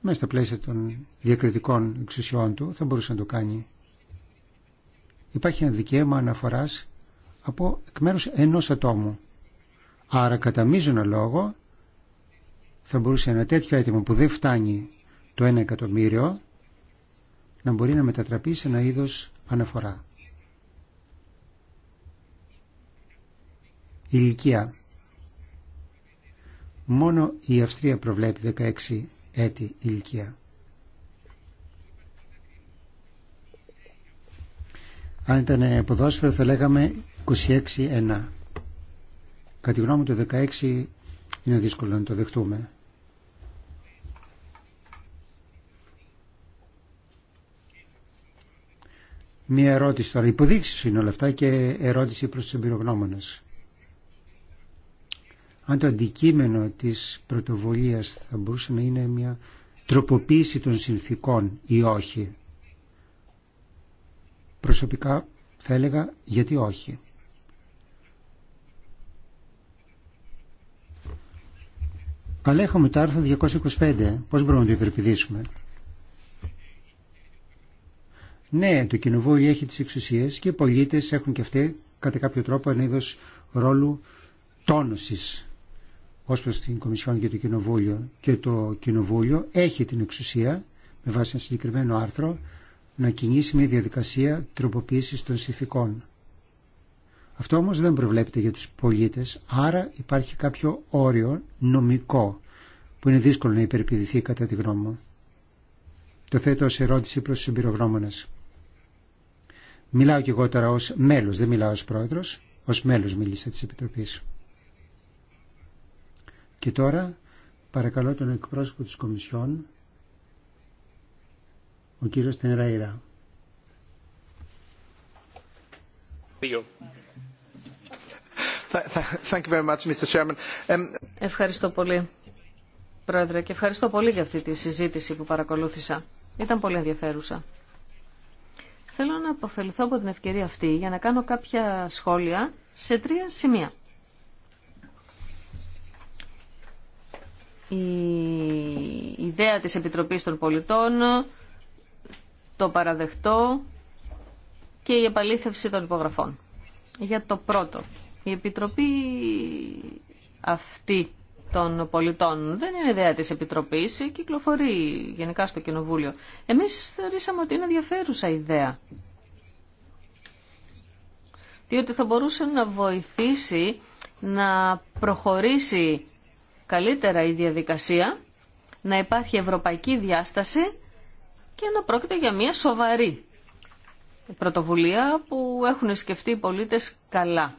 μέσα στα πλαίσια των διακριτικών εξουσιών του θα μπορούσε να το κάνει. Υπάρχει ένα δικαίωμα αναφοράς από εκ μέρους ενός ατόμου. Άρα κατά μείζωνα λόγο θα μπορούσε ένα τέτοιο αίτημα που δεν φτάνει το 1 εκατομμύριο να μπορεί να μετατραπεί σε ένα είδος αναφορά. ηλικία. Μόνο η Αυστρία προβλέπει 16 έτη ηλικία. Αν ήταν ποδόσφαιρο θα λέγαμε 26-1. Κατά τη γνώμη μου το 16 είναι δύσκολο να το δεχτούμε. Μία ερώτηση τώρα. Υποδείξεις είναι όλα αυτά και ερώτηση προς τους εμπειρογνώμονες αν το αντικείμενο της πρωτοβολίας θα μπορούσε να είναι μια τροποποίηση των συνθήκων ή όχι. Προσωπικά θα έλεγα γιατί όχι. Αλλά έχουμε το άρθρο 225. Πώς μπορούμε να το υπερπηδήσουμε. Ναι, το κοινοβούλιο έχει τις εξουσίες και οι πολίτες έχουν και αυτοί κατά κάποιο τρόπο ένα είδος ρόλου τόνωσης ως προς την Κομισιόν και το Κοινοβούλιο και το Κοινοβούλιο έχει την εξουσία με βάση ένα συγκεκριμένο άρθρο να κινήσει μια διαδικασία τροποποίησης των συνθηκών. Αυτό όμως δεν προβλέπεται για τους πολίτες, άρα υπάρχει κάποιο όριο νομικό που είναι δύσκολο να υπερπηδηθεί κατά τη γνώμη μου. Το θέτω ως ερώτηση προς τους εμπειρογνώμονες. Μιλάω κι εγώ τώρα ως μέλος, δεν μιλάω ως πρόεδρος, ως μέλος μίλησα της Επιτροπής. Και τώρα παρακαλώ τον εκπρόσωπο της Κομισιόν, ο κύριος Τενραϊρά. Um, ευχαριστώ πολύ, Πρόεδρε, και ευχαριστώ πολύ για αυτή τη συζήτηση που παρακολούθησα. Ήταν πολύ ενδιαφέρουσα. Θέλω να αποφεληθώ από την ευκαιρία αυτή για να κάνω κάποια σχόλια σε τρία σημεία. η ιδέα της Επιτροπής των Πολιτών, το παραδεχτό και η επαλήθευση των υπογραφών. Για το πρώτο, η Επιτροπή αυτή των πολιτών δεν είναι ιδέα της Επιτροπής, κυκλοφορεί γενικά στο Κοινοβούλιο. Εμείς θεωρήσαμε ότι είναι ενδιαφέρουσα ιδέα. Διότι θα μπορούσε να βοηθήσει να προχωρήσει καλύτερα η διαδικασία, να υπάρχει ευρωπαϊκή διάσταση και να πρόκειται για μια σοβαρή πρωτοβουλία που έχουν σκεφτεί οι πολίτες καλά.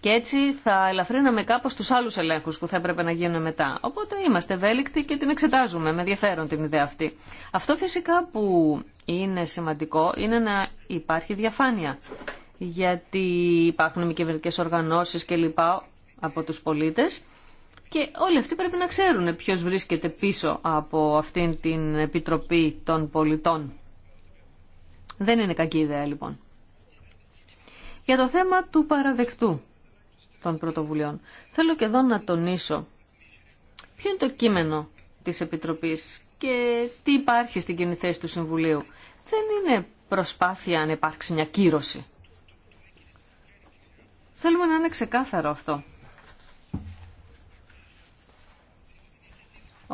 Και έτσι θα ελαφρύναμε κάπως τους άλλους ελέγχους που θα έπρεπε να γίνουν μετά. Οπότε είμαστε ευέλικτοι και την εξετάζουμε με ενδιαφέρον την ιδέα αυτή. Αυτό φυσικά που είναι σημαντικό είναι να υπάρχει διαφάνεια. Γιατί υπάρχουν μη κυβερνητικές οργανώσεις και λοιπά από τους πολίτες και όλοι αυτοί πρέπει να ξέρουν ποιος βρίσκεται πίσω από αυτήν την Επιτροπή των Πολιτών. Δεν είναι κακή ιδέα λοιπόν. Για το θέμα του παραδεκτού των πρωτοβουλειών. Θέλω και εδώ να τονίσω ποιο είναι το κείμενο της Επιτροπής και τι υπάρχει στην κοινή θέση του Συμβουλίου. Δεν είναι προσπάθεια να υπάρξει μια κύρωση. Θέλουμε να είναι ξεκάθαρο αυτό.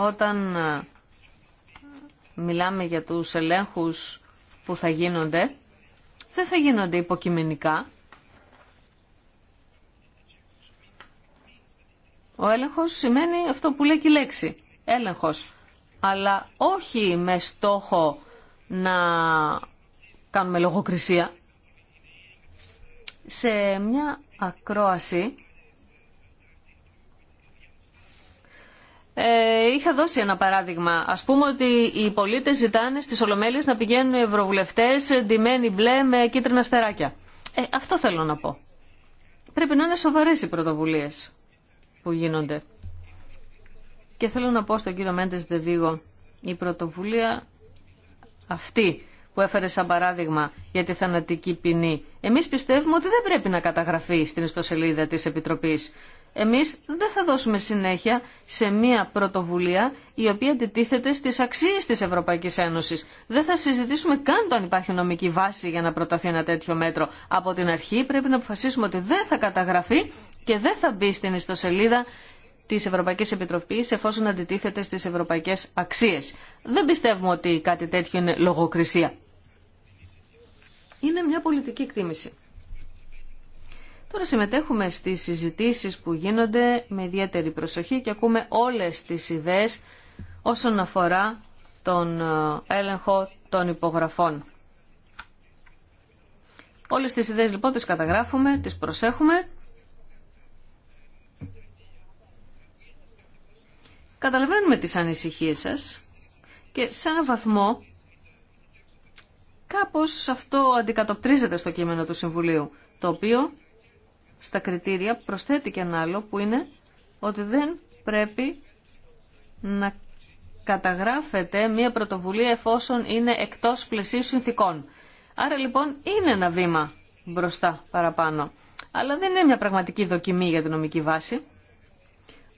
Όταν ε, μιλάμε για τους ελέγχους που θα γίνονται, δεν θα γίνονται υποκειμενικά. Ο έλεγχος σημαίνει αυτό που λέει και η λέξη, έλεγχος. Αλλά όχι με στόχο να κάνουμε λογοκρισία. Σε μια ακρόαση Ε, είχα δώσει ένα παράδειγμα. Ας πούμε ότι οι πολίτες ζητάνε στι Ολομέλειες να πηγαίνουν οι ευρωβουλευτές ντυμένοι μπλε με κίτρινα στεράκια. Ε, αυτό θέλω να πω. Πρέπει να είναι σοβαρέ οι πρωτοβουλίες που γίνονται. Και θέλω να πω στον κύριο Μέντες Δεδίγο η πρωτοβουλία αυτή που έφερε σαν παράδειγμα για τη θανατική ποινή. Εμείς πιστεύουμε ότι δεν πρέπει να καταγραφεί στην ιστοσελίδα της Επιτροπής εμείς δεν θα δώσουμε συνέχεια σε μία πρωτοβουλία η οποία αντιτίθεται στις αξίες της Ευρωπαϊκής Ένωσης. Δεν θα συζητήσουμε καν το αν υπάρχει νομική βάση για να προταθεί ένα τέτοιο μέτρο. Από την αρχή πρέπει να αποφασίσουμε ότι δεν θα καταγραφεί και δεν θα μπει στην ιστοσελίδα τη Ευρωπαϊκή Επιτροπή εφόσον αντιτίθεται στι ευρωπαϊκέ αξίε. Δεν πιστεύουμε ότι κάτι τέτοιο είναι λογοκρισία. Είναι μια πολιτική εκτίμηση. Τώρα συμμετέχουμε στις συζητήσεις που γίνονται με ιδιαίτερη προσοχή και ακούμε όλες τις ιδέες όσον αφορά τον ε, έλεγχο των υπογραφών. Όλες τις ιδέες λοιπόν τις καταγράφουμε, τις προσέχουμε. Καταλαβαίνουμε τις ανησυχίες σας και σε ένα βαθμό κάπως αυτό αντικατοπτρίζεται στο κείμενο του Συμβουλίου, το οποίο στα κριτήρια προσθέτει και ένα άλλο που είναι ότι δεν πρέπει να καταγράφεται μια πρωτοβουλία εφόσον είναι εκτός πλαισίου συνθήκων. Άρα λοιπόν είναι ένα βήμα μπροστά παραπάνω. Αλλά δεν είναι μια πραγματική δοκιμή για την νομική βάση.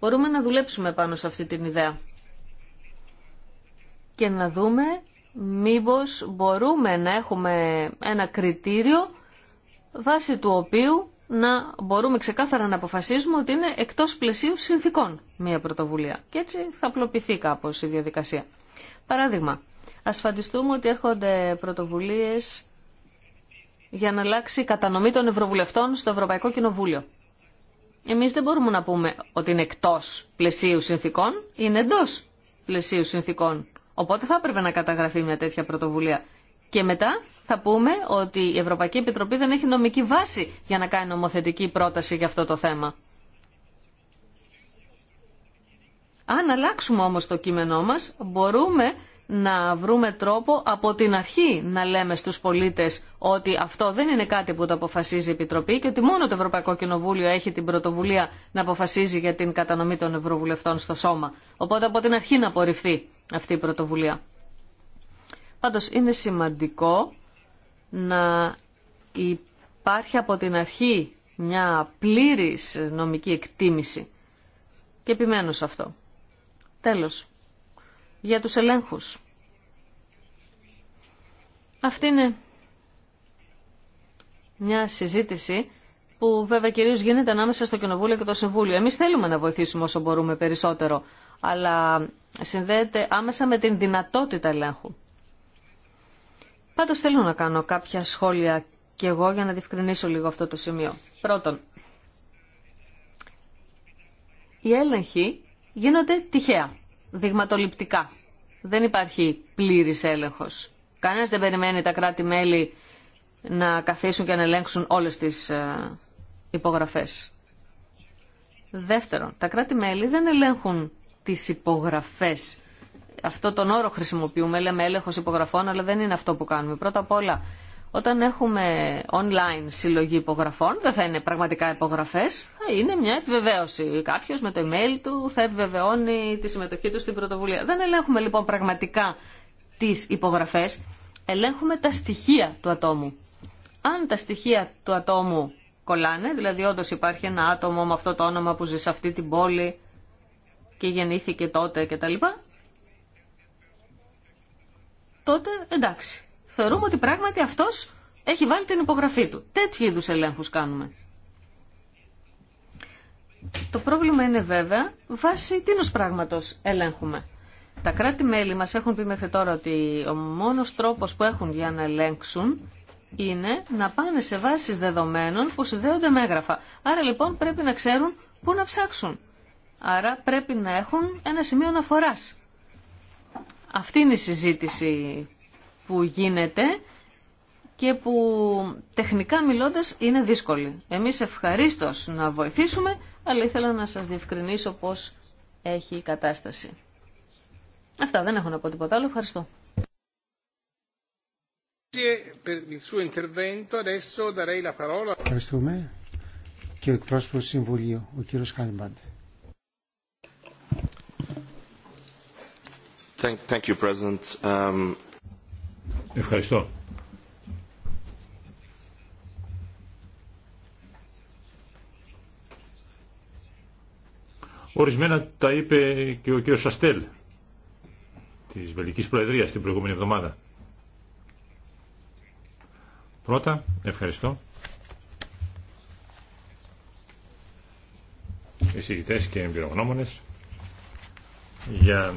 Μπορούμε να δουλέψουμε πάνω σε αυτή την ιδέα και να δούμε μήπως μπορούμε να έχουμε ένα κριτήριο βάσει του οποίου να μπορούμε ξεκάθαρα να αποφασίζουμε ότι είναι εκτός πλαισίου συνθήκων μια πρωτοβουλία. Και έτσι θα απλοποιηθεί κάπως η διαδικασία. Παράδειγμα, ασφαλιστούμε ότι έρχονται πρωτοβουλίες για να αλλάξει η κατανομή των Ευρωβουλευτών στο Ευρωπαϊκό Κοινοβούλιο. Εμείς δεν μπορούμε να πούμε ότι είναι εκτός πλαισίου συνθήκων, είναι εντός πλαισίου συνθήκων. Οπότε θα έπρεπε να καταγραφεί μια τέτοια πρωτοβουλία. Και μετά θα πούμε ότι η Ευρωπαϊκή Επιτροπή δεν έχει νομική βάση για να κάνει νομοθετική πρόταση για αυτό το θέμα. Αν αλλάξουμε όμως το κείμενό μας, μπορούμε να βρούμε τρόπο από την αρχή να λέμε στους πολίτες ότι αυτό δεν είναι κάτι που το αποφασίζει η Επιτροπή και ότι μόνο το Ευρωπαϊκό Κοινοβούλιο έχει την πρωτοβουλία να αποφασίζει για την κατανομή των Ευρωβουλευτών στο σώμα. Οπότε από την αρχή να απορριφθεί αυτή η πρωτοβουλία. Πάντως είναι σημαντικό να υπάρχει από την αρχή μια πλήρης νομική εκτίμηση. Και επιμένω σε αυτό. Τέλος, για τους ελέγχους. Αυτή είναι μια συζήτηση που βέβαια κυρίω γίνεται ανάμεσα στο Κοινοβούλιο και το Συμβούλιο. Εμείς θέλουμε να βοηθήσουμε όσο μπορούμε περισσότερο, αλλά συνδέεται άμεσα με την δυνατότητα ελέγχου. Πάντω θέλω να κάνω κάποια σχόλια και εγώ για να διευκρινίσω λίγο αυτό το σημείο. Πρώτον, οι έλεγχοι γίνονται τυχαία, δειγματοληπτικά. Δεν υπάρχει πλήρης έλεγχος. Κανένα δεν περιμένει τα κράτη-μέλη να καθίσουν και να ελέγξουν όλες τις ε, υπογραφές. Δεύτερον, τα κράτη-μέλη δεν ελέγχουν τις υπογραφές αυτό τον όρο χρησιμοποιούμε, λέμε έλεγχος υπογραφών, αλλά δεν είναι αυτό που κάνουμε. Πρώτα απ' όλα, όταν έχουμε online συλλογή υπογραφών, δεν θα είναι πραγματικά υπογραφές, θα είναι μια επιβεβαίωση. Κάποιος με το email του θα επιβεβαιώνει τη συμμετοχή του στην πρωτοβουλία. Δεν ελέγχουμε λοιπόν πραγματικά τις υπογραφές, ελέγχουμε τα στοιχεία του ατόμου. Αν τα στοιχεία του ατόμου κολλάνε, δηλαδή όντω υπάρχει ένα άτομο με αυτό το όνομα που ζει σε αυτή την πόλη και γεννήθηκε τότε κτλ τότε εντάξει. Θεωρούμε ότι πράγματι αυτός έχει βάλει την υπογραφή του. Τέτοιου είδου ελέγχου κάνουμε. Το πρόβλημα είναι βέβαια βάσει τίνος πράγματος ελέγχουμε. Τα κράτη-μέλη μα έχουν πει μέχρι τώρα ότι ο μόνος τρόπος που έχουν για να ελέγξουν είναι να πάνε σε βάσει δεδομένων που συνδέονται με έγγραφα. Άρα λοιπόν πρέπει να ξέρουν πού να ψάξουν. Άρα πρέπει να έχουν ένα σημείο αναφοράς. Αυτή είναι η συζήτηση που γίνεται και που τεχνικά μιλώντας είναι δύσκολη. Εμείς ευχαρίστως να βοηθήσουμε, αλλά ήθελα να σας διευκρινίσω πώς έχει η κατάσταση. Αυτά δεν έχω να πω τίποτα άλλο. Ευχαριστώ. Ευχαριστούμε. Και ο εκπρόσωπος Συμβουλίου, ο κύριος Um, ευχαριστώ. Ορισμένα τα είπε και ο κ. Σαστέλ της Βελικής Προεδρίας την προηγούμενη εβδομάδα. Πρώτα, ευχαριστώ. Εισηγητές και εμπειρογνώμονες για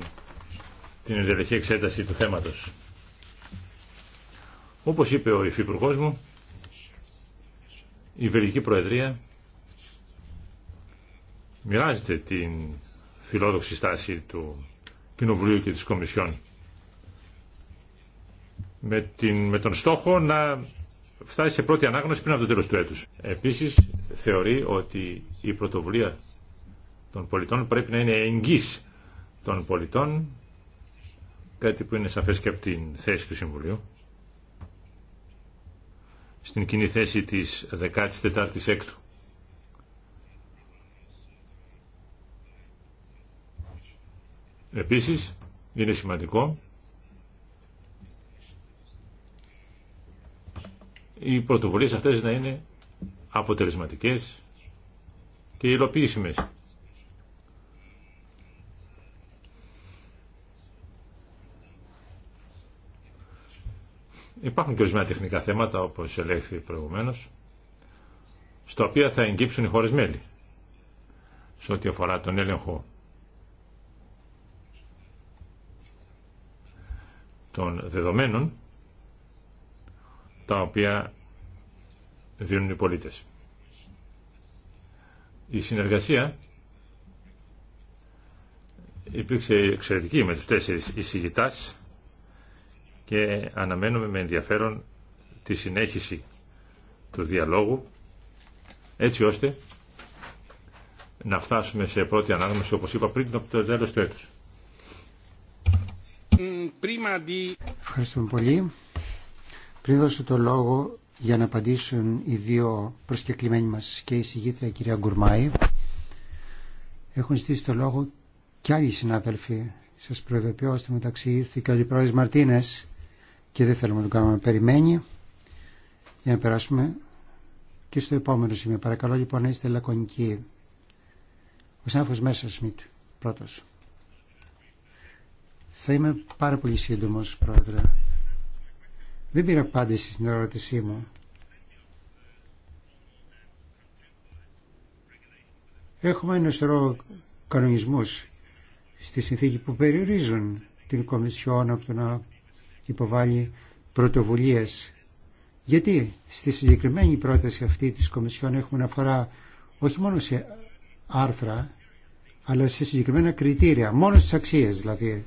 την εντελεχή εξέταση του θέματος. Όπως είπε ο υφυπουργός μου, η Βελική Προεδρία μοιράζεται την φιλόδοξη στάση του Κοινοβουλίου και της Κομισιόν με, την, με τον στόχο να φτάσει σε πρώτη ανάγνωση πριν από το τέλος του έτους. Επίσης θεωρεί ότι η πρωτοβουλία των πολιτών πρέπει να είναι εγγύς των πολιτών κάτι που είναι σαφές και από την θέση του Συμβουλίου. Στην κοινή θέση της 14ης έκτου. Επίσης, είναι σημαντικό οι πρωτοβουλίες αυτές να είναι αποτελεσματικές και υλοποιήσιμες. Υπάρχουν και ορισμένα τεχνικά θέματα, όπως ελέγχθη προηγουμένω, στα οποία θα εγκύψουν οι χώρε μέλη, σε ό,τι αφορά τον έλεγχο των δεδομένων, τα οποία δίνουν οι πολίτες. Η συνεργασία υπήρξε εξαιρετική με τους τέσσερις εισηγητάς και αναμένουμε με ενδιαφέρον τη συνέχιση του διαλόγου έτσι ώστε να φτάσουμε σε πρώτη ανάγνωση όπως είπα πριν από το τέλος του έτους. Ευχαριστούμε πολύ. Πριν δώσω το λόγο για να απαντήσουν οι δύο προσκεκλημένοι μας και η συγγήτρια κυρία Γκουρμάη έχουν ζητήσει το λόγο και άλλοι συνάδελφοι. Σας προεδοποιώ στο μεταξύ ήρθε και ο Μαρτίνες και δεν θέλουμε να το κάνουμε περιμένει για να περάσουμε και στο επόμενο σημείο. Παρακαλώ λοιπόν να είστε λακωνικοί. Ο Σάνφος Μέρσα Σμιτ, πρώτος. Θα είμαι πάρα πολύ σύντομος, Πρόεδρε. Δεν πήρα απάντηση στην ερώτησή μου. Έχουμε ένα σωρό κανονισμούς στη συνθήκη που περιορίζουν την Κομισιόν από το να υποβάλει πρωτοβουλίες. Γιατί στη συγκεκριμένη πρόταση αυτή της Κομισιόν έχουμε αναφορά όχι μόνο σε άρθρα, αλλά σε συγκεκριμένα κριτήρια, μόνο στις αξίες δηλαδή.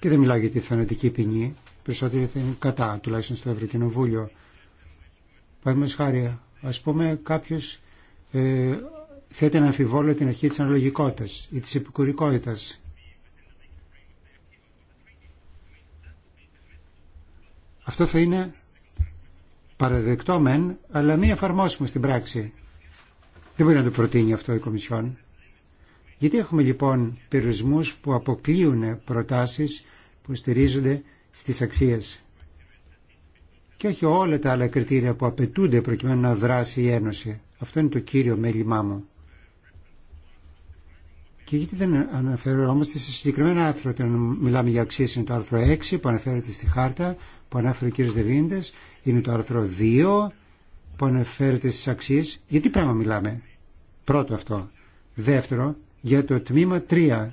Και δεν μιλάω για τη θανατική ποινή, περισσότερο θα είναι κατά, τουλάχιστον στο Ευρωκοινοβούλιο. Παραδείγματο χάρη, α πούμε, κάποιο ε, θέτει να αμφιβόλο την αρχή της αναλογικότητα ή της επικουρικότητας Αυτό θα είναι παραδεκτό μεν, αλλά μη εφαρμόσιμο στην πράξη. Δεν μπορεί να το προτείνει αυτό η Κομισιόν. Γιατί έχουμε λοιπόν περιορισμούς που αποκλείουν προτάσεις που στηρίζονται στις αξίες και όχι όλα τα άλλα κριτήρια που απαιτούνται προκειμένου να δράσει η Ένωση. Αυτό είναι το κύριο μέλημά μου. Και γιατί δεν αναφερόμαστε σε συγκεκριμένα άρθρα, όταν μιλάμε για αξίες είναι το άρθρο 6 που αναφέρεται στη χάρτα που ανάφερε ο κύριος Δεβίντε, είναι το άρθρο 2 που αναφέρεται στις αξίες. Για τι πράγμα μιλάμε. Πρώτο αυτό. Δεύτερο, για το τμήμα 3.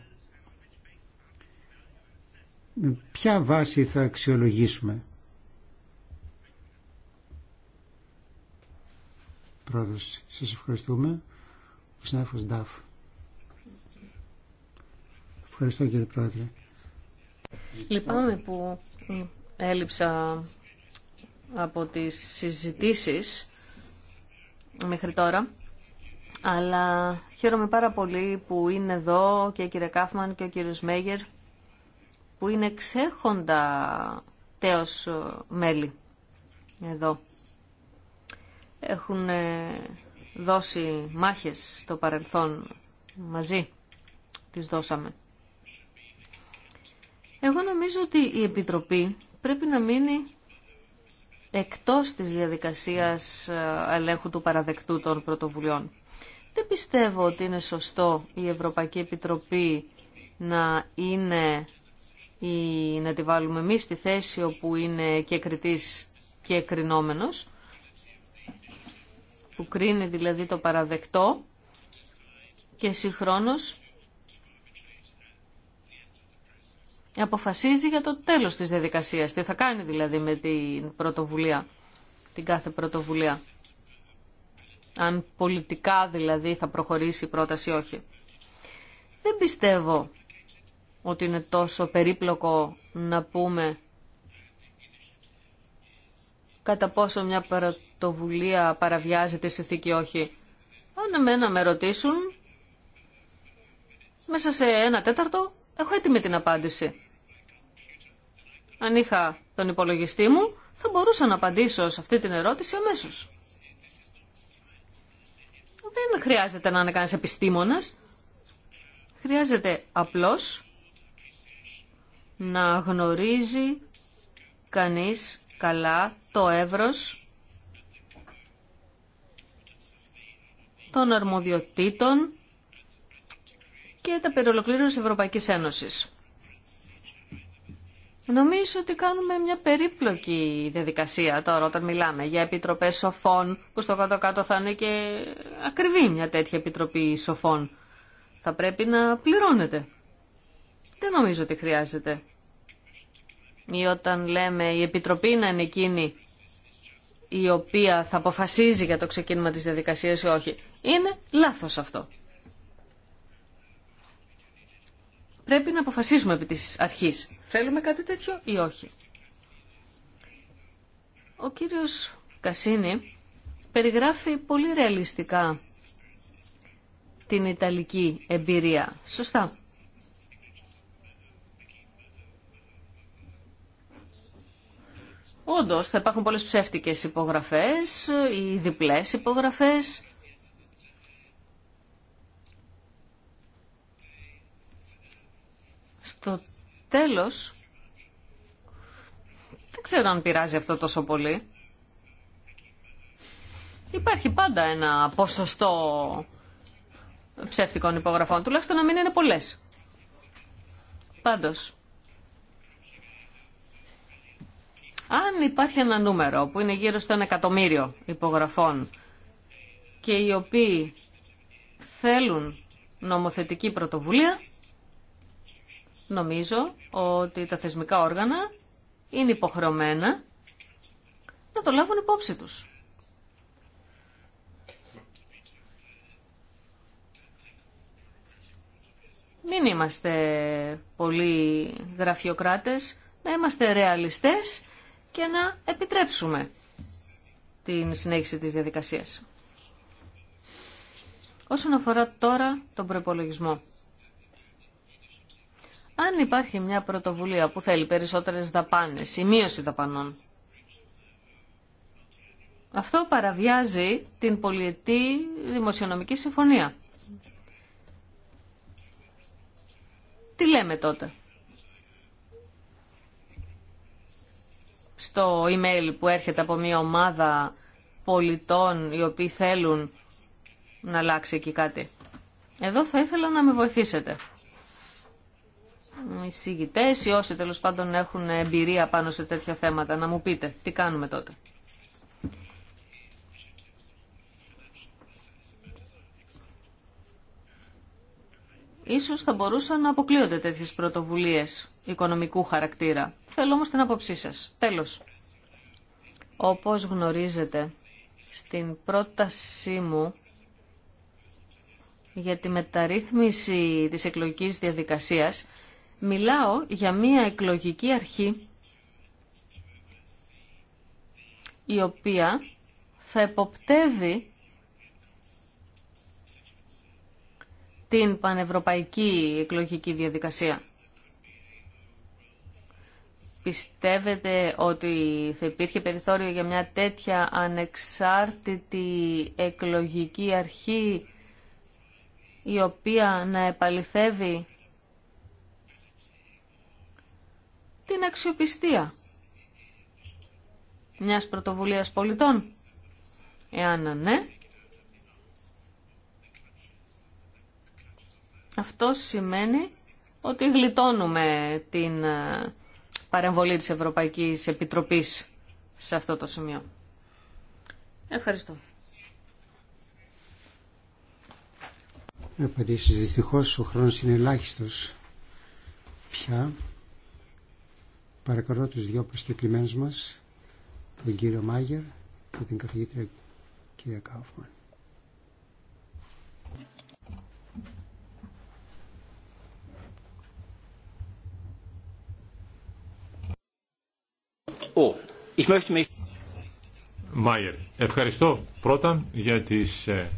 Με ποια βάση θα αξιολογήσουμε. Πρόεδρος, σας ευχαριστούμε. Ο συνάδελφος Ντάφ. Ευχαριστώ κύριε Πρόεδρε. Λυπάμαι που έλειψα από τις συζητήσεις μέχρι τώρα. Αλλά χαίρομαι πάρα πολύ που είναι εδώ και η κυρία Κάφμαν και ο κύριος Μέγερ που είναι εξέχοντα τέος ε, μέλη εδώ. Έχουν ε, δώσει μάχες στο παρελθόν μαζί. Τις δώσαμε. Εγώ νομίζω ότι η Επιτροπή πρέπει να μείνει εκτός της διαδικασίας ε, ελέγχου του παραδεκτού των πρωτοβουλειών. Δεν πιστεύω ότι είναι σωστό η Ευρωπαϊκή Επιτροπή να είναι ή να τη βάλουμε εμεί στη θέση όπου είναι και κριτής και κρινόμενος, που κρίνει δηλαδή το παραδεκτό και συγχρόνως αποφασίζει για το τέλος της διαδικασίας. Τι θα κάνει δηλαδή με την πρωτοβουλία, την κάθε πρωτοβουλία. Αν πολιτικά δηλαδή θα προχωρήσει η πρόταση ή όχι. Δεν πιστεύω ότι είναι τόσο περίπλοκο να πούμε κατά πόσο μια πρωτοβουλία παραβιάζεται τη συνθήκη όχι. Αν εμένα με ρωτήσουν, μέσα σε ένα τέταρτο έχω έτοιμη την απάντηση αν είχα τον υπολογιστή μου, θα μπορούσα να απαντήσω σε αυτή την ερώτηση αμέσω. Δεν χρειάζεται να είναι κανένας επιστήμονας. Χρειάζεται απλώς να γνωρίζει κανείς καλά το εύρος των αρμοδιοτήτων και τα περιολοκλήρωση Ευρωπαϊκής Ένωσης. Νομίζω ότι κάνουμε μια περίπλοκη διαδικασία τώρα όταν μιλάμε για επιτροπές σοφών, που στο κάτω-κάτω θα είναι και ακριβή μια τέτοια επιτροπή σοφών. Θα πρέπει να πληρώνεται. Δεν νομίζω ότι χρειάζεται. Ή όταν λέμε η επιτροπή να είναι εκείνη η οποία θα αποφασίζει για το ξεκίνημα της διαδικασίας ή όχι. Είναι λάθος αυτό. πρέπει να αποφασίσουμε επί της αρχής. Θέλουμε κάτι τέτοιο ή όχι. Ο κύριος Κασίνη περιγράφει πολύ ρεαλιστικά την Ιταλική εμπειρία. Σωστά. Όντως θα υπάρχουν πολλές ψεύτικες υπογραφές ή διπλές υπογραφές. Το τέλος δεν ξέρω αν πειράζει αυτό τόσο πολύ. Υπάρχει πάντα ένα ποσοστό ψεύτικων υπογραφών, τουλάχιστον να μην είναι πολλές. Πάντως, αν υπάρχει ένα νούμερο που είναι γύρω στο ένα εκατομμύριο υπογραφών και οι οποίοι θέλουν νομοθετική πρωτοβουλία, Νομίζω ότι τα θεσμικά όργανα είναι υποχρεωμένα να το λάβουν υπόψη τους. Μην είμαστε πολύ γραφειοκράτες, να είμαστε ρεαλιστές και να επιτρέψουμε την συνέχιση της διαδικασίας. Όσον αφορά τώρα τον προπολογισμό. Αν υπάρχει μια πρωτοβουλία που θέλει περισσότερες δαπάνες, η μείωση δαπανών, αυτό παραβιάζει την πολιετή δημοσιονομική συμφωνία. Τι λέμε τότε. Στο email που έρχεται από μια ομάδα πολιτών οι οποίοι θέλουν να αλλάξει εκεί κάτι. Εδώ θα ήθελα να με βοηθήσετε συγητέ ή όσοι τέλος πάντων έχουν εμπειρία πάνω σε τέτοια θέματα να μου πείτε τι κάνουμε τότε. Ίσως θα μπορούσαν να αποκλείονται τέτοιες πρωτοβουλίες οικονομικού χαρακτήρα. Θέλω όμως την άποψή σας. Τέλος. Όπως γνωρίζετε, στην πρότασή μου για τη μεταρρύθμιση της εκλογικής διαδικασίας Μιλάω για μια εκλογική αρχή η οποία θα εποπτεύει την πανευρωπαϊκή εκλογική διαδικασία. Πιστεύετε ότι θα υπήρχε περιθώριο για μια τέτοια ανεξάρτητη εκλογική αρχή η οποία να επαληθεύει την αξιοπιστία μιας πρωτοβουλίας πολιτών. Εάν ναι, αυτό σημαίνει ότι γλιτώνουμε την ε, παρεμβολή της Ευρωπαϊκής Επιτροπής σε αυτό το σημείο. Ευχαριστώ. Απαντήσεις δυστυχώς ο χρόνος είναι ελάχιστος πια. Παρακαλώ τους δυο προσκεκλημένους μας, τον κύριο Μάγερ και την καθηγήτρια κυρία Κάουφμαν. Oh, ευχαριστώ πρώτα για τις ε,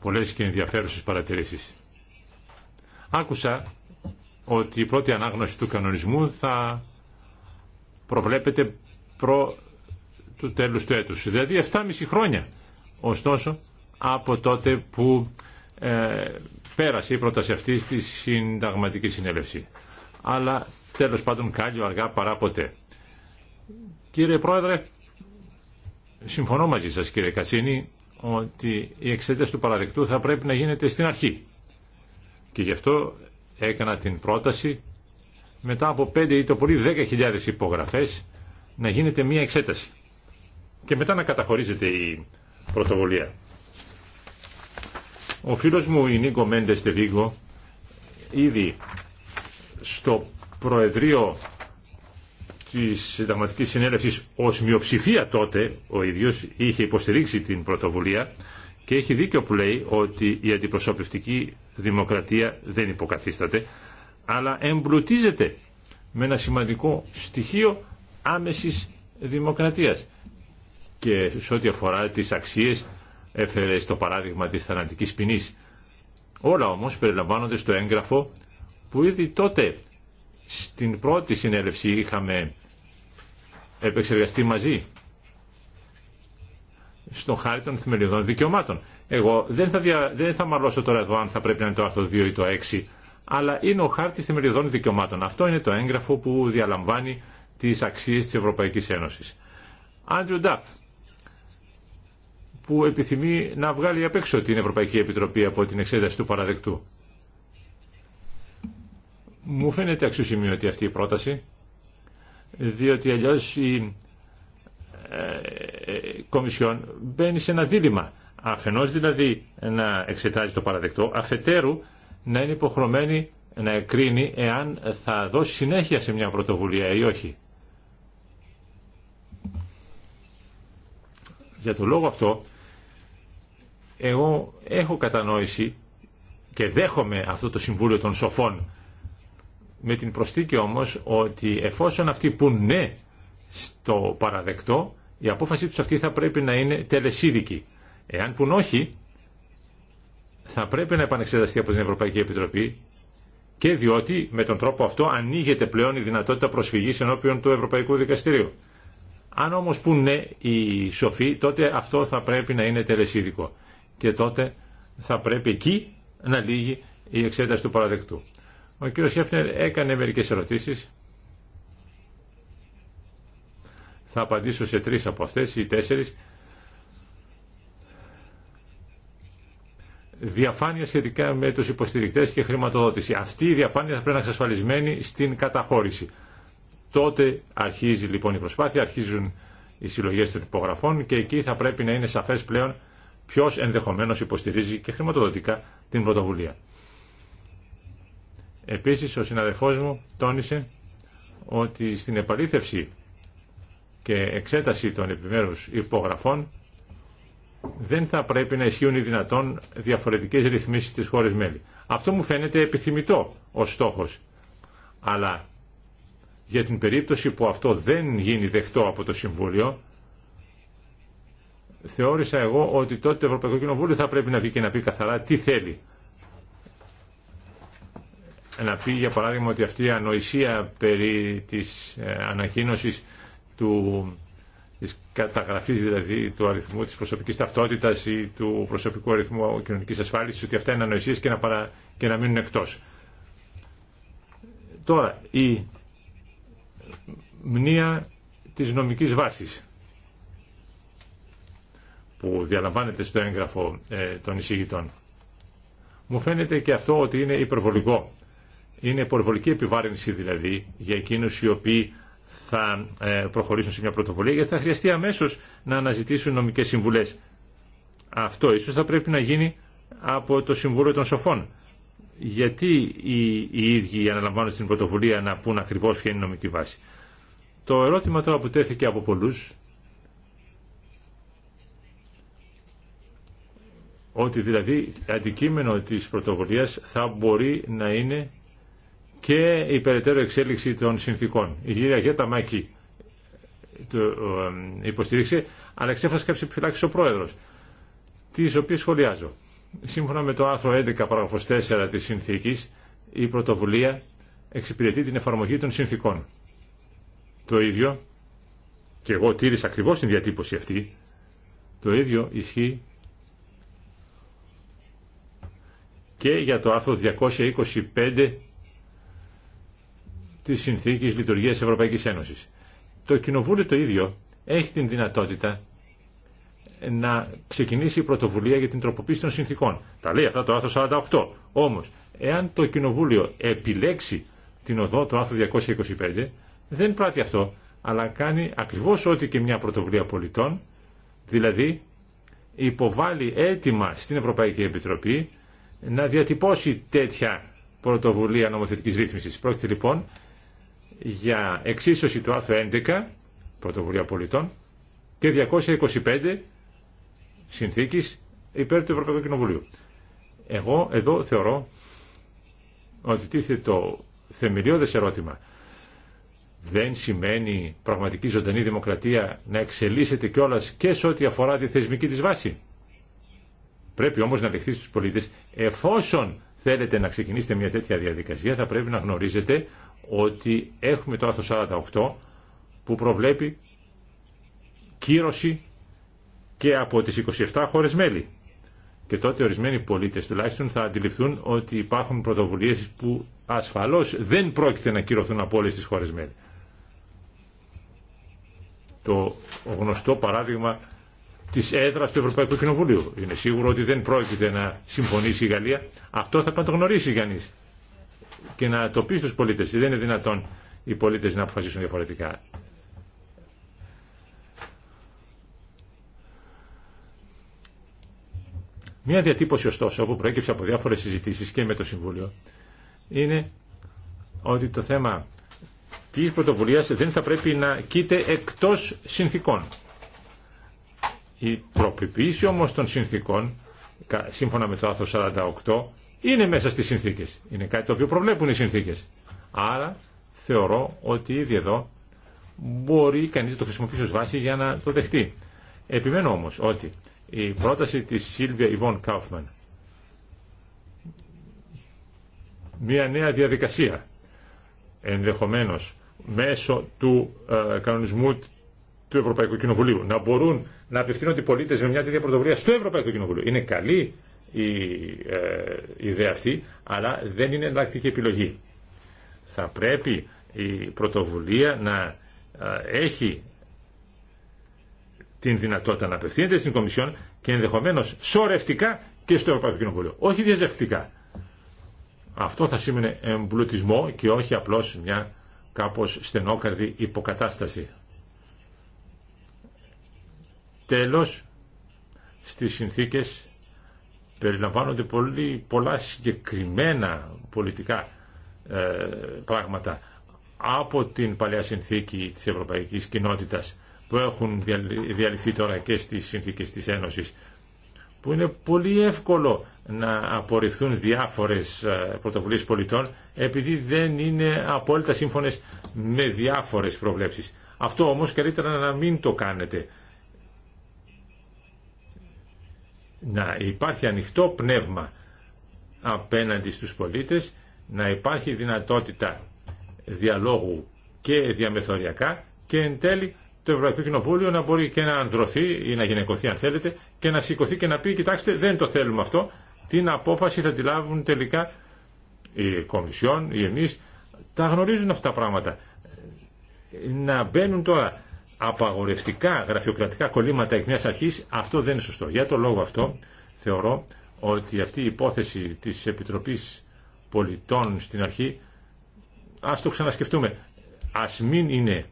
πολλές και ενδιαφέρουσες παρατηρήσεις. Άκουσα ότι η πρώτη ανάγνωση του κανονισμού θα προβλέπεται προ του τέλους του έτους. Δηλαδή 7,5 χρόνια. Ωστόσο, από τότε που ε, πέρασε η πρόταση αυτή στη συνταγματική συνέλευση. Αλλά τέλος πάντων κάλλιο αργά παρά ποτέ. Κύριε Πρόεδρε, συμφωνώ μαζί σας κύριε Κατσίνη ότι η εξέταση του παραδεκτού θα πρέπει να γίνεται στην αρχή. Και γι' αυτό έκανα την πρόταση μετά από 5 ή το πολύ 10.000 υπογραφές να γίνεται μια εξέταση και μετά να καταχωρίζεται η πρωτοβουλία. Ο φίλος μου η Νίκο Μέντες ήδη στο Προεδρείο της Συνταγματικής Συνέλευσης ως μειοψηφία τότε ο ίδιος είχε υποστηρίξει την πρωτοβουλία και έχει δίκιο που λέει ότι η αντιπροσωπευτική δημοκρατία δεν υποκαθίσταται αλλά εμπλουτίζεται με ένα σημαντικό στοιχείο άμεσης δημοκρατίας. Και σε ό,τι αφορά τις αξίες έφερε στο παράδειγμα της θανατικής ποινή. Όλα όμως περιλαμβάνονται στο έγγραφο που ήδη τότε στην πρώτη συνέλευση είχαμε επεξεργαστεί μαζί στον χάρη των θεμελιωδών δικαιωμάτων. Εγώ δεν θα, δια... δεν θα μαλώσω τώρα εδώ αν θα πρέπει να είναι το άρθρο 2 ή το 6 αλλά είναι ο χάρτη θεμελιωδών δικαιωμάτων. Αυτό είναι το έγγραφο που διαλαμβάνει τι αξίε τη Ευρωπαϊκή Ένωση. Άντριου Νταφ, που επιθυμεί να βγάλει απ' έξω την Ευρωπαϊκή Επιτροπή από την εξέταση του παραδεκτού. Μου φαίνεται αξιοσημείωτη αυτή η πρόταση, διότι αλλιώ η ε, ε, Κομισιόν μπαίνει σε ένα δίλημα. Αφενός δηλαδή να εξετάζει το παραδεκτό, αφετέρου να είναι υποχρεωμένη να εκρίνει εάν θα δώσει συνέχεια σε μια πρωτοβουλία ή όχι. Για τον λόγο αυτό, εγώ έχω κατανόηση και δέχομαι αυτό το Συμβούλιο των Σοφών με την προστίκη όμως ότι εφόσον αυτοί που ναι στο παραδεκτό, η απόφαση τους αυτή θα πρέπει να είναι τελεσίδικη. Εάν πουν όχι, θα πρέπει να επανεξεταστεί από την Ευρωπαϊκή Επιτροπή και διότι με τον τρόπο αυτό ανοίγεται πλέον η δυνατότητα προσφυγής ενώπιον του Ευρωπαϊκού Δικαστηρίου. Αν όμως πούν ναι οι σοφοί, τότε αυτό θα πρέπει να είναι τελεσίδικο. Και τότε θα πρέπει εκεί να λύγει η εξέταση του παραδεκτού. Ο κύριος Χέφνερ έκανε μερικέ ερωτήσει. Θα απαντήσω σε τρει από αυτέ ή τέσσερι. διαφάνεια σχετικά με τους υποστηρικτές και χρηματοδότηση. Αυτή η διαφάνεια θα πρέπει να είναι εξασφαλισμένη στην καταχώρηση. Τότε αρχίζει λοιπόν η προσπάθεια, αρχίζουν οι συλλογές των υπογραφών και εκεί θα πρέπει να είναι σαφές πλέον ποιο ενδεχομένως υποστηρίζει και χρηματοδοτικά την πρωτοβουλία. Επίσης ο συναδελφός μου τόνισε ότι στην επαλήθευση και εξέταση των επιμέρους υπογραφών δεν θα πρέπει να ισχύουν οι δυνατόν διαφορετικές ρυθμίσει στις χώρες μέλη. Αυτό μου φαίνεται επιθυμητό ως στόχος. Αλλά για την περίπτωση που αυτό δεν γίνει δεχτό από το Συμβούλιο, θεώρησα εγώ ότι τότε το Ευρωπαϊκό Κοινοβούλιο θα πρέπει να βγει και να πει καθαρά τι θέλει. Να πει για παράδειγμα ότι αυτή η ανοησία περί της ε, ανακοίνωσης του της καταγραφής δηλαδή του αριθμού της προσωπικής ταυτότητας ή του προσωπικού αριθμού κοινωνικής ασφάλισης, ότι αυτά είναι ανοησίες και να, παρα... και να μείνουν εκτός. Τώρα, η μνήα της νομικής βάσης που διαλαμβάνεται στο έγγραφο ε, των εισηγητών. Μου φαίνεται και αυτό ότι είναι υπερβολικό. Είναι υπερβολική επιβάρυνση δηλαδή για εκείνους οι οποίοι θα ε, προχωρήσουν σε μια πρωτοβουλία γιατί θα χρειαστεί αμέσως να αναζητήσουν νομικές συμβουλές. Αυτό ίσως θα πρέπει να γίνει από το Συμβούλιο των Σοφών. Γιατί οι, οι ίδιοι αναλαμβάνουν την πρωτοβουλία να πούν ακριβώς ποια είναι η νομική βάση. Το ερώτημα τώρα που τέθηκε από πολλούς ότι δηλαδή αντικείμενο της πρωτοβουλίας θα μπορεί να είναι και η περαιτέρω εξέλιξη των συνθήκων. Η κυρία Γέτα Μάκη το υποστήριξε, αλλά εξέφρασε κάποιε επιφυλάξει ο πρόεδρο, τι οποίε σχολιάζω. Σύμφωνα με το άρθρο 11 παραγωγός 4 τη συνθήκη, η πρωτοβουλία εξυπηρετεί την εφαρμογή των συνθήκων. Το ίδιο, και εγώ τήρησα ακριβώ την διατύπωση αυτή, το ίδιο ισχύει και για το άρθρο 225 της Συνθήκης Λειτουργίας Ευρωπαϊκής Ένωσης. Το Κοινοβούλιο το ίδιο έχει την δυνατότητα να ξεκινήσει η πρωτοβουλία για την τροποποίηση των συνθήκων. Τα λέει αυτά το άρθρο 48. Όμως, εάν το Κοινοβούλιο επιλέξει την οδό του άρθρου 225, δεν πράττει αυτό, αλλά κάνει ακριβώς ό,τι και μια πρωτοβουλία πολιτών, δηλαδή υποβάλλει αίτημα στην Ευρωπαϊκή Επιτροπή να διατυπώσει τέτοια πρωτοβουλία νομοθετική ρυθμιση. Πρόκειται λοιπόν για εξίσωση του άρθρου 11 πρωτοβουλία πολιτών και 225 συνθήκης υπέρ του Ευρωπαϊκού Κοινοβουλίου. Εγώ εδώ θεωρώ ότι τίθεται το θεμελιώδες ερώτημα. Δεν σημαίνει πραγματική ζωντανή δημοκρατία να εξελίσσεται κιόλα και σε ό,τι αφορά τη θεσμική της βάση. Πρέπει όμως να λεχθεί στους πολίτες εφόσον θέλετε να ξεκινήσετε μια τέτοια διαδικασία θα πρέπει να γνωρίζετε ότι έχουμε το άρθρο 48 που προβλέπει κύρωση και από τις 27 χώρες μέλη. Και τότε ορισμένοι πολίτες τουλάχιστον θα αντιληφθούν ότι υπάρχουν πρωτοβουλίες που ασφαλώς δεν πρόκειται να κυρωθούν από όλες τις χώρες μέλη. Το γνωστό παράδειγμα της έδρας του Ευρωπαϊκού Κοινοβουλίου. Είναι σίγουρο ότι δεν πρόκειται να συμφωνήσει η Γαλλία. Αυτό θα πρέπει να το γνωρίσει και να το πει στους πολίτες. Δεν είναι δυνατόν οι πολίτες να αποφασίσουν διαφορετικά. Μία διατύπωση ωστόσο που προέκυψε από διάφορες συζητήσεις και με το Συμβούλιο είναι ότι το θέμα της πρωτοβουλίας δεν θα πρέπει να κείται εκτός συνθήκων. Η τροποποίηση όμως των συνθήκων σύμφωνα με το άθρο 48 είναι μέσα στις συνθήκες. Είναι κάτι το οποίο προβλέπουν οι συνθήκες. Άρα θεωρώ ότι ήδη εδώ μπορεί κανείς να το χρησιμοποιήσει ως βάση για να το δεχτεί. Επιμένω όμως ότι η πρόταση της Σίλβια Ιβόν Κάουφμαν μια νέα διαδικασία ενδεχομένως μέσω του ε, κανονισμού του Ευρωπαϊκού Κοινοβουλίου να μπορούν να απευθύνονται οι πολίτες με μια τέτοια πρωτοβουλία στο Ευρωπαϊκό Κοινοβουλίο. Είναι καλή ε, η ιδέα αυτή, αλλά δεν είναι εναλλακτική επιλογή. Θα πρέπει η πρωτοβουλία να ε, έχει την δυνατότητα να απευθύνεται στην Κομισιόν και ενδεχομένω σωρευτικά και στο Ευρωπαϊκό Κοινοβούλιο, όχι διαζευτικά. Αυτό θα σήμαινε εμπλουτισμό και όχι απλώ μια κάπως στενόκαρδη υποκατάσταση. Τέλος, στις συνθήκες περιλαμβάνονται πολύ, πολλά συγκεκριμένα πολιτικά ε, πράγματα από την παλιά συνθήκη της Ευρωπαϊκής Κοινότητας που έχουν διαλυθεί τώρα και στις συνθήκες της Ένωσης που είναι πολύ εύκολο να απορριφθούν διάφορες ε, πρωτοβουλίες πολιτών επειδή δεν είναι απόλυτα σύμφωνες με διάφορες προβλέψεις. Αυτό όμως καλύτερα να μην το κάνετε να υπάρχει ανοιχτό πνεύμα απέναντι στους πολίτες, να υπάρχει δυνατότητα διαλόγου και διαμεθοριακά και εν τέλει το Ευρωπαϊκό Κοινοβούλιο να μπορεί και να ανδρωθεί ή να γυναικωθεί αν θέλετε και να σηκωθεί και να πει κοιτάξτε δεν το θέλουμε αυτό την απόφαση θα τη λάβουν τελικά οι Κομισιόν, οι εμείς τα γνωρίζουν αυτά τα πράγματα να μπαίνουν τώρα απαγορευτικά γραφειοκρατικά κολλήματα εκ μιας αρχής, αυτό δεν είναι σωστό. Για το λόγο αυτό θεωρώ ότι αυτή η υπόθεση της Επιτροπής Πολιτών στην αρχή, ας το ξανασκεφτούμε, ας μην είναι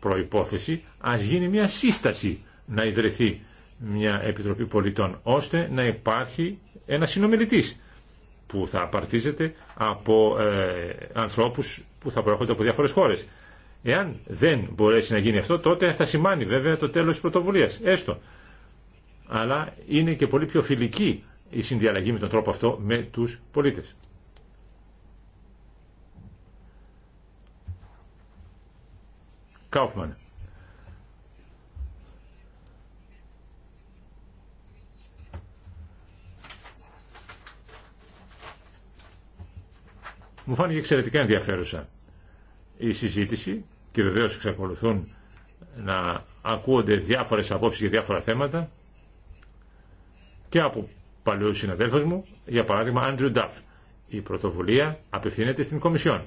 προϋπόθεση, ας γίνει μια σύσταση να ιδρυθεί μια Επιτροπή Πολιτών, ώστε να υπάρχει ένα συνομιλητής που θα απαρτίζεται από ε, ανθρώπους που θα προέρχονται από διάφορες χώρες. Εάν δεν μπορέσει να γίνει αυτό, τότε θα σημάνει βέβαια το τέλος της πρωτοβουλίας, έστω. Αλλά είναι και πολύ πιο φιλική η συνδιαλλαγή με τον τρόπο αυτό με τους πολίτες. Κάουφμαν. Μου φάνηκε εξαιρετικά ενδιαφέρουσα η συζήτηση και βεβαίω εξακολουθούν να ακούονται διάφορες απόψεις για διάφορα θέματα και από παλαιούς συναδέλφους μου, για παράδειγμα Άντριου Ντάφ Η πρωτοβουλία απευθύνεται στην Κομισιόν.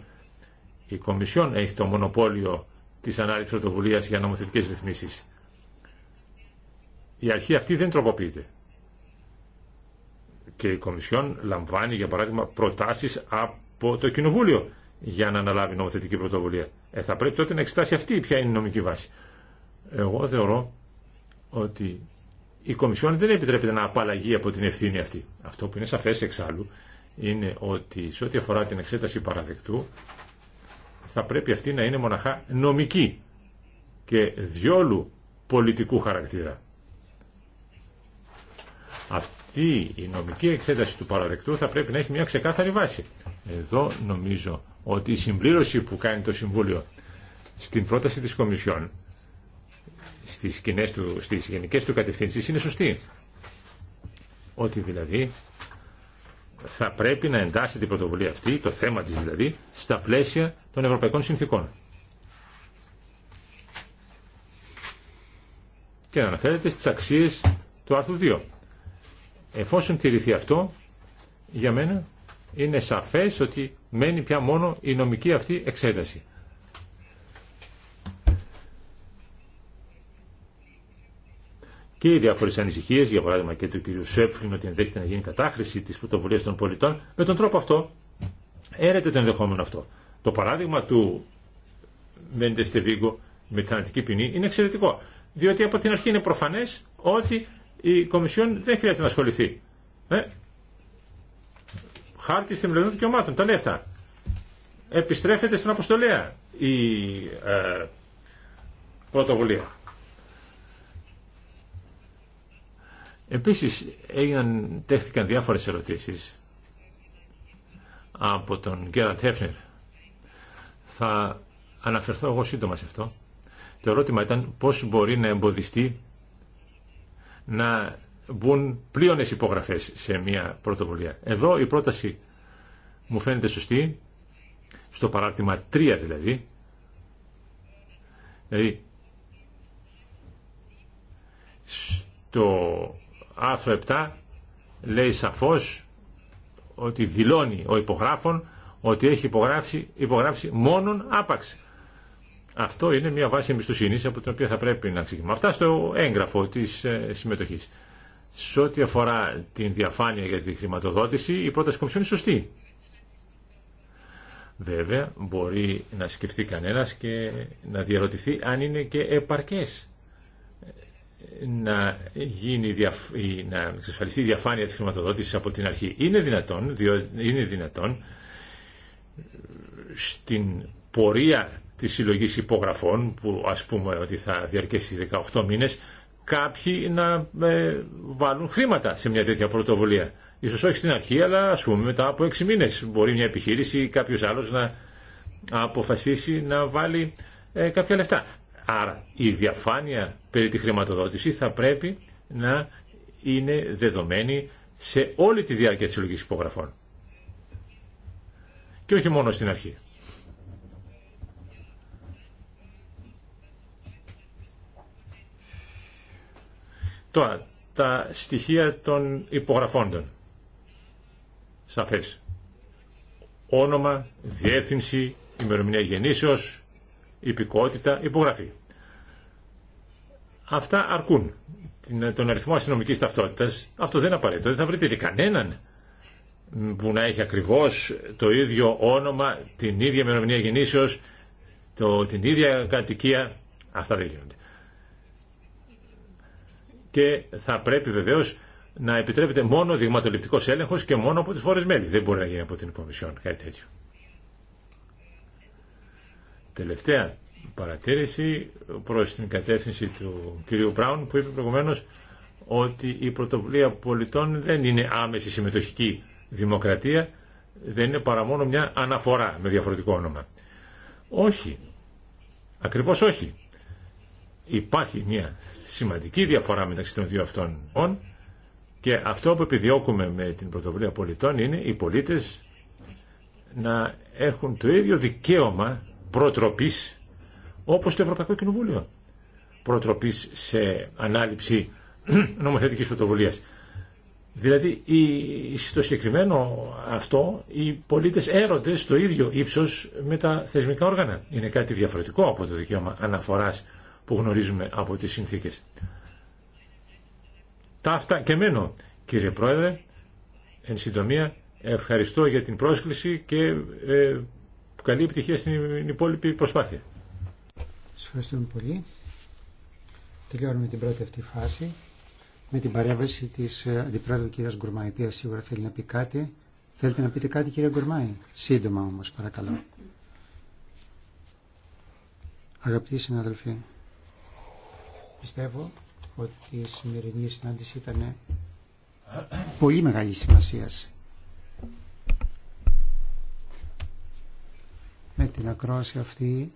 Η Κομισιόν έχει το μονοπόλιο της ανάλυσης πρωτοβουλίας για νομοθετικές ρυθμίσεις. Η αρχή αυτή δεν τροποποιείται. Και η Κομισιόν λαμβάνει, για παράδειγμα, προτάσεις από το Κοινοβούλιο για να αναλάβει νομοθετική πρωτοβουλία. Ε, θα πρέπει τότε να εξετάσει αυτή ποια είναι η νομική βάση. Εγώ θεωρώ ότι η Κομισιόν δεν επιτρέπεται να απαλλαγεί από την ευθύνη αυτή. Αυτό που είναι σαφές εξάλλου είναι ότι σε ό,τι αφορά την εξέταση παραδεκτού θα πρέπει αυτή να είναι μοναχά νομική και διόλου πολιτικού χαρακτήρα. Αυτή η νομική εξέταση του παραδεκτού θα πρέπει να έχει μια ξεκάθαρη βάση. Εδώ νομίζω ότι η συμπλήρωση που κάνει το Συμβούλιο στην πρόταση της Κομισιόν στις, του, στις γενικές του κατευθύνσεις είναι σωστή. Ότι δηλαδή θα πρέπει να εντάσσεται την πρωτοβουλία αυτή, το θέμα της δηλαδή, στα πλαίσια των ευρωπαϊκών συνθήκων. Και να αναφέρεται στις αξίες του άρθρου 2. Εφόσον τηρηθεί αυτό, για μένα είναι σαφές ότι μένει πια μόνο η νομική αυτή εξέταση. Και οι διάφορε ανησυχίε, για παράδειγμα και του κ. Σέφλιν, ότι ενδέχεται να γίνει κατάχρηση τη πρωτοβουλία των πολιτών, με τον τρόπο αυτό έρεται το ενδεχόμενο αυτό. Το παράδειγμα του Μέντε Στεβίγκο με τη θανατική ποινή είναι εξαιρετικό. Διότι από την αρχή είναι προφανέ ότι η Κομισιόν δεν χρειάζεται να ασχοληθεί. Ε, χάρτη θεμελιωδών δικαιωμάτων. Τα λέει αυτά. Επιστρέφεται στην αποστολέα η ε, πρωτοβουλία. Επίσης έγιναν, τέχθηκαν διάφορες ερωτήσεις από τον Γκέραντ Χέφνερ. Θα αναφερθώ εγώ σύντομα σε αυτό. Το ερώτημα ήταν πώς μπορεί να εμποδιστεί να μπουν πλήρωνε υπογραφές σε μια πρωτοβουλία. Εδώ η πρόταση μου φαίνεται σωστή, στο παράρτημα 3 δηλαδή, δηλαδή στο άρθρο 7 λέει σαφώς ότι δηλώνει ο υπογράφων ότι έχει υπογράψει, υπογράψει μόνον άπαξ. Αυτό είναι μια βάση εμπιστοσύνη από την οποία θα πρέπει να ξεκινήσουμε. Αυτά στο έγγραφο τη ε, συμμετοχή. Σε ό,τι αφορά την διαφάνεια για τη χρηματοδότηση, η πρόταση Κομισιόν είναι σωστή. Βέβαια, μπορεί να σκεφτεί κανένας και να διαρωτηθεί αν είναι και επαρκές να, γίνει, να εξασφαλιστεί η διαφάνεια της χρηματοδότησης από την αρχή. Είναι δυνατόν, διό, είναι δυνατόν στην πορεία της συλλογής υπογραφών που ας πούμε ότι θα διαρκέσει 18 μήνες κάποιοι να ε, βάλουν χρήματα σε μια τέτοια πρωτοβουλία. Ίσως όχι στην αρχή, αλλά α πούμε μετά από έξι μήνε. μπορεί μια επιχείρηση ή κάποιος άλλος να αποφασίσει να βάλει ε, κάποια λεφτά. Άρα η καποιο αλλο να είναι δεδομένη σε όλη τη διάρκεια της συλλογής υπογραφών. Και όχι μόνο στην αρχή. Τώρα, τα στοιχεία των υπογραφώντων. Σαφές. Όνομα, διεύθυνση, ημερομηνία γεννήσεως, υπηκότητα, υπογραφή. Αυτά αρκούν. Τον αριθμό αστυνομική ταυτότητας, αυτό δεν είναι απαραίτητο. Δεν θα βρείτε κανέναν που να έχει ακριβώς το ίδιο όνομα, την ίδια ημερομηνία γεννήσεως, την ίδια κατοικία. Αυτά δεν γίνονται και θα πρέπει βεβαίως να επιτρέπεται μόνο δειγματοληπτικό έλεγχος και μόνο από τι φορέ μέλη. Δεν μπορεί να γίνει από την Κομισιόν κάτι τέτοιο. Τελευταία παρατήρηση προς την κατεύθυνση του κυρίου Μπράουν που είπε προηγουμένω ότι η πρωτοβουλία πολιτών δεν είναι άμεση συμμετοχική δημοκρατία, δεν είναι παρά μόνο μια αναφορά με διαφορετικό όνομα. Όχι. Ακριβώς όχι. Υπάρχει μια σημαντική διαφορά μεταξύ των δύο αυτών και αυτό που επιδιώκουμε με την πρωτοβουλία πολιτών είναι οι πολίτες να έχουν το ίδιο δικαίωμα προτροπής όπως το Ευρωπαϊκό Κοινοβούλιο. Προτροπής σε ανάληψη [clears throat] νομοθετικής πρωτοβουλίας. Δηλαδή στο συγκεκριμένο αυτό οι πολίτες έρονται στο ίδιο ύψος με τα θεσμικά όργανα. Είναι κάτι διαφορετικό από το δικαίωμα αναφοράς που γνωρίζουμε από τις συνθήκες. Τα αυτά και μένω, κύριε Πρόεδρε, εν συντομία, ευχαριστώ για την πρόσκληση και ε, καλή επιτυχία στην υπόλοιπη προσπάθεια. Σας ευχαριστούμε πολύ. Τελειώνουμε την πρώτη αυτή φάση με την παρέμβαση της ε, Αντιπρόεδρου κυρίας Γκουρμάη, η οποία σίγουρα θέλει να πει κάτι. Θέλετε να πείτε κάτι κύριε Γκουρμάη. Σύντομα όμως παρακαλώ. Αγαπητοί συναδελφοί, Πιστεύω ότι η σημερινή συνάντηση ήταν πολύ μεγάλη σημασία. Με την ακρόαση αυτή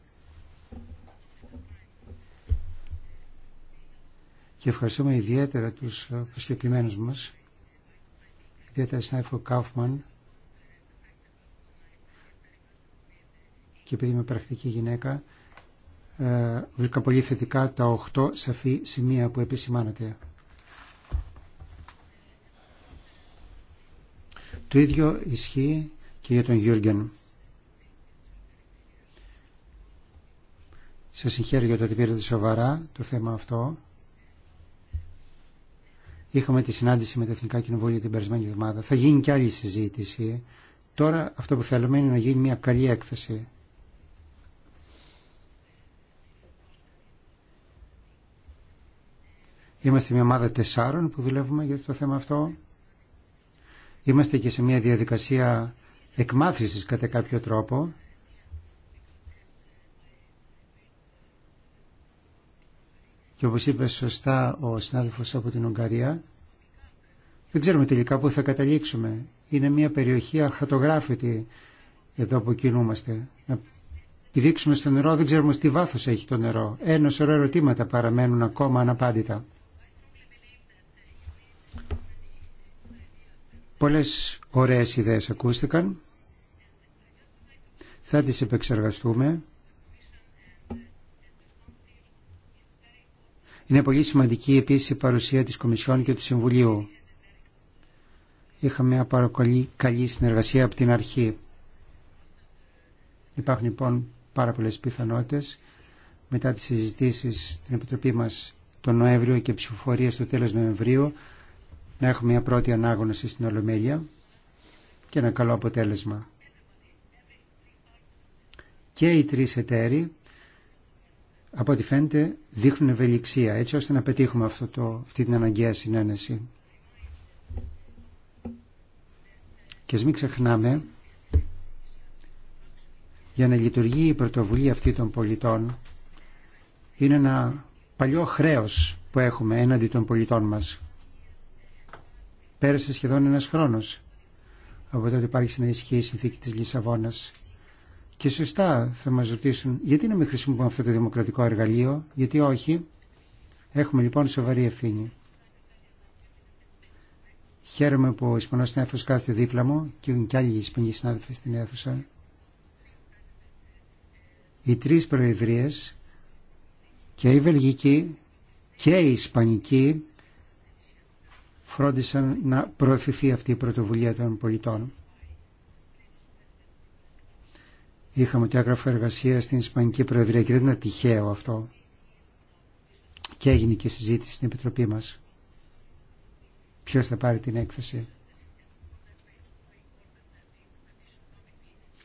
και ευχαριστούμε ιδιαίτερα τους προσκεκλημένους μας ιδιαίτερα Σνάιφο Κάουφμαν και επειδή είμαι πρακτική γυναίκα ε, βρήκα πολύ θετικά τα 8 σαφή σημεία που επισημάνατε. Το ίδιο ισχύει και για τον Γιούργεν. Σας συγχαίρω για το ότι πήρατε σοβαρά το θέμα αυτό. Είχαμε τη συνάντηση με τα Εθνικά Κοινοβούλια την περασμένη εβδομάδα. Θα γίνει και άλλη συζήτηση. Τώρα αυτό που θέλουμε είναι να γίνει μια καλή έκθεση. Είμαστε μια ομάδα τεσσάρων που δουλεύουμε για το θέμα αυτό. Είμαστε και σε μια διαδικασία εκμάθησης κατά κάποιο τρόπο. Και όπως είπε σωστά ο συνάδελφος από την Ουγγαρία, δεν ξέρουμε τελικά πού θα καταλήξουμε. Είναι μια περιοχή αχατογράφητη εδώ που κινούμαστε. Να πηδήξουμε στο νερό, δεν ξέρουμε τι βάθος έχει το νερό. Ένα σωρό ερωτήματα παραμένουν ακόμα αναπάντητα. Πολλές ωραίες ιδέες ακούστηκαν. Θα τις επεξεργαστούμε. Είναι πολύ σημαντική επίσης η παρουσία της Κομισιόν και του Συμβουλίου. Είχαμε μια πάρα πολύ καλή συνεργασία από την αρχή. Υπάρχουν λοιπόν πάρα πολλές πιθανότητες μετά τις συζητήσεις στην Επιτροπή μας τον Νοέμβριο και ψηφοφορία στο τέλος Νοεμβρίου να έχουμε μια πρώτη ανάγνωση στην Ολομέλεια και ένα καλό αποτέλεσμα. Και οι τρεις εταίροι, από ό,τι φαίνεται, δείχνουν ευελιξία, έτσι ώστε να πετύχουμε αυτό το, αυτή την αναγκαία συνένεση. Και ας μην ξεχνάμε, για να λειτουργεί η πρωτοβουλία αυτή των πολιτών, είναι ένα παλιό χρέος που έχουμε έναντι των πολιτών μας. Πέρασε σχεδόν ένα χρόνο από τότε υπάρχει στην ισχύ η συνθήκη τη Λισαβόνας. Και σωστά θα μα ρωτήσουν γιατί να μην χρησιμοποιούμε αυτό το δημοκρατικό εργαλείο, γιατί όχι. Έχουμε λοιπόν σοβαρή ευθύνη. Χαίρομαι που ο Ισπανός συνάδελφος κάθεται δίπλα μου και είναι και άλλοι Ισπανοί συνάδελφοι στην αίθουσα. Οι τρει προεδρίες και η Βελγική και η Ισπανική φρόντισαν να προωθηθεί αυτή η πρωτοβουλία των πολιτών. Είχαμε ότι έγγραφο εργασία στην Ισπανική Προεδρία και δεν ήταν τυχαίο αυτό. Και έγινε και συζήτηση στην Επιτροπή μας. Ποιος θα πάρει την έκθεση.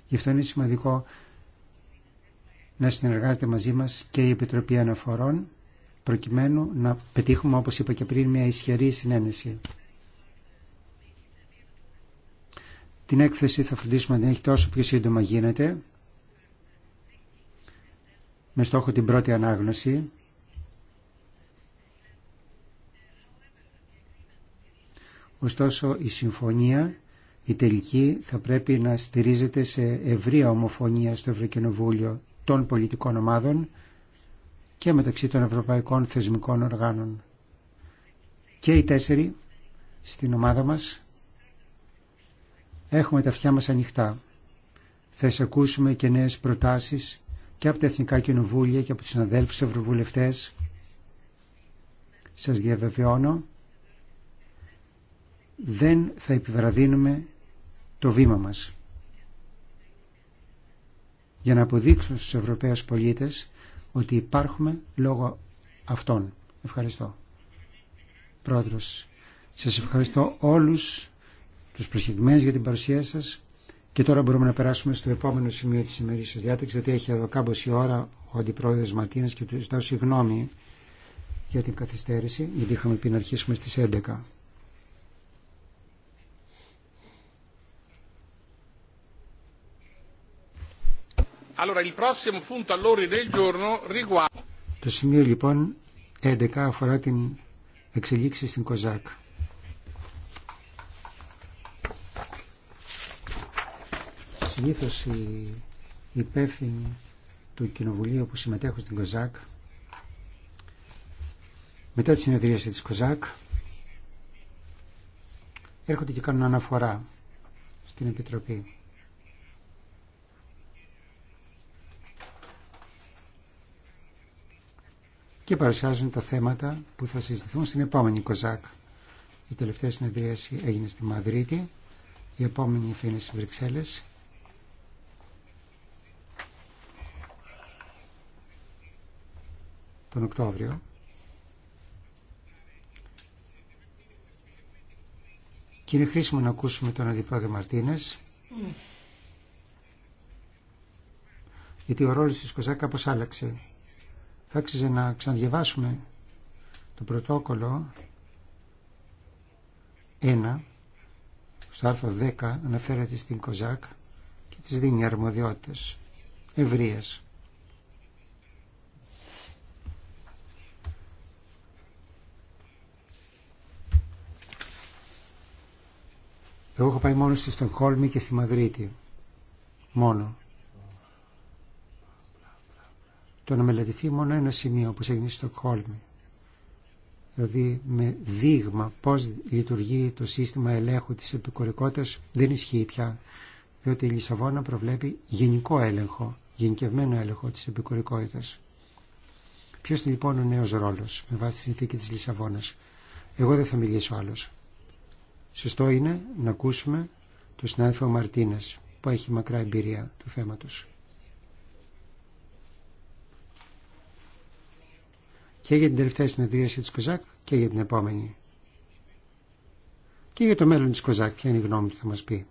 Γι' αυτό είναι σημαντικό να συνεργάζεται μαζί μας και η Επιτροπή Αναφορών προκειμένου να πετύχουμε, όπως είπα και πριν, μια ισχυρή συνένεση. Την έκθεση θα φροντίσουμε να την έχει τόσο πιο σύντομα γίνεται, με στόχο την πρώτη ανάγνωση. Ωστόσο, η συμφωνία, η τελική, θα πρέπει να στηρίζεται σε ευρία ομοφωνία στο Ευρωκοινοβούλιο των πολιτικών ομάδων, και μεταξύ των ευρωπαϊκών θεσμικών οργάνων. Και οι τέσσερι στην ομάδα μας έχουμε τα αυτιά μας ανοιχτά. Θα εισακούσουμε και νέες προτάσεις και από τα Εθνικά Κοινοβούλια και από τους συναδέλφους ευρωβουλευτές. Σας διαβεβαιώνω, δεν θα επιβραδύνουμε το βήμα μας. Για να αποδείξουμε στους Ευρωπαίους πολίτες ότι υπάρχουμε λόγω αυτών. Ευχαριστώ. Πρόεδρος, σας ευχαριστώ όλους τους προσκεκριμένους για την παρουσία σας και τώρα μπορούμε να περάσουμε στο επόμενο σημείο της σημερινής διάταξης, γιατί έχει εδώ κάμποση ώρα ο Αντιπρόεδρος Μαρτίνας και του ζητάω συγγνώμη για την καθυστέρηση, γιατί είχαμε πει να αρχίσουμε στις 11. Το σημείο λοιπόν 11 αφορά την εξελίξη στην Κοζάκ. Συνήθω οι υπεύθυνοι του Κοινοβουλίου που συμμετέχουν στην Κοζάκ μετά τη συνεδρίαση της Κοζάκ έρχονται και κάνουν αναφορά στην Επιτροπή. και παρουσιάζουν τα θέματα που θα συζητηθούν στην επόμενη ΚΟΖΑΚ. Η τελευταία συνεδρίαση έγινε στη Μαδρίτη, η επόμενη θα είναι στις Βρυξέλλες. τον Οκτώβριο. Και είναι χρήσιμο να ακούσουμε τον Αντιπρόεδρο Μαρτίνες mm. γιατί ο ρόλος της Κοζάκ κάπως άλλαξε θα έξιζε να ξαναδιαβάσουμε το πρωτόκολλο 1 στο άρθρο 10 αναφέρεται στην Κοζάκ και τις δίνει αρμοδιότητες ευρείας. Εγώ έχω πάει μόνο στη Στοχόλμη και στη Μαδρίτη. Μόνο το να μελετηθεί μόνο ένα σημείο όπως έγινε στο Κόλμη. Δηλαδή με δείγμα πώς λειτουργεί το σύστημα ελέγχου της επικορικότητας δεν ισχύει πια. Διότι η Λισαβόνα προβλέπει γενικό έλεγχο, γενικευμένο έλεγχο της επικορικότητας. Ποιος είναι λοιπόν ο νέος ρόλος με βάση τη συνθήκη της Λισαβόνας. Εγώ δεν θα μιλήσω άλλος. Σωστό είναι να ακούσουμε τον συνάδελφο Μαρτίνες που έχει μακρά εμπειρία του θέματος. και για την τελευταία συνεδρίαση της Κοζάκ και για την επόμενη. Και για το μέλλον της Κοζάκ, ποια είναι η γνώμη που θα μας πει.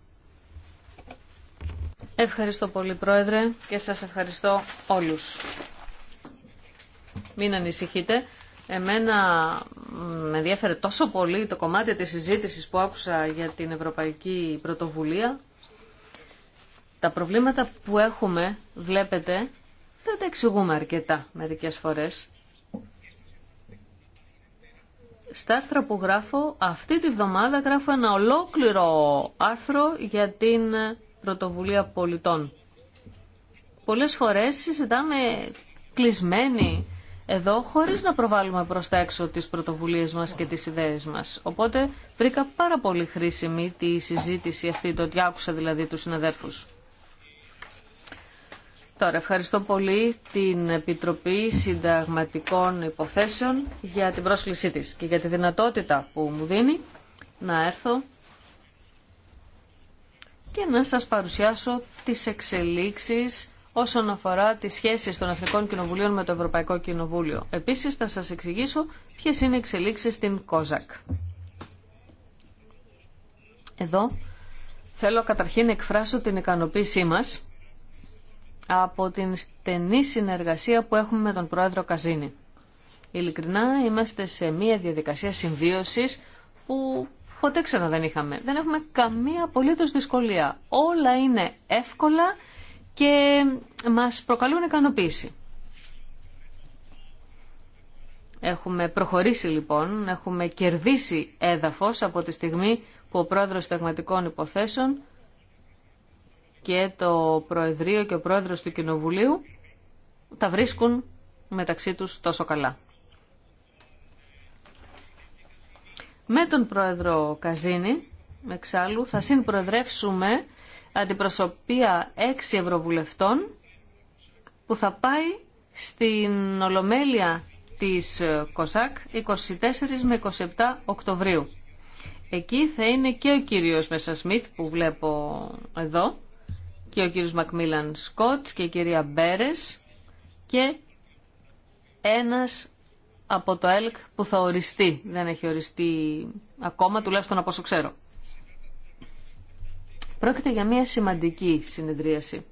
Ευχαριστώ πολύ Πρόεδρε και σας ευχαριστώ όλους. Μην ανησυχείτε. Εμένα με ενδιαφέρε τόσο πολύ το κομμάτι της συζήτησης που άκουσα για την Ευρωπαϊκή Πρωτοβουλία. Τα προβλήματα που έχουμε, βλέπετε, δεν τα εξηγούμε αρκετά μερικές φορές στα άρθρα που γράφω, αυτή τη βδομάδα γράφω ένα ολόκληρο άρθρο για την πρωτοβουλία πολιτών. Πολλές φορές συζητάμε κλεισμένοι εδώ χωρίς να προβάλλουμε προς τα έξω τις πρωτοβουλίες μας και τις ιδέες μας. Οπότε βρήκα πάρα πολύ χρήσιμη τη συζήτηση αυτή, το ότι άκουσα δηλαδή τους συναδέρφους. Τώρα ευχαριστώ πολύ την Επιτροπή Συνταγματικών Υποθέσεων για την πρόσκλησή της και για τη δυνατότητα που μου δίνει να έρθω και να σας παρουσιάσω τις εξελίξεις όσον αφορά τις σχέσεις των Εθνικών Κοινοβουλίων με το Ευρωπαϊκό Κοινοβούλιο. Επίσης θα σας εξηγήσω ποιες είναι οι εξελίξεις στην ΚΟΖΑΚ. Εδώ θέλω καταρχήν να εκφράσω την ικανοποίησή μας από την στενή συνεργασία που έχουμε με τον πρόεδρο Καζίνη. Ειλικρινά είμαστε σε μια διαδικασία συμβίωσης που ποτέ ξανά δεν είχαμε. Δεν έχουμε καμία απολύτως δυσκολία. Όλα είναι εύκολα και μας προκαλούν ικανοποίηση. Έχουμε προχωρήσει λοιπόν, έχουμε κερδίσει έδαφος από τη στιγμή που ο πρόεδρος τεγματικών υποθέσεων και το Προεδρείο και ο Πρόεδρος του Κοινοβουλίου τα βρίσκουν μεταξύ τους τόσο καλά. Με τον Πρόεδρο Καζίνη, εξάλλου, θα συμπροεδρεύσουμε αντιπροσωπεία έξι ευρωβουλευτών που θα πάει στην Ολομέλεια της ΚΟΣΑΚ 24 με 27 Οκτωβρίου. Εκεί θα είναι και ο κύριος Μεσασμίθ που βλέπω εδώ και ο κύριος Μακμίλαν Σκοτ και η κυρία Μπέρες και ένας από το ΕΛΚ που θα οριστεί. Δεν έχει οριστεί ακόμα, τουλάχιστον από όσο ξέρω. Πρόκειται για μια σημαντική συνεδρίαση.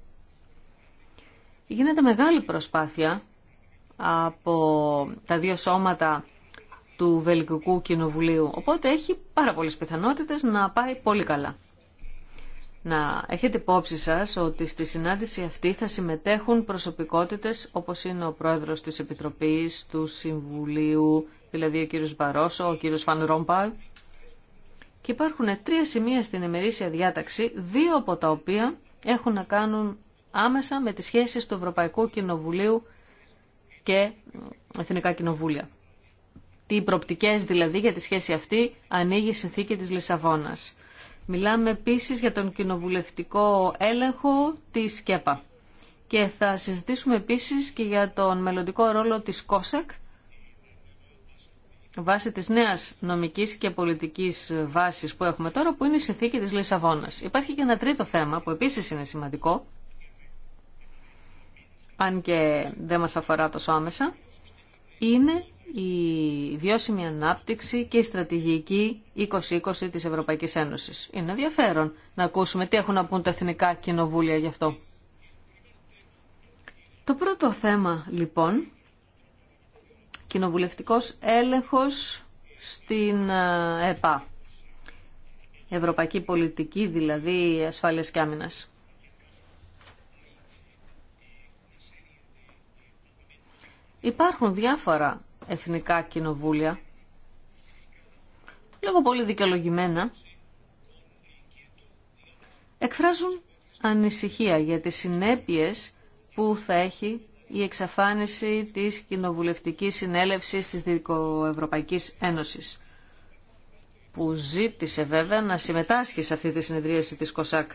Γίνεται μεγάλη προσπάθεια από τα δύο σώματα του Βελγικού Κοινοβουλίου, οπότε έχει πάρα πολλές πιθανότητες να πάει πολύ καλά να έχετε υπόψη σας ότι στη συνάντηση αυτή θα συμμετέχουν προσωπικότητες όπως είναι ο πρόεδρος της Επιτροπής, του Συμβουλίου, δηλαδή ο κύριος Μπαρόσο, ο κύριος Φαν Ρόμπαλ Και υπάρχουν τρία σημεία στην ημερήσια διάταξη, δύο από τα οποία έχουν να κάνουν άμεσα με τις σχέσεις του Ευρωπαϊκού Κοινοβουλίου και Εθνικά Κοινοβούλια. Τι προπτικές δηλαδή για τη σχέση αυτή ανοίγει η συνθήκη της Λισαβόνας. Μιλάμε επίσης για τον κοινοβουλευτικό έλεγχο της ΚΕΠΑ. Και θα συζητήσουμε επίσης και για τον μελλοντικό ρόλο της ΚΟΣΕΚ βάσει της νέας νομικής και πολιτικής βάσης που έχουμε τώρα που είναι η συνθήκη της Λισαβόνας. Υπάρχει και ένα τρίτο θέμα που επίσης είναι σημαντικό αν και δεν μας αφορά τόσο άμεσα είναι η βιώσιμη ανάπτυξη και η στρατηγική 2020 της Ευρωπαϊκής Ένωσης. Είναι ενδιαφέρον να ακούσουμε τι έχουν να πούν τα εθνικά κοινοβούλια γι' αυτό. Το πρώτο θέμα λοιπόν, κοινοβουλευτικός έλεγχος στην ε, ΕΠΑ. Ευρωπαϊκή πολιτική δηλαδή ασφάλειας και άμυνας. Υπάρχουν διάφορα εθνικά κοινοβούλια, λίγο πολύ δικαιολογημένα, εκφράζουν ανησυχία για τις συνέπειες που θα έχει η εξαφάνιση της κοινοβουλευτικής συνέλευσης της Δικοευρωπαϊκής Ένωσης που ζήτησε βέβαια να συμμετάσχει σε αυτή τη συνεδρίαση της ΚΟΣΑΚ.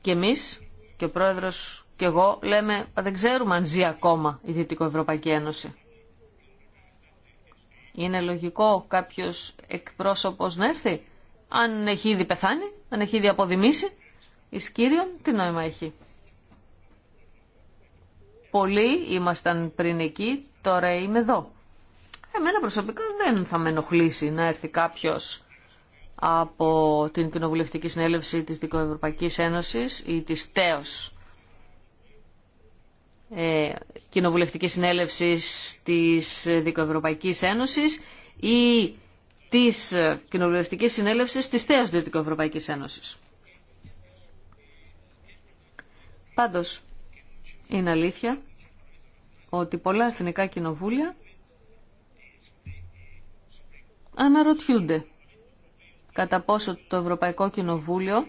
Και εμείς και ο πρόεδρος και εγώ λέμε δεν ξέρουμε αν ζει ακόμα η Δυτικοευρωπαϊκή Ένωση. Είναι λογικό κάποιος εκπρόσωπος να έρθει, αν έχει ήδη πεθάνει, αν έχει ήδη αποδημήσει, εις κύριον τι νόημα έχει. Πολλοί ήμασταν πριν εκεί, τώρα είμαι εδώ. Εμένα προσωπικά δεν θα με ενοχλήσει να έρθει κάποιος από την Κοινοβουλευτική Συνέλευση της Δικοευρωπαϊκής Ένωσης ή της ΤΕΟΣ ε, κοινοβουλευτική Συνέλευση της Δικοευρωπαϊκής Ένωσης ή της Κοινοβουλευτική Συνέλευση της Θέας Δικοευρωπαϊκής Ένωσης. Πάντως, είναι αλήθεια ότι πολλά εθνικά κοινοβούλια αναρωτιούνται κατά πόσο το Ευρωπαϊκό Κοινοβούλιο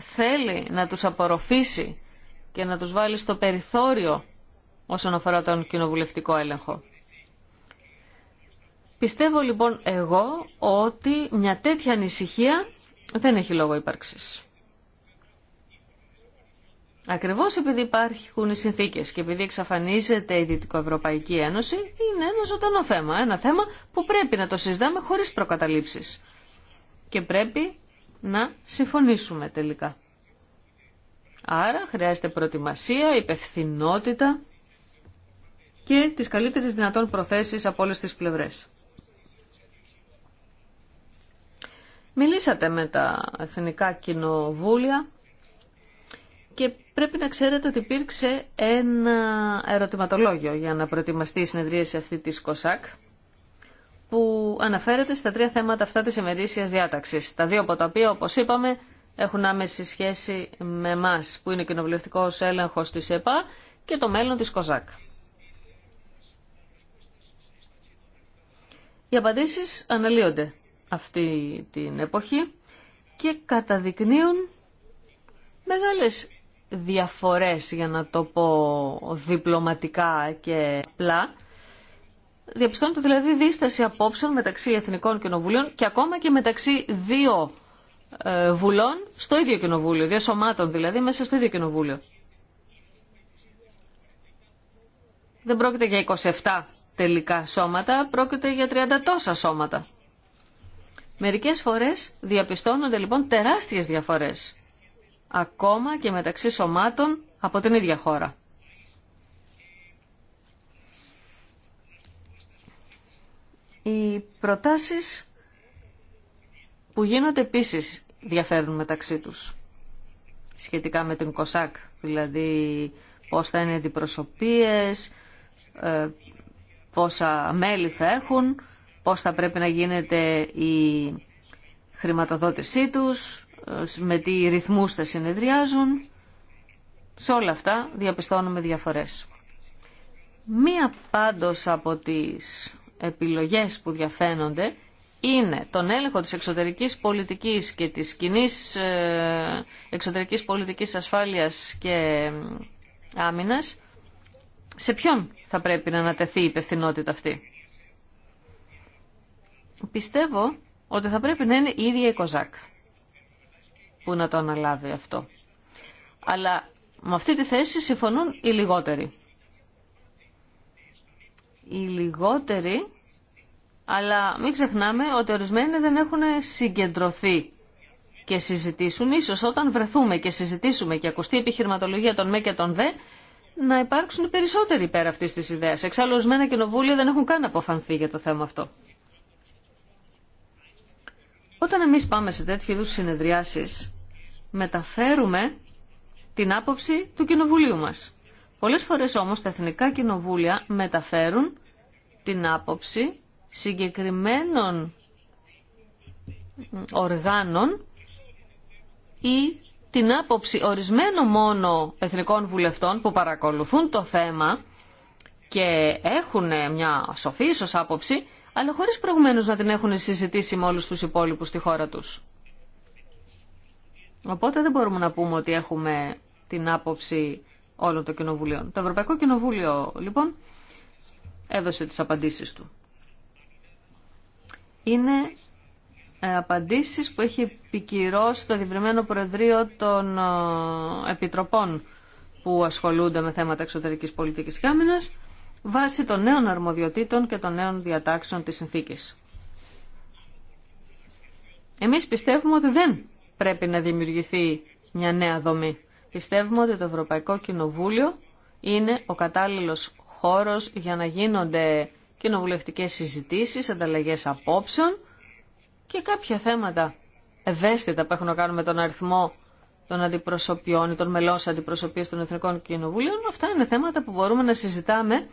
θέλει να τους απορροφήσει και να τους βάλει στο περιθώριο όσον αφορά τον κοινοβουλευτικό έλεγχο. Πιστεύω λοιπόν εγώ ότι μια τέτοια ανησυχία δεν έχει λόγο ύπαρξης. Ακριβώς επειδή υπάρχουν οι συνθήκες και επειδή εξαφανίζεται η Δυτικοευρωπαϊκή Ένωση, είναι ένα ζωντανό θέμα. Ένα θέμα που πρέπει να το συζητάμε χωρίς προκαταλήψεις. Και πρέπει να συμφωνήσουμε τελικά. Άρα χρειάζεται προετοιμασία, υπευθυνότητα και τις καλύτερες δυνατόν προθέσεις από όλες τις πλευρές. Μιλήσατε με τα εθνικά κοινοβούλια και πρέπει να ξέρετε ότι υπήρξε ένα ερωτηματολόγιο για να προετοιμαστεί η συνεδρίαση αυτή της ΚΟΣΑΚ που αναφέρεται στα τρία θέματα αυτά της ημερήσιας διάταξης. Τα δύο από τα οποία, όπως είπαμε, έχουν άμεση σχέση με μας, που είναι ο κοινοβουλευτικό έλεγχο τη ΕΠΑ και το μέλλον της ΚΟΖΑΚ. Οι απαντήσει αναλύονται αυτή την εποχή και καταδεικνύουν μεγάλες διαφορές, για να το πω διπλωματικά και απλά, Διαπιστώνεται δηλαδή δίσταση απόψεων μεταξύ εθνικών κοινοβουλίων και ακόμα και μεταξύ δύο ε, βουλών στο ίδιο κοινοβούλιο, δύο σωμάτων δηλαδή μέσα στο ίδιο κοινοβούλιο. Δεν πρόκειται για 27 τελικά σώματα, πρόκειται για 30 τόσα σώματα. Μερικές φορές διαπιστώνονται λοιπόν τεράστιες διαφορές, ακόμα και μεταξύ σωμάτων από την ίδια χώρα. Οι προτάσεις που γίνονται επίσης διαφέρουν μεταξύ τους. Σχετικά με την ΚΟΣΑΚ, δηλαδή πώς θα είναι οι αντιπροσωπείες, ε, πόσα μέλη θα έχουν, πώς θα πρέπει να γίνεται η χρηματοδότησή τους, ε, με τι ρυθμούς θα συνεδριάζουν. Σε όλα αυτά διαπιστώνουμε διαφορές. Μία πάντως από τις επιλογές που διαφαίνονται είναι τον έλεγχο της εξωτερικής πολιτικής και της κοινή ε, εξωτερικής πολιτικής ασφάλειας και άμυνας, σε ποιον θα πρέπει να ανατεθεί η υπευθυνότητα αυτή. Πιστεύω ότι θα πρέπει να είναι η ίδια η Κοζάκ που να το αναλάβει αυτό. Αλλά με αυτή τη θέση συμφωνούν οι λιγότεροι οι λιγότεροι, αλλά μην ξεχνάμε ότι ορισμένοι δεν έχουν συγκεντρωθεί και συζητήσουν. Ίσως όταν βρεθούμε και συζητήσουμε και ακουστεί η επιχειρηματολογία των ΜΕ και των ΔΕ, να υπάρξουν περισσότεροι πέρα αυτής της ιδέας. Εξάλλου ορισμένα κοινοβούλια δεν έχουν καν αποφανθεί για το θέμα αυτό. Όταν εμείς πάμε σε τέτοιου είδους συνεδριάσεις, μεταφέρουμε την άποψη του κοινοβουλίου μας. Πολλές φορές όμως τα εθνικά κοινοβούλια μεταφέρουν την άποψη συγκεκριμένων οργάνων ή την άποψη ορισμένων μόνο εθνικών βουλευτών που παρακολουθούν το θέμα και έχουν μια σοφή ίσως άποψη, αλλά χωρίς προηγουμένως να την έχουν συζητήσει με όλους τους υπόλοιπους στη χώρα τους. Οπότε δεν μπορούμε να πούμε ότι έχουμε την άποψη όλων των κοινοβουλίων. Το Ευρωπαϊκό Κοινοβούλιο, λοιπόν, έδωσε τις απαντήσεις του. Είναι ε, απαντήσεις που έχει επικυρώσει το Διευρυμένο Προεδρείο των ε, Επιτροπών που ασχολούνται με θέματα εξωτερικής πολιτικής και άμυνας, βάσει των νέων αρμοδιοτήτων και των νέων διατάξεων της συνθήκης. Εμείς πιστεύουμε ότι δεν πρέπει να δημιουργηθεί μια νέα δομή. Πιστεύουμε ότι το Ευρωπαϊκό Κοινοβούλιο είναι ο κατάλληλος χώρος για να γίνονται κοινοβουλευτικές συζητήσεις, ανταλλαγές απόψεων και κάποια θέματα ευαίσθητα που έχουν να κάνουν με τον αριθμό των αντιπροσωπιών ή των μελών αντιπροσωπείας των Εθνικών Κοινοβουλίων, αυτά είναι θέματα που μπορούμε να συζητάμε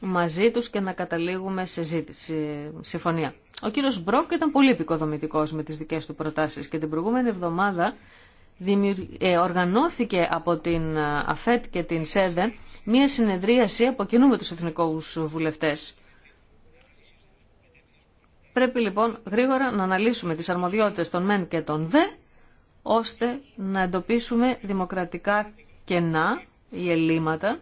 μαζί τους και να καταλήγουμε σε συμφωνία. Ο κύριος Μπρόκ ήταν πολύ επικοδομητικός με τις δικές του προτάσεις και την προηγούμενη εβδομάδα ε, οργανώθηκε από την ε, ΑΦΕΤ και την ΣΕΔΕ μία συνεδρίαση από κοινού με τους εθνικούς βουλευτές. Πρέπει λοιπόν γρήγορα να αναλύσουμε τις αρμοδιότητες των ΜΕΝ και των ΔΕ, ώστε να εντοπίσουμε δημοκρατικά κενά ή ελλείμματα,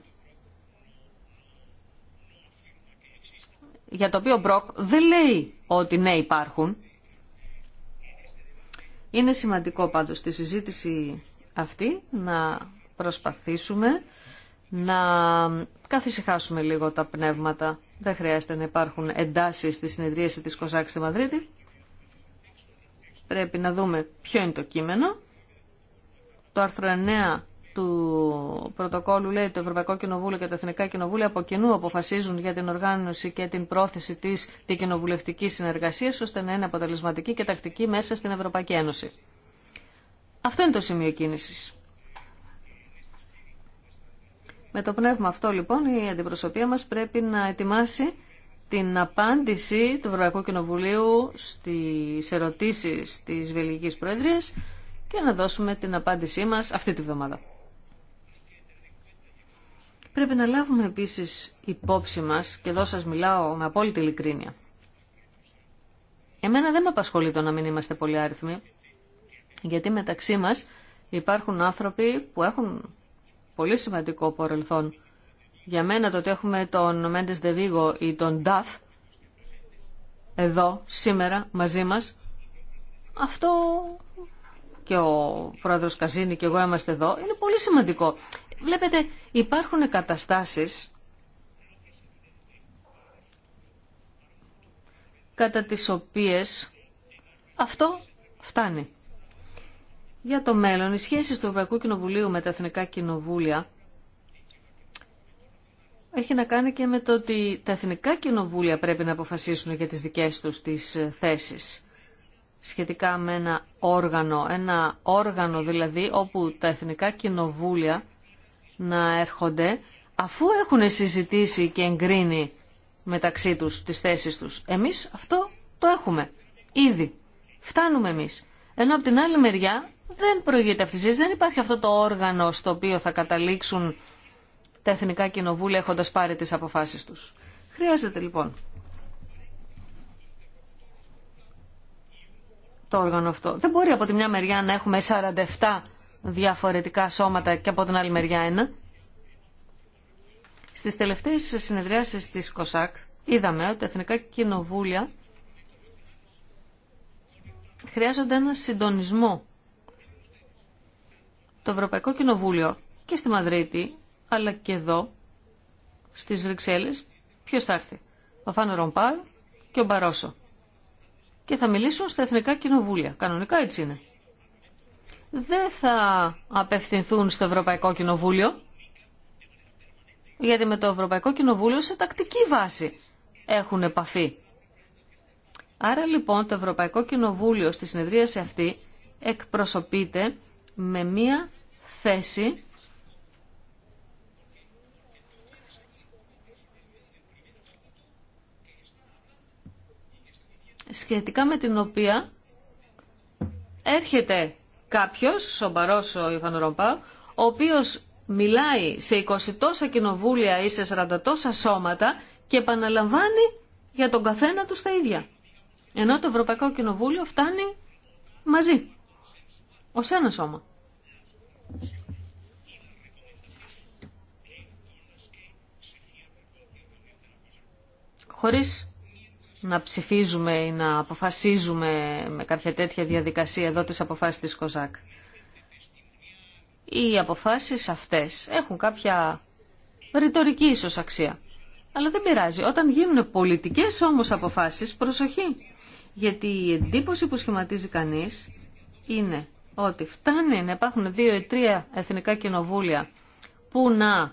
για το οποίο ο Μπροκ δεν λέει ότι ναι υπάρχουν, είναι σημαντικό πάντως στη συζήτηση αυτή να προσπαθήσουμε να καθησυχάσουμε λίγο τα πνεύματα. Δεν χρειάζεται να υπάρχουν εντάσεις στη συνεδρίαση της Κοζάκη στη Μαδρίτη. Πρέπει να δούμε ποιο είναι το κείμενο. Το άρθρο του πρωτοκόλου λέει το Ευρωπαϊκό Κοινοβούλιο και τα Εθνικά Κοινοβούλια από κοινού αποφασίζουν για την οργάνωση και την πρόθεση της δικαινοβουλευτική συνεργασία ώστε να είναι αποτελεσματική και τακτική μέσα στην Ευρωπαϊκή Ένωση. Αυτό είναι το σημείο κίνησης. Με το πνεύμα αυτό λοιπόν η αντιπροσωπεία μας πρέπει να ετοιμάσει την απάντηση του Ευρωπαϊκού Κοινοβουλίου στις ερωτήσεις της Βελγικής Προεδρίας και να δώσουμε την απάντησή μας αυτή τη βδομάδα. Πρέπει να λάβουμε επίσης υπόψη μας, και εδώ σας μιλάω με απόλυτη ειλικρίνεια. Εμένα δεν με απασχολεί το να μην είμαστε πολύ άριθμοι, γιατί μεταξύ μας υπάρχουν άνθρωποι που έχουν πολύ σημαντικό παρελθόν. Για μένα το ότι έχουμε τον Μέντες Δεβίγο ή τον Νταφ εδώ σήμερα μαζί μας, αυτό και ο πρόεδρος Καζίνη και εγώ είμαστε εδώ, είναι πολύ σημαντικό. Βλέπετε, υπάρχουν καταστάσεις κατά τις οποίες αυτό φτάνει. Για το μέλλον, οι σχέσεις του Ευρωπαϊκού Κοινοβουλίου με τα Εθνικά Κοινοβούλια έχει να κάνει και με το ότι τα Εθνικά Κοινοβούλια πρέπει να αποφασίσουν για τις δικές τους τις θέσεις σχετικά με ένα όργανο, ένα όργανο δηλαδή όπου τα Εθνικά Κοινοβούλια να έρχονται αφού έχουν συζητήσει και εγκρίνει μεταξύ τους τις θέσεις τους. Εμείς αυτό το έχουμε. Ήδη. Φτάνουμε εμείς. Ενώ από την άλλη μεριά δεν προηγείται αυτή δεν υπάρχει αυτό το όργανο στο οποίο θα καταλήξουν τα εθνικά κοινοβούλια έχοντας πάρει τις αποφάσεις τους. Χρειάζεται λοιπόν το όργανο αυτό. Δεν μπορεί από τη μια μεριά να έχουμε 47 διαφορετικά σώματα και από την άλλη μεριά ένα. Στις τελευταίες συνεδριάσεις της ΚΟΣΑΚ είδαμε ότι τα εθνικά κοινοβούλια χρειάζονται ένα συντονισμό. Το Ευρωπαϊκό Κοινοβούλιο και στη Μαδρίτη, αλλά και εδώ, στις Βρυξέλλες, ποιος θα έρθει. Ο Φάνο Ρομπάλ και ο Μπαρόσο. Και θα μιλήσουν στα εθνικά κοινοβούλια. Κανονικά έτσι είναι δεν θα απευθυνθούν στο Ευρωπαϊκό Κοινοβούλιο, γιατί με το Ευρωπαϊκό Κοινοβούλιο σε τακτική βάση έχουν επαφή. Άρα λοιπόν το Ευρωπαϊκό Κοινοβούλιο στη συνεδρίαση αυτή εκπροσωπείται με μία θέση σχετικά με την οποία έρχεται Κάποιο, ο ο Ρομπά, ο οποίος μιλάει σε 20 τόσα κοινοβούλια ή σε 40 τόσα σώματα και επαναλαμβάνει για τον καθένα του τα ίδια. Ενώ το Ευρωπαϊκό Κοινοβούλιο φτάνει μαζί, Ω ένα σώμα. Χωρίς να ψηφίζουμε ή να αποφασίζουμε με κάποια τέτοια διαδικασία εδώ τις αποφάσεις της ΚΟΖΑΚ. Οι αποφάσεις αυτές έχουν κάποια ρητορική ίσως αξία. Αλλά δεν πειράζει. Όταν γίνουν πολιτικές όμως αποφάσεις, προσοχή. Γιατί η εντύπωση που σχηματίζει κανείς είναι ότι φτάνει να υπάρχουν δύο ή τρία εθνικά κοινοβούλια που να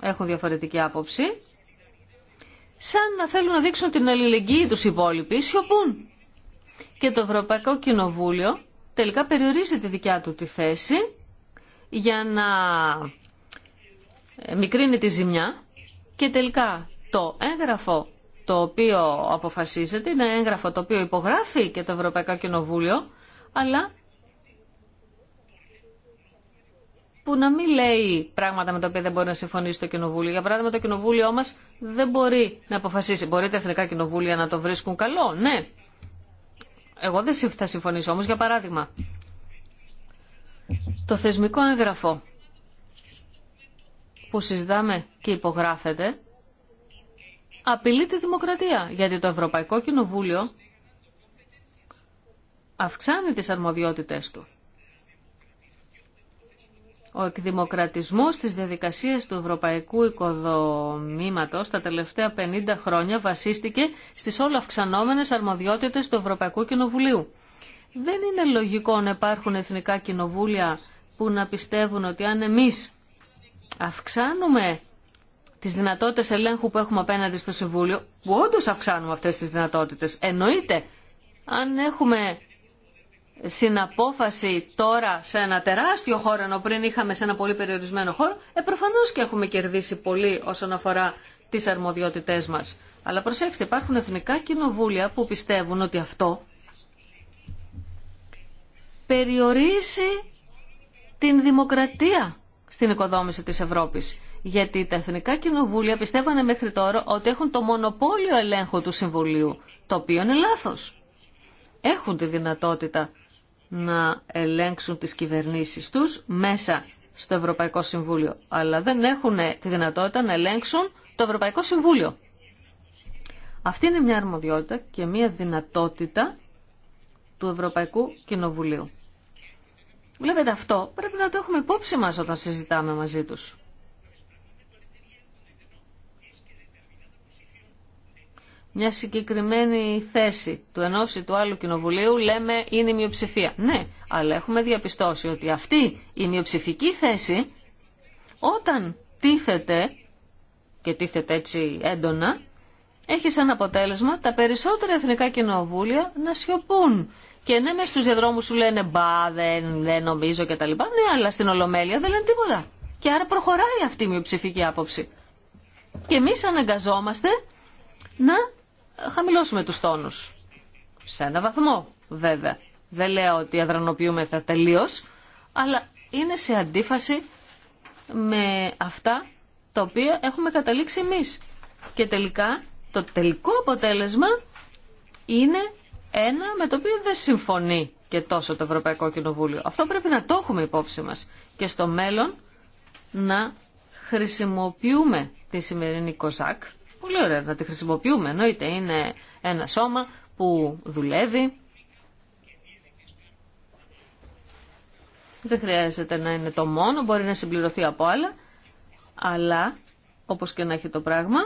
έχουν διαφορετική άποψη σαν να θέλουν να δείξουν την αλληλεγγύη τους οι υπόλοιποι, σιωπούν. Και το Ευρωπαϊκό Κοινοβούλιο τελικά περιορίζει τη δικιά του τη θέση για να ε, μικρύνει τη ζημιά και τελικά το έγγραφο το οποίο αποφασίζεται είναι έγγραφο το οποίο υπογράφει και το Ευρωπαϊκό Κοινοβούλιο αλλά που να μην λέει πράγματα με τα οποία δεν μπορεί να συμφωνήσει το κοινοβούλιο. Για παράδειγμα, το κοινοβούλιο μα δεν μπορεί να αποφασίσει. Μπορεί τα εθνικά κοινοβούλια να το βρίσκουν καλό, ναι. Εγώ δεν θα συμφωνήσω όμω, για παράδειγμα. Το θεσμικό έγγραφο που συζητάμε και υπογράφεται απειλεί τη δημοκρατία, γιατί το Ευρωπαϊκό Κοινοβούλιο αυξάνει τις αρμοδιότητες του. Ο εκδημοκρατισμός της διαδικασίας του ευρωπαϊκού οικοδομήματος τα τελευταία 50 χρόνια βασίστηκε στις όλο αυξανόμενες αρμοδιότητες του Ευρωπαϊκού Κοινοβουλίου. Δεν είναι λογικό να υπάρχουν εθνικά κοινοβούλια που να πιστεύουν ότι αν εμείς αυξάνουμε τις δυνατότητες ελέγχου που έχουμε απέναντι στο Συμβούλιο, που όντω αυξάνουμε αυτές τις δυνατότητες, εννοείται, αν έχουμε συναπόφαση τώρα σε ένα τεράστιο χώρο, ενώ πριν είχαμε σε ένα πολύ περιορισμένο χώρο, ε, προφανώς και έχουμε κερδίσει πολύ όσον αφορά τις αρμοδιότητές μας. Αλλά προσέξτε, υπάρχουν εθνικά κοινοβούλια που πιστεύουν ότι αυτό περιορίζει την δημοκρατία στην οικοδόμηση της Ευρώπης. Γιατί τα εθνικά κοινοβούλια πιστεύανε μέχρι τώρα ότι έχουν το μονοπόλιο ελέγχου του Συμβουλίου, το οποίο είναι λάθος. Έχουν τη δυνατότητα να ελέγξουν τις κυβερνήσεις τους μέσα στο Ευρωπαϊκό Συμβούλιο, αλλά δεν έχουν τη δυνατότητα να ελέγξουν το Ευρωπαϊκό Συμβούλιο. Αυτή είναι μια αρμοδιότητα και μια δυνατότητα του Ευρωπαϊκού Κοινοβουλίου. Βλέπετε αυτό πρέπει να το έχουμε υπόψη μας όταν συζητάμε μαζί τους. μια συγκεκριμένη θέση του ενός ή του άλλου κοινοβουλίου λέμε είναι η μειοψηφία. Ναι, αλλά έχουμε διαπιστώσει ότι αυτή η μειοψηφική θέση όταν τίθεται και τίθεται έτσι έντονα έχει σαν αποτέλεσμα τα περισσότερα εθνικά κοινοβούλια να σιωπούν. Και ναι, με στους διαδρόμους σου λένε μπα, δεν, δεν νομίζω κτλ. Ναι, αλλά στην Ολομέλεια δεν λένε τίποτα. Και άρα προχωράει αυτή η μειοψηφική άποψη. Και εμείς αναγκαζόμαστε να χαμηλώσουμε τους τόνους. Σε ένα βαθμό βέβαια. Δεν λέω ότι θα τελείως, αλλά είναι σε αντίφαση με αυτά τα οποία έχουμε καταλήξει εμείς. Και τελικά το τελικό αποτέλεσμα είναι ένα με το οποίο δεν συμφωνεί και τόσο το Ευρωπαϊκό Κοινοβούλιο. Αυτό πρέπει να το έχουμε υπόψη μας και στο μέλλον να χρησιμοποιούμε τη σημερινή ΚΟΖΑΚ Πολύ ωραία να τη χρησιμοποιούμε. Εννοείται είναι ένα σώμα που δουλεύει. Δεν χρειάζεται να είναι το μόνο, μπορεί να συμπληρωθεί από άλλα. Αλλά, όπως και να έχει το πράγμα,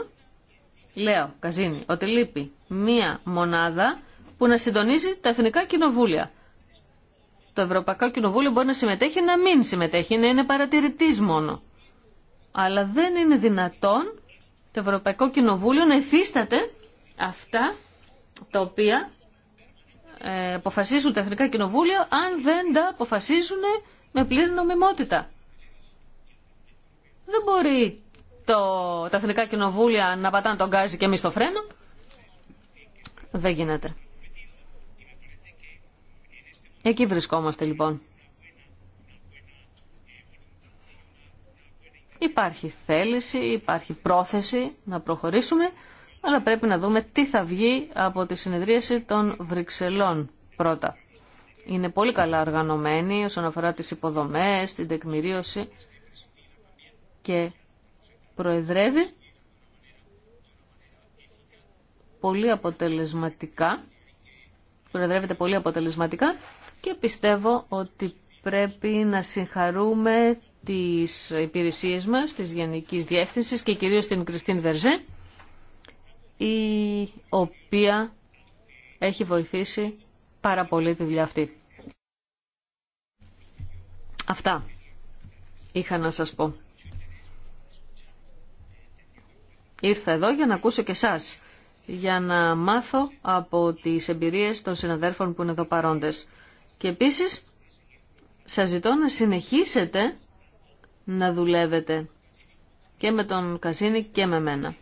λέω, Καζίνη, ότι λείπει μία μονάδα που να συντονίζει τα εθνικά κοινοβούλια. Το Ευρωπαϊκό Κοινοβούλιο μπορεί να συμμετέχει, να μην συμμετέχει, να είναι παρατηρητής μόνο. Αλλά δεν είναι δυνατόν το Ευρωπαϊκό Κοινοβούλιο να εφίσταται αυτά τα οποία ε, αποφασίζουν τα Εθνικά Κοινοβούλια αν δεν τα αποφασίζουν με πλήρη νομιμότητα. Δεν μπορεί το, τα Εθνικά Κοινοβούλια να πατάνε τον γκάζι και εμεί το φρένο. Δεν γίνεται. Εκεί βρισκόμαστε λοιπόν. Υπάρχει θέληση, υπάρχει πρόθεση να προχωρήσουμε, αλλά πρέπει να δούμε τι θα βγει από τη συνεδρίαση των Βρυξελών πρώτα. Είναι πολύ καλά οργανωμένη όσον αφορά τις υποδομές, την τεκμηρίωση και προεδρεύει πολύ αποτελεσματικά, προεδρεύεται πολύ αποτελεσματικά και πιστεύω ότι πρέπει να συγχαρούμε της υπηρεσίας μας, της Γενικής Διεύθυνσης και κυρίως την Κριστίν Βερζέ, η οποία έχει βοηθήσει πάρα πολύ τη δουλειά αυτή. Αυτά είχα να σας πω. Ήρθα εδώ για να ακούσω και εσάς, για να μάθω από τις εμπειρίες των συναδέρφων που είναι εδώ παρόντες. Και επίσης, σας ζητώ να συνεχίσετε να δουλεύετε και με τον Καζίνη και με μένα.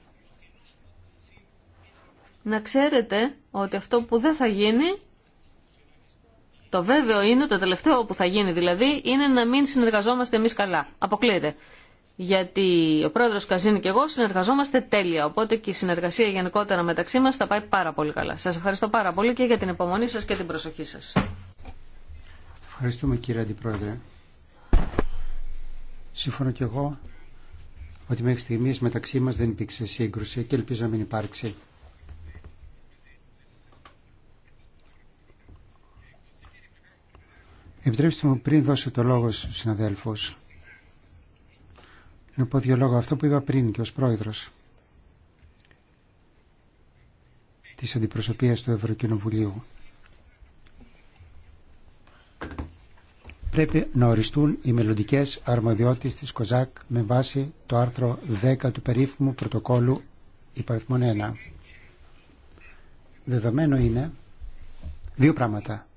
Να ξέρετε ότι αυτό που δεν θα γίνει, το βέβαιο είναι, το τελευταίο που θα γίνει δηλαδή, είναι να μην συνεργαζόμαστε εμείς καλά. Αποκλείεται. Γιατί ο πρόεδρος Καζίνη και εγώ συνεργαζόμαστε τέλεια, οπότε και η συνεργασία γενικότερα μεταξύ μας θα πάει πάρα πολύ καλά. Σας ευχαριστώ πάρα πολύ και για την υπομονή σας και την προσοχή σας. Ευχαριστούμε κύριε Αντιπρόεδρε. Σύμφωνα κι εγώ ότι μέχρι στιγμή μεταξύ μας δεν υπήρξε σύγκρουση και ελπίζω να μην υπάρξει. Επιτρέψτε μου πριν δώσω το λόγο στους συναδέλφους να πω δύο λόγια αυτό που είπα πριν και ως πρόεδρος της αντιπροσωπείας του Ευρωκοινοβουλίου. πρέπει να οριστούν οι μελλοντικέ αρμοδιότητες της ΚΟΖΑΚ με βάση το άρθρο 10 του περίφημου πρωτοκόλλου υπαριθμών 1. Δεδομένο είναι δύο πράγματα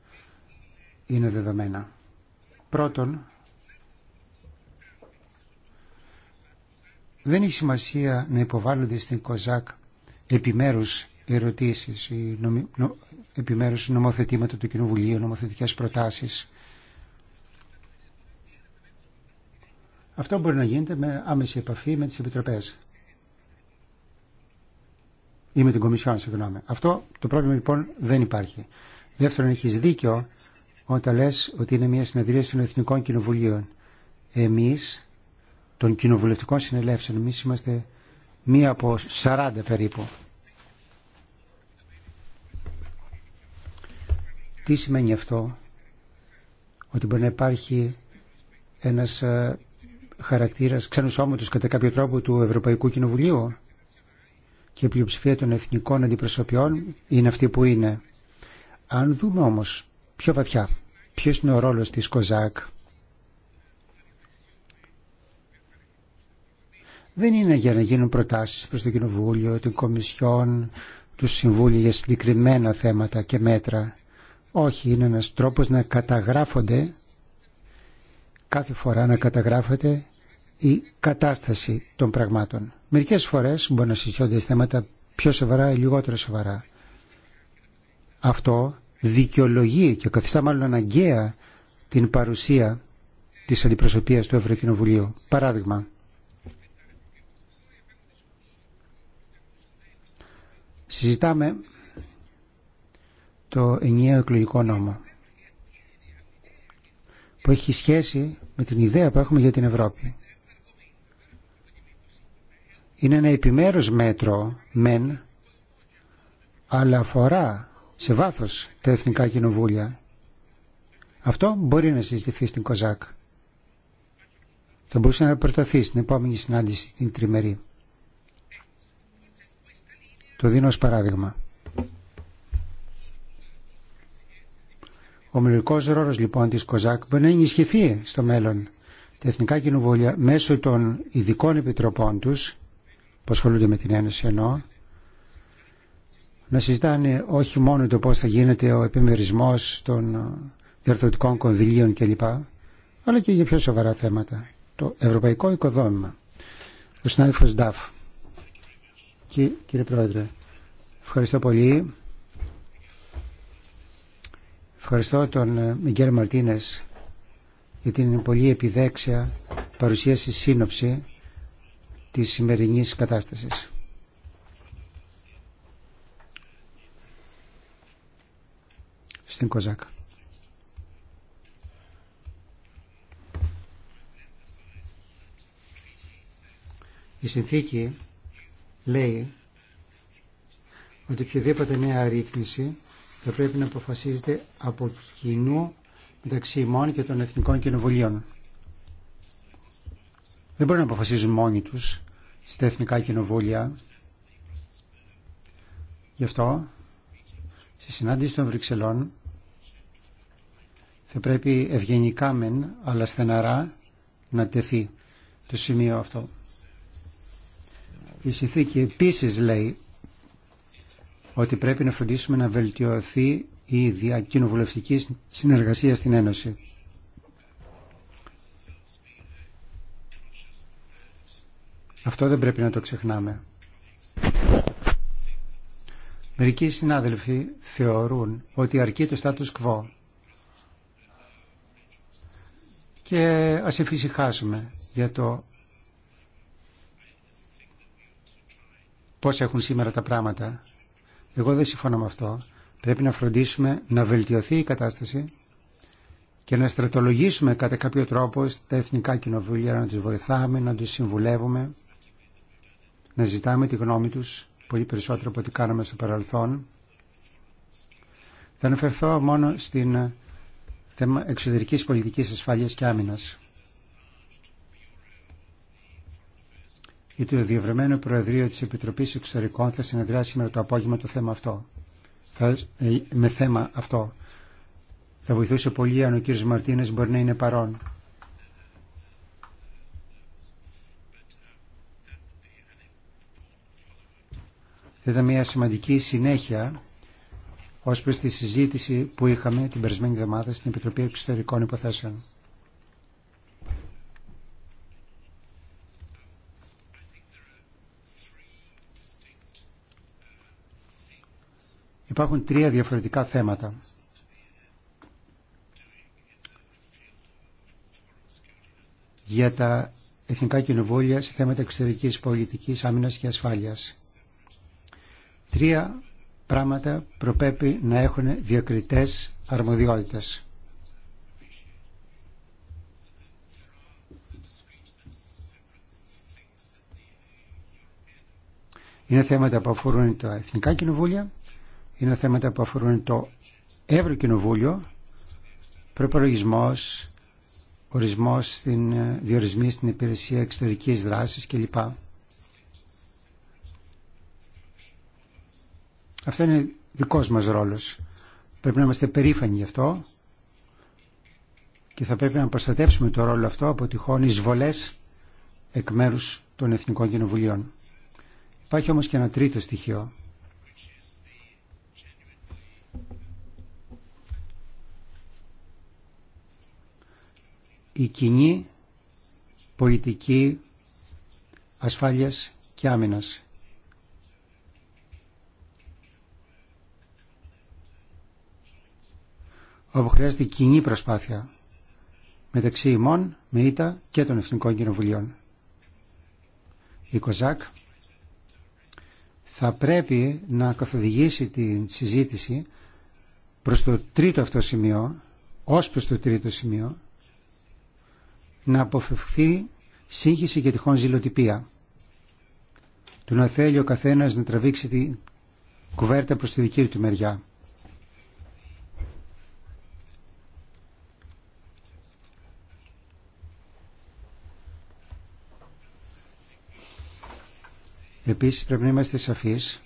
είναι δεδομένα. Πρώτον, δεν έχει σημασία να υποβάλλονται στην ΚΟΖΑΚ επιμέρους ερωτήσεις, ή νομι... επιμέρους νομοθετήματα του Κοινοβουλίου, νομοθετικές προτάσεις Αυτό μπορεί να γίνεται με άμεση επαφή με τις επιτροπές ή με την Κομισιόν, συγγνώμη. Αυτό το πρόβλημα λοιπόν δεν υπάρχει. Δεύτερον, έχεις δίκιο όταν λες ότι είναι μια συνεδρία των Εθνικών Κοινοβουλίων. Εμείς, των κοινοβουλευτικών συνελεύσεων, εμείς είμαστε μία από 40 περίπου. Τι σημαίνει αυτό, ότι μπορεί να υπάρχει ένας ε, χαρακτήρας ξένου σώματος κατά κάποιο τρόπο του Ευρωπαϊκού Κοινοβουλίου και η πλειοψηφία των εθνικών αντιπροσωπιών είναι αυτή που είναι. Αν δούμε όμως πιο βαθιά ποιος είναι ο ρόλος της ΚΟΖΑΚ δεν είναι για να γίνουν προτάσεις προς το Κοινοβούλιο, την Κομισιόν, του Συμβούλιο για συγκεκριμένα θέματα και μέτρα. Όχι, είναι ένας τρόπος να καταγράφονται κάθε φορά να καταγράφεται η κατάσταση των πραγμάτων. Μερικές φορές μπορεί να συζητώνται θέματα πιο σοβαρά ή λιγότερο σοβαρά. Αυτό δικαιολογεί και καθιστά μάλλον αναγκαία την παρουσία της αντιπροσωπείας του Ευρωκοινοβουλίου. Παράδειγμα, συζητάμε το ενιαίο εκλογικό νόμο που έχει σχέση με την ιδέα που έχουμε για την Ευρώπη. Είναι ένα επιμέρους μέτρο, μεν, αλλά αφορά σε βάθος τα εθνικά κοινοβούλια. Αυτό μπορεί να συζητηθεί στην ΚΟΖΑΚ. Θα μπορούσε να προταθεί στην επόμενη συνάντηση την τριμερή. Το δίνω ως παράδειγμα. Ο μελλοντικό ρόλο λοιπόν της ΚΟΖΑΚ μπορεί να ενισχυθεί στο μέλλον. Τα εθνικά κοινοβούλια μέσω των ειδικών επιτροπών τους, που ασχολούνται με την Ένωση ενώ, να συζητάνε όχι μόνο το πώς θα γίνεται ο επιμερισμός των διαρθρωτικών κονδυλίων κλπ, αλλά και για πιο σοβαρά θέματα. Το ευρωπαϊκό οικοδόμημα. Ο συνάδελφος Νταφ. κύριε Πρόεδρε, ευχαριστώ πολύ. Ευχαριστώ τον ε, Μιγγέλ Μαρτίνες για την πολύ επιδέξια παρουσίαση σύνοψη της σημερινής κατάστασης. Στην Κοζάκα. Η συνθήκη λέει ότι οποιοδήποτε νέα αρρύθμιση θα πρέπει να αποφασίζεται από κοινού μεταξύ ημών και των εθνικών κοινοβουλίων. Δεν μπορούν να αποφασίζουν μόνοι τους στα εθνικά κοινοβούλια. Γι' αυτό, στη συνάντηση των Βρυξελών, θα πρέπει ευγενικά μεν, αλλά στεναρά, να τεθεί το σημείο αυτό. Η συνθήκη επίσης λέει ότι πρέπει να φροντίσουμε να βελτιωθεί η διακοινοβουλευτική συνεργασία στην Ένωση. Αυτό δεν πρέπει να το ξεχνάμε. Μερικοί συνάδελφοι θεωρούν ότι αρκεί το status quo και ας εφησυχάσουμε για το πώς έχουν σήμερα τα πράγματα. Εγώ δεν συμφωνώ με αυτό. Πρέπει να φροντίσουμε να βελτιωθεί η κατάσταση και να στρατολογήσουμε κατά κάποιο τρόπο τα εθνικά κοινοβούλια, να τους βοηθάμε, να τους συμβουλεύουμε, να ζητάμε τη γνώμη τους πολύ περισσότερο από ό,τι κάναμε στο παρελθόν. Θα αναφερθώ μόνο στην θέμα εξωτερικής πολιτικής ασφάλειας και άμυνας. γιατί το διευρεμένο Προεδρείο της Επιτροπής Εξωτερικών θα συνεδριάσει σήμερα το απόγευμα το θέμα αυτό. Ε, με θέμα αυτό. Θα βοηθούσε πολύ αν ο κύριος Μαρτίνες μπορεί να είναι παρόν. Θα ήταν μια σημαντική συνέχεια ως προς τη συζήτηση που είχαμε την περασμένη εβδομάδα στην Επιτροπή Εξωτερικών Υποθέσεων. Υπάρχουν τρία διαφορετικά θέματα. Για τα Εθνικά Κοινοβούλια σε θέματα εξωτερικής πολιτικής, άμυνας και ασφάλειας. Τρία πράγματα προπέπει να έχουν διακριτές αρμοδιότητες. Είναι θέματα που αφορούν τα Εθνικά Κοινοβούλια, είναι θέματα που αφορούν το Ευρωκοινοβούλιο, προπολογισμό, ορισμός στην ε, διορισμή στην υπηρεσία εξωτερική δράση κλπ. Αυτό είναι δικό μα ρόλο. Πρέπει να είμαστε περήφανοι γι' αυτό και θα πρέπει να προστατεύσουμε το ρόλο αυτό από τυχόν εισβολέ εκ μέρου των Εθνικών Κοινοβουλίων. Υπάρχει όμως και ένα τρίτο στοιχείο η κοινή πολιτική ασφάλειας και άμυνας. όπου χρειάζεται κοινή προσπάθεια μεταξύ ημών, ήτα και των Εθνικών Κοινοβουλίων. Η ΚΟΖΑΚ θα πρέπει να καθοδηγήσει την συζήτηση προς το τρίτο αυτό σημείο, ως προς το τρίτο σημείο, να αποφευχθεί σύγχυση και τυχόν ζηλοτυπία. Του να θέλει ο καθένας να τραβήξει τη κουβέρτα προ τη δική του μεριά. Επίσης πρέπει να είμαστε σαφείς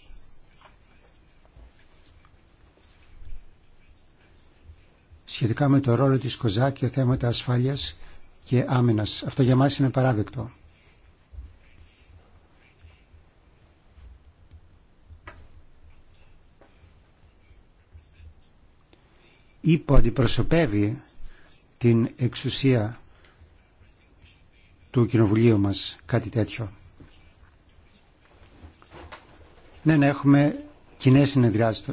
σχετικά με το ρόλο της κοζάκη και θέματα ασφάλειας και άμυνας. Αυτό για μας είναι παράδεκτο. που αντιπροσωπεύει την εξουσία του κοινοβουλίου μας κάτι τέτοιο. Ναι, να έχουμε κοινέ συνεδριάσεις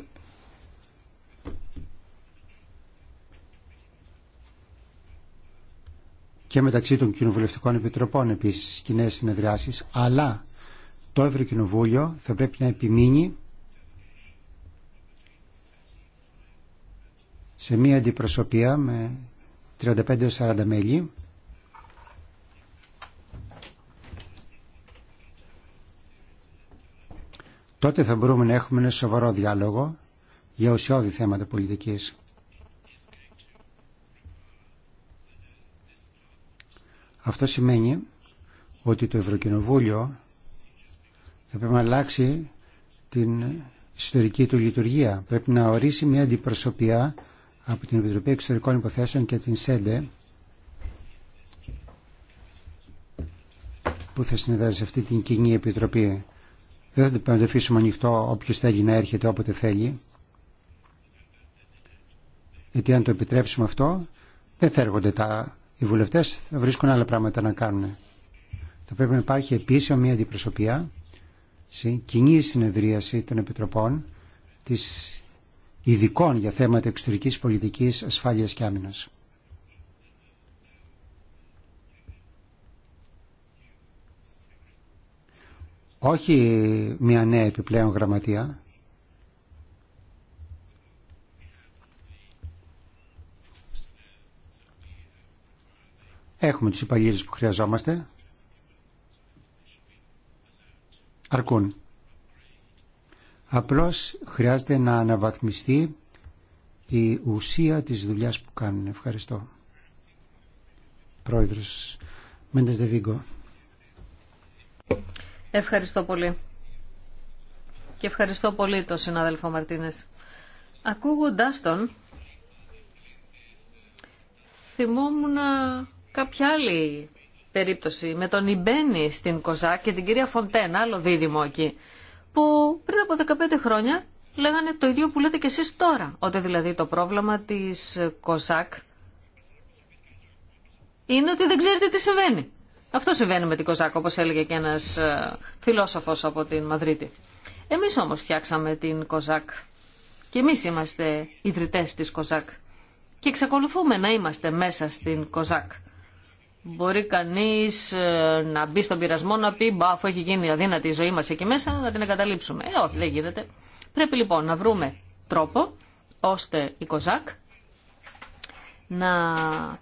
και μεταξύ των κοινοβουλευτικών επιτροπών επίσης κοινέ συνεδριάσεις, αλλά το Ευρωκοινοβούλιο θα πρέπει να επιμείνει σε μία αντιπροσωπεία με 35-40 μέλη τότε θα μπορούμε να έχουμε ένα σοβαρό διάλογο για ουσιώδη θέματα πολιτικής. Αυτό σημαίνει ότι το Ευρωκοινοβούλιο θα πρέπει να αλλάξει την ιστορική του λειτουργία. Πρέπει να ορίσει μια αντιπροσωπεία από την Επιτροπή Εξωτερικών Υποθέσεων και την ΣΕΝΤΕ που θα συνεδάζει σε αυτή την κοινή επιτροπή. Δεν θα το πρέπει να αφήσουμε ανοιχτό όποιος θέλει να έρχεται όποτε θέλει. Γιατί αν το επιτρέψουμε αυτό, δεν θα έρχονται τα οι βουλευτές θα βρίσκουν άλλα πράγματα να κάνουν. Θα πρέπει να υπάρχει επίσημα μια αντιπροσωπεία κοινή συνεδρίαση των Επιτροπών τη ειδικών για θέματα εξωτερικής πολιτικής ασφάλειας και άμυνας. Όχι μια νέα επιπλέον γραμματεία, Έχουμε τους υπαλλήλους που χρειαζόμαστε. Αρκούν. Απλώς χρειάζεται να αναβαθμιστεί η ουσία της δουλειάς που κάνουν. Ευχαριστώ. Πρόεδρος Μέντες Δεβίγκο. Ευχαριστώ πολύ. Και ευχαριστώ πολύ τον συνάδελφο Μαρτίνες. Ακούγοντάς τον, θυμόμουν κάποια άλλη περίπτωση με τον Ιμπένι στην Κοζάκ και την κυρία Φοντένα, άλλο δίδυμο εκεί, που πριν από 15 χρόνια λέγανε το ίδιο που λέτε κι εσείς τώρα, ότι δηλαδή το πρόβλημα της Κοζάκ είναι ότι δεν ξέρετε τι συμβαίνει. Αυτό συμβαίνει με την Κοζάκ, όπως έλεγε και ένας ε, φιλόσοφος από την Μαδρίτη. Εμείς όμως φτιάξαμε την Κοζάκ και εμείς είμαστε ιδρυτές της Κοζάκ και εξακολουθούμε να είμαστε μέσα στην Κοζάκ. Μπορεί κανείς ε, να μπει στον πειρασμό να πει «Μπα, αφού έχει γίνει αδύνατη η ζωή μας εκεί μέσα, να την εγκαταλείψουμε». Ε, όχι, δεν γίνεται. Πρέπει λοιπόν να βρούμε τρόπο ώστε η Κοζάκ να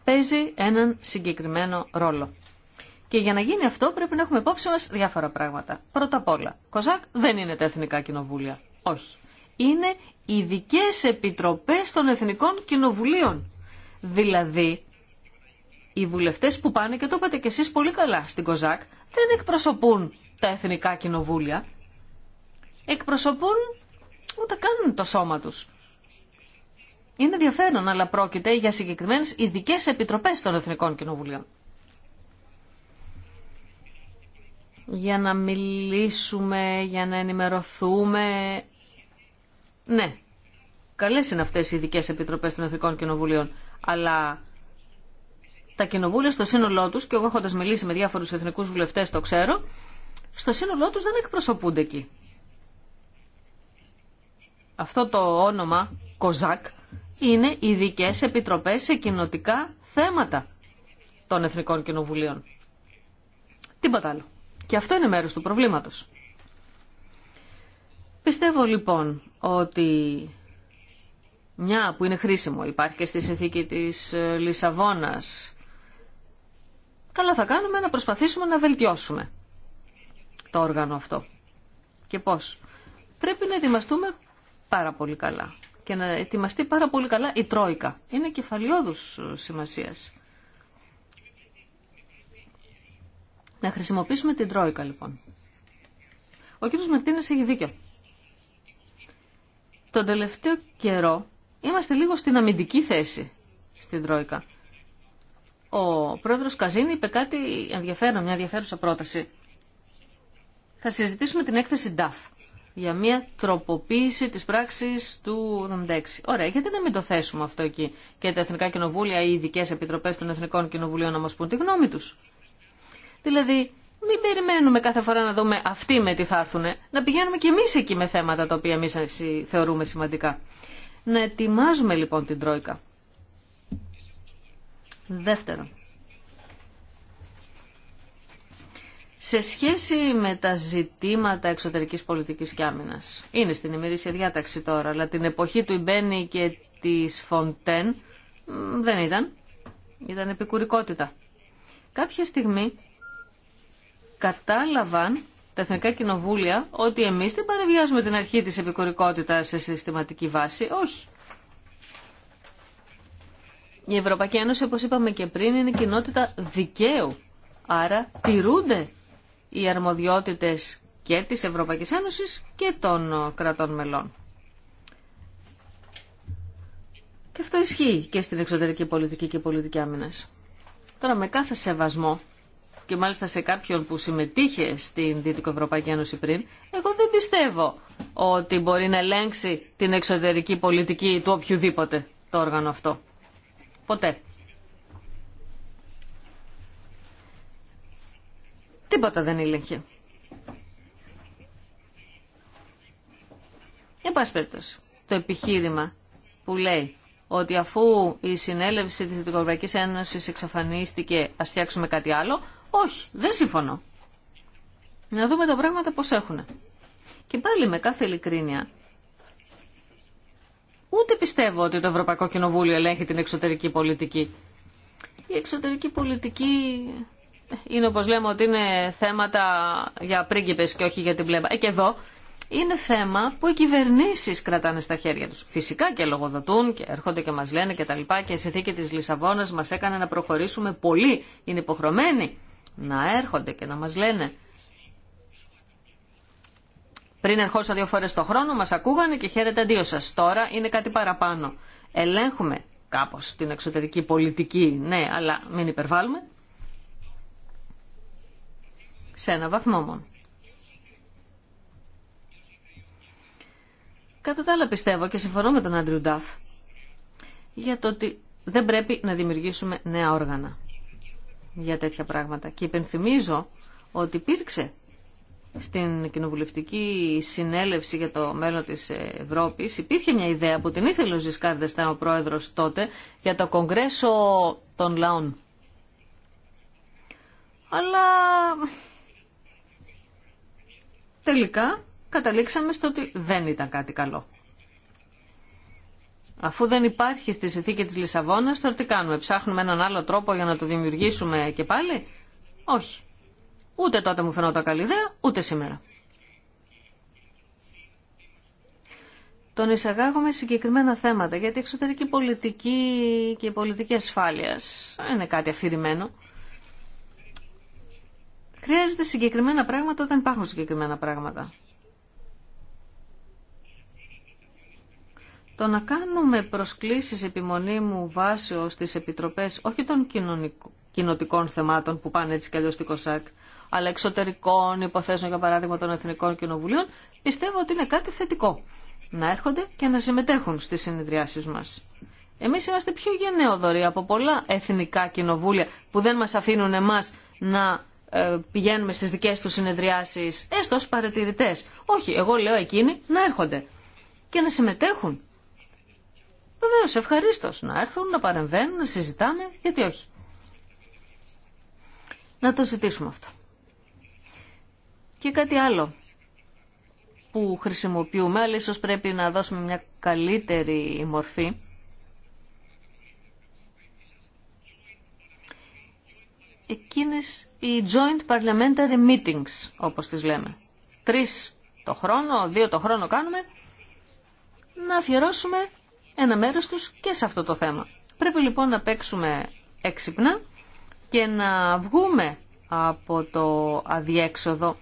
παίζει έναν συγκεκριμένο ρόλο. Και για να γίνει αυτό πρέπει να έχουμε υπόψη μας διάφορα πράγματα. Πρώτα απ' όλα, Κοζάκ δεν είναι τα εθνικά κοινοβούλια. Όχι. Είναι ειδικέ επιτροπές των εθνικών κοινοβουλίων. Δηλαδή, οι βουλευτές που πάνε, και το είπατε και εσείς πολύ καλά στην Κοζάκ, δεν εκπροσωπούν τα εθνικά κοινοβούλια. Εκπροσωπούν ούτε καν το σώμα τους. Είναι ενδιαφέρον, αλλά πρόκειται για συγκεκριμένες ειδικέ επιτροπές των Εθνικών Κοινοβουλίων. Για να μιλήσουμε, για να ενημερωθούμε. Ναι, καλές είναι αυτές οι ειδικέ επιτροπές των Εθνικών Κοινοβουλίων, αλλά τα κοινοβούλια στο σύνολό τους, και εγώ έχοντας μιλήσει με διάφορου εθνικού βουλευτέ το ξέρω, στο σύνολό του δεν εκπροσωπούνται εκεί. Αυτό το όνομα ΚΟΖΑΚ είναι ειδικέ επιτροπές σε κοινοτικά θέματα των Εθνικών Κοινοβουλίων. Τίποτα άλλο. Και αυτό είναι μέρος του προβλήματος. Πιστεύω λοιπόν ότι μια που είναι χρήσιμο υπάρχει και στη συνθήκη της ε, Λισαβόνας αλλά θα κάνουμε να προσπαθήσουμε να βελτιώσουμε το όργανο αυτό. Και πώς. Πρέπει να ετοιμαστούμε πάρα πολύ καλά και να ετοιμαστεί πάρα πολύ καλά η Τρόικα. Είναι κεφαλιόδους σημασίας. Να χρησιμοποιήσουμε την Τρόικα λοιπόν. Ο κ. Μαρτίνες έχει δίκιο. Τον τελευταίο καιρό είμαστε λίγο στην αμυντική θέση στην Τρόικα. Ο πρόεδρος Καζίνη είπε κάτι ενδιαφέρον, μια ενδιαφέρουσα πρόταση. Θα συζητήσουμε την έκθεση DAF για μια τροποποίηση της πράξης του 96. Ωραία, γιατί να μην το θέσουμε αυτό εκεί και τα Εθνικά Κοινοβούλια ή οι ειδικέ επιτροπές των Εθνικών Κοινοβουλίων να μας πούν τη γνώμη τους. Δηλαδή, μην περιμένουμε κάθε φορά να δούμε αυτοί με τι θα έρθουν, να πηγαίνουμε και εμείς εκεί με θέματα τα οποία εμείς θεωρούμε σημαντικά. Να ετοιμάζουμε λοιπόν την Τρόικα. Δεύτερον, Σε σχέση με τα ζητήματα εξωτερικής πολιτικής και άμυνας, είναι στην ημερήσια διάταξη τώρα, αλλά την εποχή του Ιμπένη και της Φοντέν δεν ήταν. Ήταν επικουρικότητα. Κάποια στιγμή κατάλαβαν τα εθνικά κοινοβούλια ότι εμείς δεν παρεβιάζουμε την αρχή της επικουρικότητας σε συστηματική βάση. Όχι. Η Ευρωπαϊκή Ένωση, όπως είπαμε και πριν, είναι κοινότητα δικαίου. Άρα τηρούνται οι αρμοδιότητες και της Ευρωπαϊκής Ένωσης και των ε, κρατών μελών. Και αυτό ισχύει και στην εξωτερική πολιτική και πολιτική άμυνας. Τώρα με κάθε σεβασμό και μάλιστα σε κάποιον που συμμετείχε στην Ευρωπαϊκή Ένωση πριν, εγώ δεν πιστεύω ότι μπορεί να ελέγξει την εξωτερική πολιτική του οποιοδήποτε το όργανο αυτό. Ποτέ. Τίποτα δεν έλεγχε. Εν το επιχείρημα που λέει ότι αφού η συνέλευση της Δυτικοευρωπαϊκής Ένωσης εξαφανίστηκε, ας φτιάξουμε κάτι άλλο. Όχι, δεν συμφωνώ. Να δούμε τα πράγματα πώς έχουν. Και πάλι με κάθε ειλικρίνεια Ούτε πιστεύω ότι το Ευρωπαϊκό Κοινοβούλιο ελέγχει την εξωτερική πολιτική. Η εξωτερική πολιτική είναι όπως λέμε ότι είναι θέματα για πρίγκιπες και όχι για την πλέμπα. Ε, και εδώ είναι θέμα που οι κυβερνήσει κρατάνε στα χέρια του. Φυσικά και λογοδοτούν και έρχονται και μα λένε και τα λοιπά. Και η συνθήκη τη Λισαβόνα μα έκανε να προχωρήσουμε πολύ. Είναι υποχρεωμένοι να έρχονται και να μα λένε. Πριν ερχόσα δύο φορέ το χρόνο, μα ακούγανε και χαίρετε αντίο σα. Τώρα είναι κάτι παραπάνω. Ελέγχουμε κάπω την εξωτερική πολιτική, ναι, αλλά μην υπερβάλλουμε. Σε ένα βαθμό μόνο. Κατά τα άλλα πιστεύω και συμφωνώ με τον Άντριου Νταφ για το ότι δεν πρέπει να δημιουργήσουμε νέα όργανα για τέτοια πράγματα. Και υπενθυμίζω ότι υπήρξε στην κοινοβουλευτική συνέλευση για το μέλλον της Ευρώπης υπήρχε μια ιδέα που την ήθελε ο Ζισκάρδεστα ο πρόεδρος τότε για το Κογκρέσο των Λαών. Αλλά τελικά καταλήξαμε στο ότι δεν ήταν κάτι καλό. Αφού δεν υπάρχει στη συνθήκη της Λισαβόνας, τώρα τι κάνουμε, ψάχνουμε έναν άλλο τρόπο για να το δημιουργήσουμε και πάλι. Όχι. Ούτε τότε μου φαινόταν καλή ιδέα, ούτε σήμερα. Τον εισαγάγουμε συγκεκριμένα θέματα, γιατί η εξωτερική πολιτική και η πολιτική ασφάλειας είναι κάτι αφηρημένο. Χρειάζεται συγκεκριμένα πράγματα όταν υπάρχουν συγκεκριμένα πράγματα. Το να κάνουμε προσκλήσεις επιμονή μου βάσεως στις επιτροπές όχι των κοινωνικών κοινοτικών θεμάτων που πάνε έτσι και αλλιώς στην ΚΟΣΑΚ, αλλά εξωτερικών υποθέσεων, για παράδειγμα, των Εθνικών Κοινοβουλίων, πιστεύω ότι είναι κάτι θετικό. Να έρχονται και να συμμετέχουν στι συνεδριάσει μα. Εμεί είμαστε πιο γενναιοδοροί από πολλά εθνικά κοινοβούλια που δεν μα αφήνουν εμά να ε, πηγαίνουμε στι δικέ του συνεδριάσεις, έστω ω παρατηρητέ. Όχι, εγώ λέω εκείνοι να έρχονται και να συμμετέχουν. Βεβαίω, ευχαρίστω να έρθουν, να παρεμβαίνουν, να συζητάνε, γιατί όχι. Να το ζητήσουμε αυτό. Και κάτι άλλο που χρησιμοποιούμε, αλλά ίσως πρέπει να δώσουμε μια καλύτερη μορφή. Εκείνες οι Joint Parliamentary Meetings, όπως τις λέμε. Τρεις το χρόνο, δύο το χρόνο κάνουμε, να αφιερώσουμε ένα μέρος τους και σε αυτό το θέμα. Πρέπει λοιπόν να παίξουμε έξυπνα και να βγούμε από το αδιέξοδο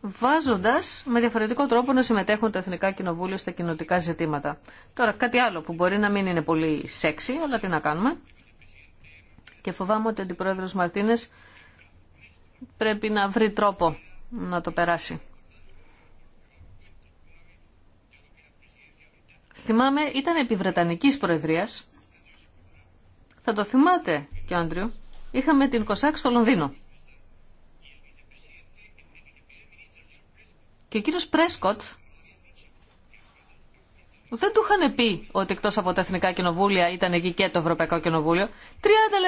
Βάζοντα με διαφορετικό τρόπο να συμμετέχουν τα Εθνικά Κοινοβούλια στα κοινοτικά ζητήματα. Τώρα κάτι άλλο που μπορεί να μην είναι πολύ σεξι, αλλά τι να κάνουμε. Και φοβάμαι ότι ο αντιπρόεδρο Μαρτίνες πρέπει να βρει τρόπο να το περάσει. Θυμάμαι, ήταν επί Βρετανικής Προεδρίας. Θα το θυμάται και Είχαμε την Κοσάκ στο Λονδίνο. Και ο κύριος Πρέσκοτ δεν του είχαν πει ότι εκτός από τα Εθνικά Κοινοβούλια ήταν εκεί και το Ευρωπαϊκό Κοινοβούλιο. 30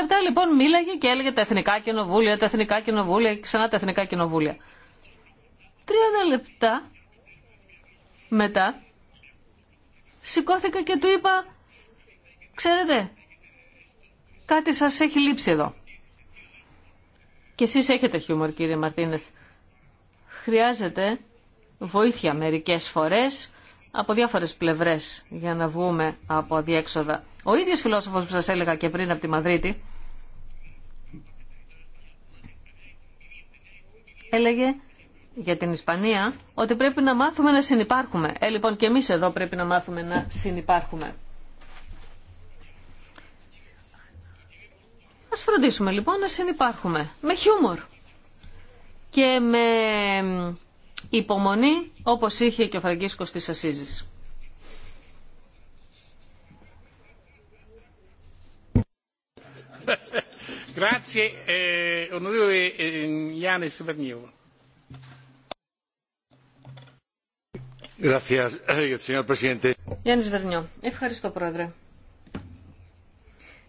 λεπτά λοιπόν μίλαγε και έλεγε τα Εθνικά Κοινοβούλια, τα Εθνικά Κοινοβούλια και ξανά τα Εθνικά Κοινοβούλια. 30 λεπτά μετά σηκώθηκα και του είπα «Ξέρετε, κάτι σας έχει λείψει εδώ». Και εσείς έχετε χιούμορ κύριε Μαρτίνεθ. Χρειάζεται βοήθεια μερικές φορές από διάφορες πλευρές για να βγούμε από αδιέξοδα. Ο ίδιος φιλόσοφος που σας έλεγα και πριν από τη Μαδρίτη έλεγε για την Ισπανία ότι πρέπει να μάθουμε να συνεπάρχουμε. Ε, λοιπόν, και εμείς εδώ πρέπει να μάθουμε να συνεπάρχουμε. Ας φροντίσουμε λοιπόν να συνεπάρχουμε. με χιούμορ και με υπομονή όπως είχε και ο Φραγκίσκος της Ασίζης. Eh, eh, eh, ευχαριστώ, Πρόεδρε.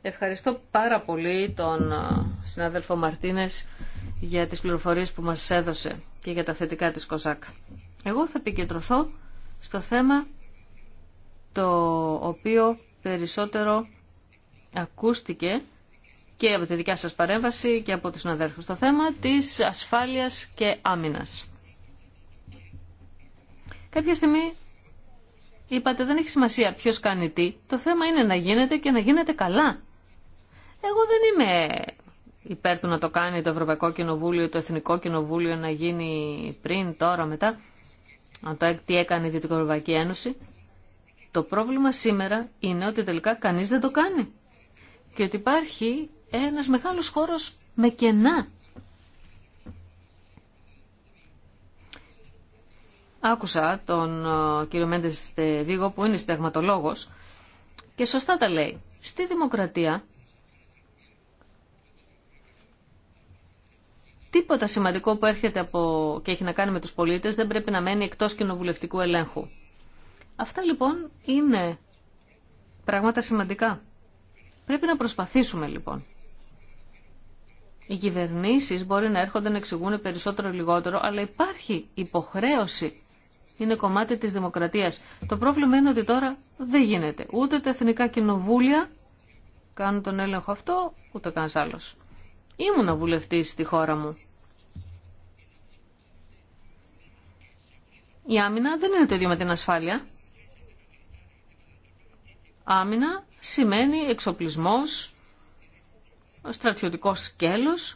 Ευχαριστώ πάρα πολύ τον ε, συνάδελφο Μαρτίνες για τις πληροφορίες που μας έδωσε και για τα θετικά της ΚΟΖΑΚ. Εγώ θα επικεντρωθώ στο θέμα το οποίο περισσότερο ακούστηκε και από τη δικιά σας παρέμβαση και από τους συναδέλφους. Το θέμα της ασφάλειας και άμυνας. Κάποια στιγμή είπατε δεν έχει σημασία ποιος κάνει τι. Το θέμα είναι να γίνεται και να γίνεται καλά. Εγώ δεν είμαι υπέρ του να το κάνει το Ευρωπαϊκό Κοινοβούλιο το Εθνικό Κοινοβούλιο να γίνει πριν, τώρα, μετά. Αν το τι έκανε η Δυτικοευρωπαϊκή Ένωση. Το πρόβλημα σήμερα είναι ότι τελικά κανείς δεν το κάνει. Και ότι υπάρχει ένας μεγάλος χώρος με κενά. Άκουσα τον ε, κύριο Μέντες Βίγο που είναι συνταγματολόγος και σωστά τα λέει. Στη δημοκρατία Τίποτα σημαντικό που έρχεται από και έχει να κάνει με τους πολίτες δεν πρέπει να μένει εκτός κοινοβουλευτικού ελέγχου. Αυτά λοιπόν είναι πράγματα σημαντικά. Πρέπει να προσπαθήσουμε λοιπόν. Οι κυβερνήσει μπορεί να έρχονται να εξηγούν περισσότερο λιγότερο, αλλά υπάρχει υποχρέωση. Είναι κομμάτι της δημοκρατίας. Το πρόβλημα είναι ότι τώρα δεν γίνεται. Ούτε τα εθνικά κοινοβούλια κάνουν τον έλεγχο αυτό, ούτε κανένα άλλος. Ήμουν βουλευτής στη χώρα μου. Η άμυνα δεν είναι το ίδιο με την ασφάλεια. Άμυνα σημαίνει εξοπλισμός, στρατιωτικό σκέλος.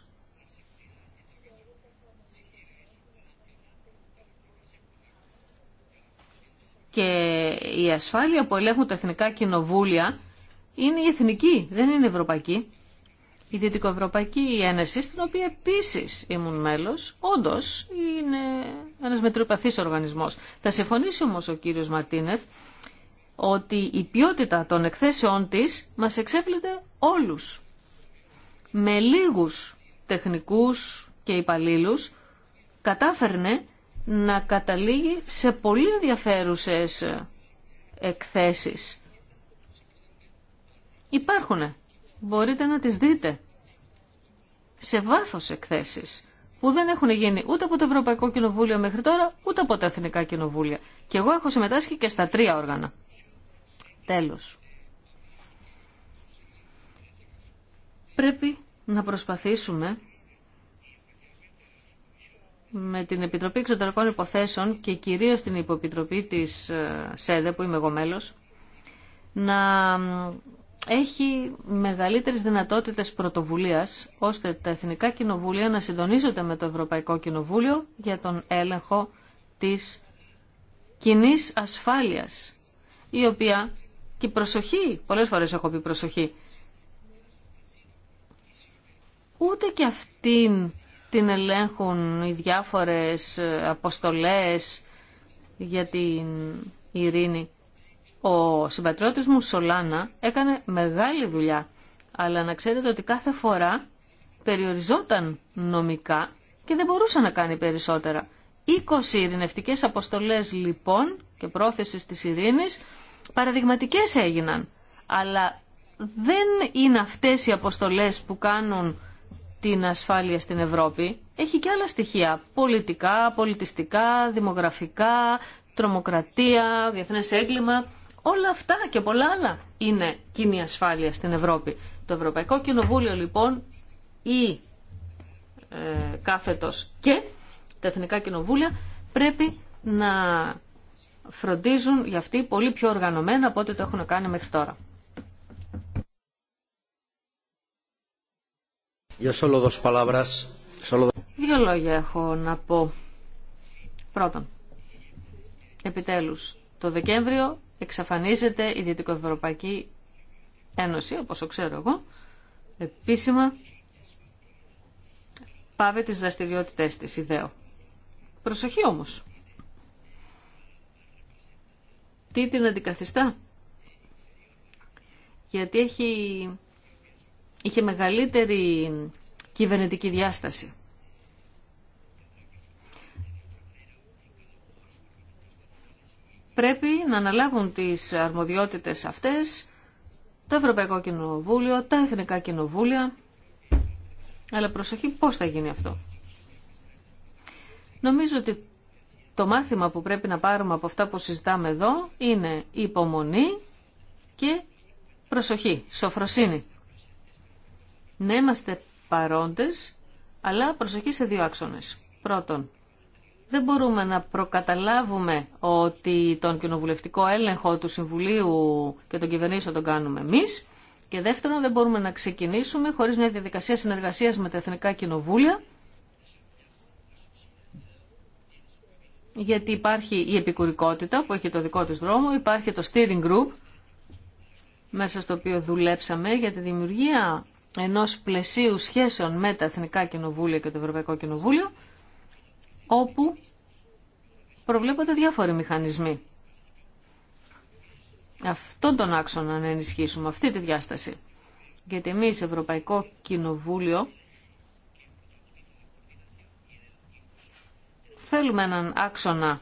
Και η ασφάλεια που ελέγχουν τα εθνικά κοινοβούλια είναι η εθνική, δεν είναι η ευρωπαϊκή η Δυτικοευρωπαϊκή Ένωση, στην οποία επίσης ήμουν μέλος, όντω είναι ένα μετριοπαθή οργανισμός. Θα συμφωνήσει όμω ο κύριος Μαρτίνεθ ότι η ποιότητα των εκθέσεών τη μας εξέπλητε όλους. Με λίγους τεχνικούς και υπαλλήλου κατάφερνε να καταλήγει σε πολύ ενδιαφέρουσες εκθέσεις. Υπάρχουν μπορείτε να τις δείτε σε βάθος εκθέσεις που δεν έχουν γίνει ούτε από το Ευρωπαϊκό Κοινοβούλιο μέχρι τώρα, ούτε από τα Εθνικά Κοινοβούλια. Και εγώ έχω συμμετάσχει και στα τρία όργανα. Τέλος. Πρέπει να προσπαθήσουμε με την Επιτροπή Εξωτερικών Υποθέσεων και κυρίως την Υποπιτροπή της ε, ΣΕΔΕ, που είμαι εγώ μέλος, να έχει μεγαλύτερες δυνατότητες πρωτοβουλίας, ώστε τα Εθνικά Κοινοβούλια να συντονίζονται με το Ευρωπαϊκό Κοινοβούλιο για τον έλεγχο της κοινή ασφάλειας, η οποία και προσοχή, πολλές φορές έχω πει προσοχή, ούτε και αυτήν την ελέγχουν οι διάφορες αποστολές για την ειρήνη. Ο συμπατριώτης μου Σολάνα έκανε μεγάλη δουλειά, αλλά να ξέρετε ότι κάθε φορά περιοριζόταν νομικά και δεν μπορούσε να κάνει περισσότερα. 20 ειρηνευτικές αποστολές λοιπόν και πρόθεσης της ειρήνης παραδειγματικές έγιναν. Αλλά δεν είναι αυτές οι αποστολές που κάνουν την ασφάλεια στην Ευρώπη. Έχει και άλλα στοιχεία. Πολιτικά, πολιτιστικά, δημογραφικά, τρομοκρατία, διεθνές έγκλημα. Όλα αυτά και πολλά άλλα είναι κοινή ασφάλεια στην Ευρώπη. Το Ευρωπαϊκό Κοινοβούλιο λοιπόν ή ε, κάθετος και τα Εθνικά Κοινοβούλια πρέπει να φροντίζουν για αυτή πολύ πιο οργανωμένα από ό,τι το έχουν κάνει μέχρι τώρα. Δύο λόγια έχω να πω. Πρώτον, επιτέλους, το Δεκέμβριο εξαφανίζεται η Δυτικοευρωπαϊκή Ένωση, όπως ξέρω εγώ, επίσημα πάβει τις δραστηριότητές της, ιδέω. Προσοχή όμως. Τι την αντικαθιστά. Γιατί έχει, είχε μεγαλύτερη κυβερνητική διάσταση. πρέπει να αναλάβουν τις αρμοδιότητες αυτές το Ευρωπαϊκό Κοινοβούλιο, τα Εθνικά Κοινοβούλια. Αλλά προσοχή πώς θα γίνει αυτό. Νομίζω ότι το μάθημα που πρέπει να πάρουμε από αυτά που συζητάμε εδώ είναι υπομονή και προσοχή, σοφροσύνη. Να είμαστε παρόντες, αλλά προσοχή σε δύο άξονες. Πρώτον, δεν μπορούμε να προκαταλάβουμε ότι τον κοινοβουλευτικό έλεγχο του Συμβουλίου και των κυβερνήσεων τον κάνουμε εμείς και δεύτερον δεν μπορούμε να ξεκινήσουμε χωρίς μια διαδικασία συνεργασίας με τα εθνικά κοινοβούλια γιατί υπάρχει η επικουρικότητα που έχει το δικό της δρόμο, υπάρχει το steering group μέσα στο οποίο δουλέψαμε για τη δημιουργία ενός πλαισίου σχέσεων με τα Εθνικά Κοινοβούλια και το Ευρωπαϊκό Κοινοβούλιο όπου προβλέπονται διάφοροι μηχανισμοί. Αυτόν τον άξονα να ενισχύσουμε, αυτή τη διάσταση. Γιατί εμείς Ευρωπαϊκό Κοινοβούλιο θέλουμε έναν άξονα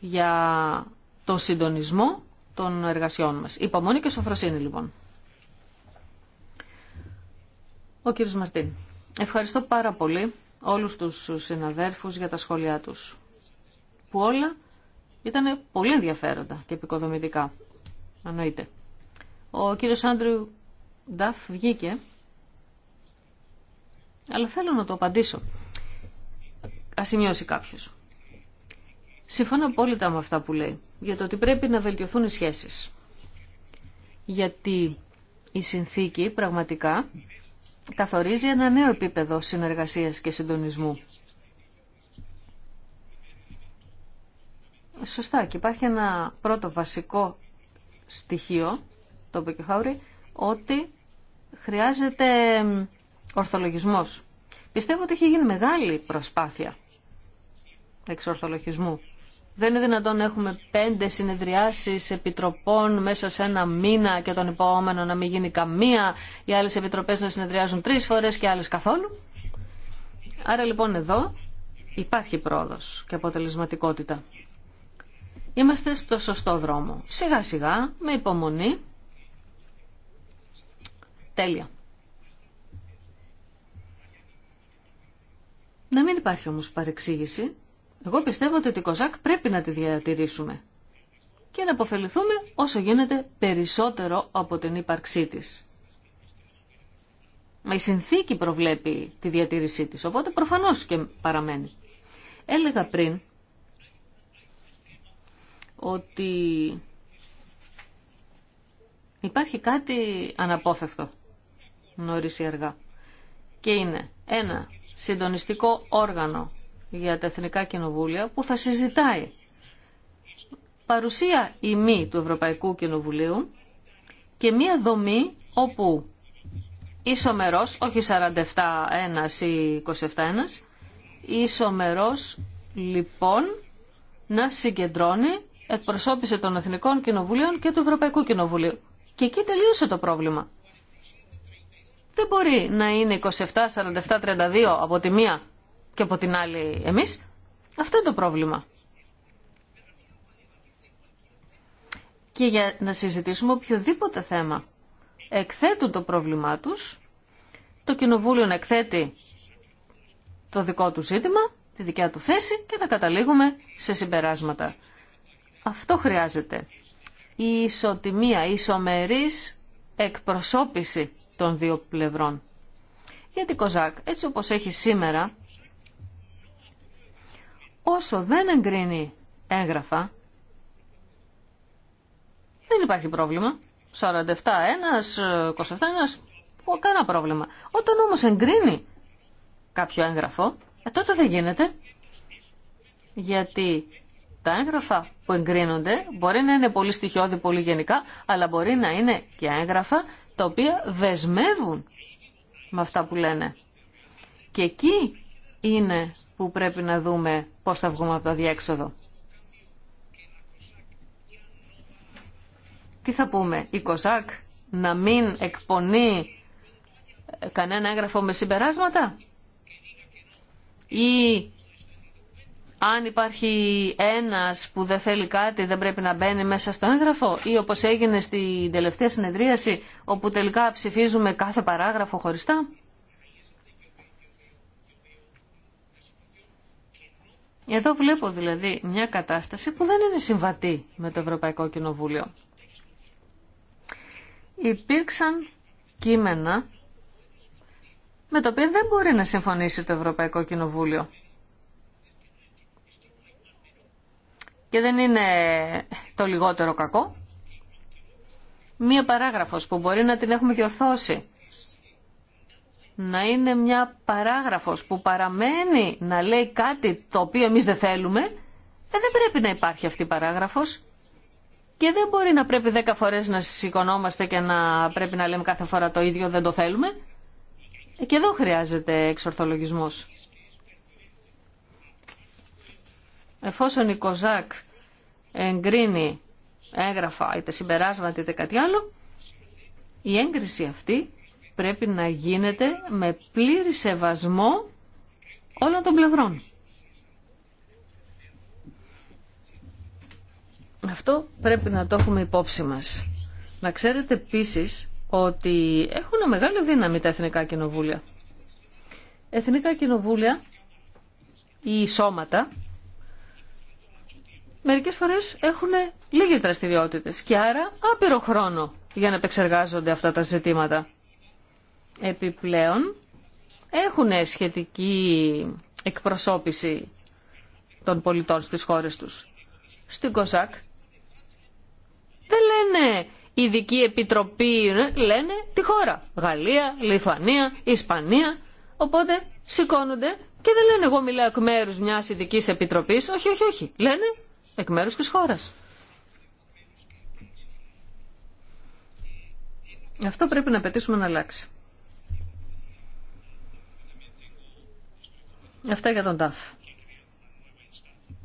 για το συντονισμό των εργασιών μας. Υπομονή και σοφροσύνη λοιπόν. Ο κύριος Μαρτίν. Ευχαριστώ πάρα πολύ όλους τους συναδέρφους για τα σχόλιά τους, που όλα ήταν πολύ ενδιαφέροντα και επικοδομητικά, ανοείται. Ο κύριος Άντριου Νταφ βγήκε, αλλά θέλω να το απαντήσω. Ας σημειώσει κάποιος. Συμφωνώ απόλυτα με αυτά που λέει, για το ότι πρέπει να βελτιωθούν οι σχέσεις. Γιατί η συνθήκη πραγματικά καθορίζει ένα νέο επίπεδο συνεργασίας και συντονισμού. Σωστά και υπάρχει ένα πρώτο βασικό στοιχείο, το είπε ότι χρειάζεται ορθολογισμός. Πιστεύω ότι έχει γίνει μεγάλη προσπάθεια εξορθολογισμού. Δεν είναι δυνατόν να έχουμε πέντε συνεδριάσεις επιτροπών μέσα σε ένα μήνα και τον επόμενο να μην γίνει καμία, οι άλλες επιτροπές να συνεδριάζουν τρεις φορές και άλλε καθόλου. Άρα λοιπόν εδώ υπάρχει πρόοδο και αποτελεσματικότητα. Είμαστε στο σωστό δρόμο. Σιγά σιγά, με υπομονή. Τέλεια. Να μην υπάρχει όμως παρεξήγηση εγώ πιστεύω ότι την ΚΟΖΑΚ πρέπει να τη διατηρήσουμε και να αποφεληθούμε όσο γίνεται περισσότερο από την ύπαρξή της. Μα η συνθήκη προβλέπει τη διατήρησή της, οπότε προφανώς και παραμένει. Έλεγα πριν ότι υπάρχει κάτι αναπόφευκτο νωρίς ή αργά και είναι ένα συντονιστικό όργανο για τα Εθνικά Κοινοβούλια που θα συζητάει παρουσία ημί του Ευρωπαϊκού Κοινοβουλίου και μία δομή όπου ισομερός, όχι 47-1 ή 27-1, ισομερός λοιπόν να συγκεντρώνει εκπροσώπηση των Εθνικών Κοινοβουλίων και του Ευρωπαϊκού Κοινοβουλίου. Και εκεί τελείωσε το πρόβλημα. Δεν μπορεί να είναι 27-47-32 από τη μία και από την άλλη εμείς. Αυτό είναι το πρόβλημα. Και για να συζητήσουμε οποιοδήποτε θέμα εκθέτουν το πρόβλημά τους, το κοινοβούλιο να εκθέτει το δικό του ζήτημα, τη δικιά του θέση και να καταλήγουμε σε συμπεράσματα. Αυτό χρειάζεται. Η ισοτιμία, η ισομερής εκπροσώπηση των δύο πλευρών. Γιατί Κοζάκ, έτσι όπως έχει σήμερα, όσο δεν εγκρίνει έγγραφα, δεν υπάρχει πρόβλημα. 47 ένας, 27 ένας, κανένα πρόβλημα. Όταν όμως εγκρίνει κάποιο έγγραφο, ε, τότε δεν γίνεται. Γιατί τα έγγραφα που εγκρίνονται μπορεί να είναι πολύ στοιχειώδη, πολύ γενικά, αλλά μπορεί να είναι και έγγραφα τα οποία δεσμεύουν με αυτά που λένε. Και εκεί είναι που πρέπει να δούμε πώς θα βγούμε από το διέξοδο. Τι θα πούμε, η Κοζάκ να μην εκπονεί κανένα έγγραφο με συμπεράσματα ή αν υπάρχει ένας που δεν θέλει κάτι δεν πρέπει να μπαίνει μέσα στο έγγραφο ή όπως έγινε στην τελευταία συνεδρίαση όπου τελικά ψηφίζουμε κάθε παράγραφο χωριστά. Εδώ βλέπω δηλαδή μια κατάσταση που δεν είναι συμβατή με το Ευρωπαϊκό Κοινοβούλιο. Υπήρξαν κείμενα με τα οποία δεν μπορεί να συμφωνήσει το Ευρωπαϊκό Κοινοβούλιο. Και δεν είναι το λιγότερο κακό. Μία παράγραφος που μπορεί να την έχουμε διορθώσει να είναι μια παράγραφος που παραμένει να λέει κάτι το οποίο εμείς δεν θέλουμε, ε, δεν πρέπει να υπάρχει αυτή η παράγραφος. Και δεν μπορεί να πρέπει δέκα φορές να σηκωνόμαστε και να πρέπει να λέμε κάθε φορά το ίδιο δεν το θέλουμε. Ε, και εδώ χρειάζεται εξορθολογισμός. Εφόσον η Κοζάκ εγκρίνει έγγραφα είτε συμπεράσματα είτε κάτι άλλο, η έγκριση αυτή πρέπει να γίνεται με πλήρη σεβασμό όλων των πλευρών. Αυτό πρέπει να το έχουμε υπόψη μας. Να ξέρετε επίσης ότι έχουν μεγάλη δύναμη τα Εθνικά Κοινοβούλια. Εθνικά Κοινοβούλια ή σώματα μερικές φορές έχουν λίγες δραστηριότητες και άρα άπειρο χρόνο για να επεξεργάζονται αυτά τα ζητήματα επιπλέον έχουν σχετική εκπροσώπηση των πολιτών στις χώρες τους. Στην ΚΟΣΑΚ δεν λένε ειδική επιτροπή, λένε τη χώρα. Γαλλία, Λιθουανία, Ισπανία. Οπότε σηκώνονται και δεν λένε εγώ μιλάω εκ μέρους μιας ειδική επιτροπής. Όχι, όχι, όχι. Λένε εκ μέρους της χώρας. Αυτό πρέπει να πετύσουμε να αλλάξει. Αυτά για τον ΤΑΦ.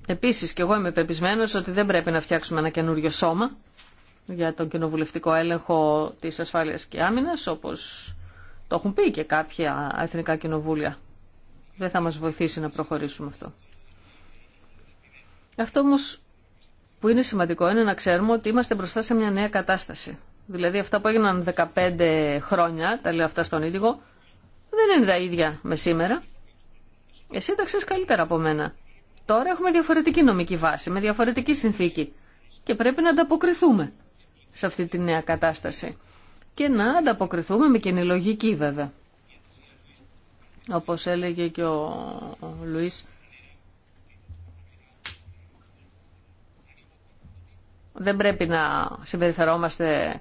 Επίσης και εγώ είμαι πεπισμένο ότι δεν πρέπει να φτιάξουμε ένα καινούριο σώμα για τον κοινοβουλευτικό έλεγχο τη ασφάλεια και άμυνα, όπως το έχουν πει και κάποια εθνικά κοινοβούλια. Δεν θα μας βοηθήσει να προχωρήσουμε αυτό. Αυτό όμω, που είναι σημαντικό είναι να ξέρουμε ότι είμαστε μπροστά σε μια νέα κατάσταση. Δηλαδή αυτά που έγιναν 15 χρόνια, τα λέω αυτά στον ίδιο, δεν είναι τα ίδια με σήμερα. Εσύ τα ξέρει καλύτερα από μένα. Τώρα έχουμε διαφορετική νομική βάση, με διαφορετική συνθήκη και πρέπει να ανταποκριθούμε σε αυτή τη νέα κατάσταση. Και να ανταποκριθούμε με κοινή λογική βέβαια. Όπως έλεγε και ο Λουίς, δεν πρέπει να συμπεριφερόμαστε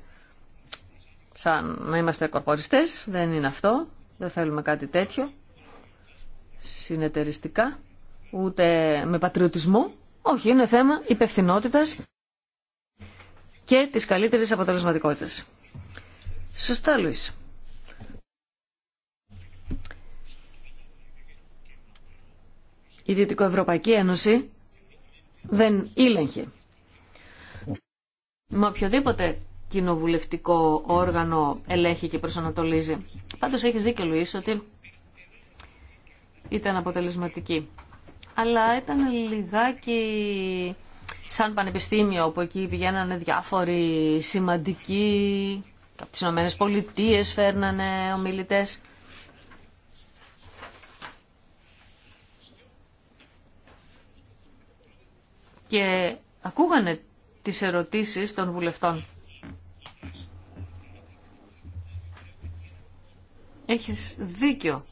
σαν να είμαστε κορποριστές, δεν είναι αυτό, δεν θέλουμε κάτι τέτοιο συνεταιριστικά, ούτε με πατριωτισμό. Όχι, είναι θέμα υπευθυνότητα και της καλύτερη αποτελεσματικότητα. Σωστά, Λουίς. Η Δυτικοευρωπαϊκή Ένωση δεν ήλεγχε. Με οποιοδήποτε κοινοβουλευτικό όργανο ελέγχει και προσανατολίζει. Πάντως έχεις δίκιο Λουίς ότι ήταν αποτελεσματική. Αλλά ήταν λιγάκι σαν πανεπιστήμιο, όπου εκεί πηγαίνανε διάφοροι σημαντικοί, από τις Ηνωμένες Πολιτείες φέρνανε ομιλητές. Και ακούγανε τις ερωτήσεις των βουλευτών. Έχεις δίκιο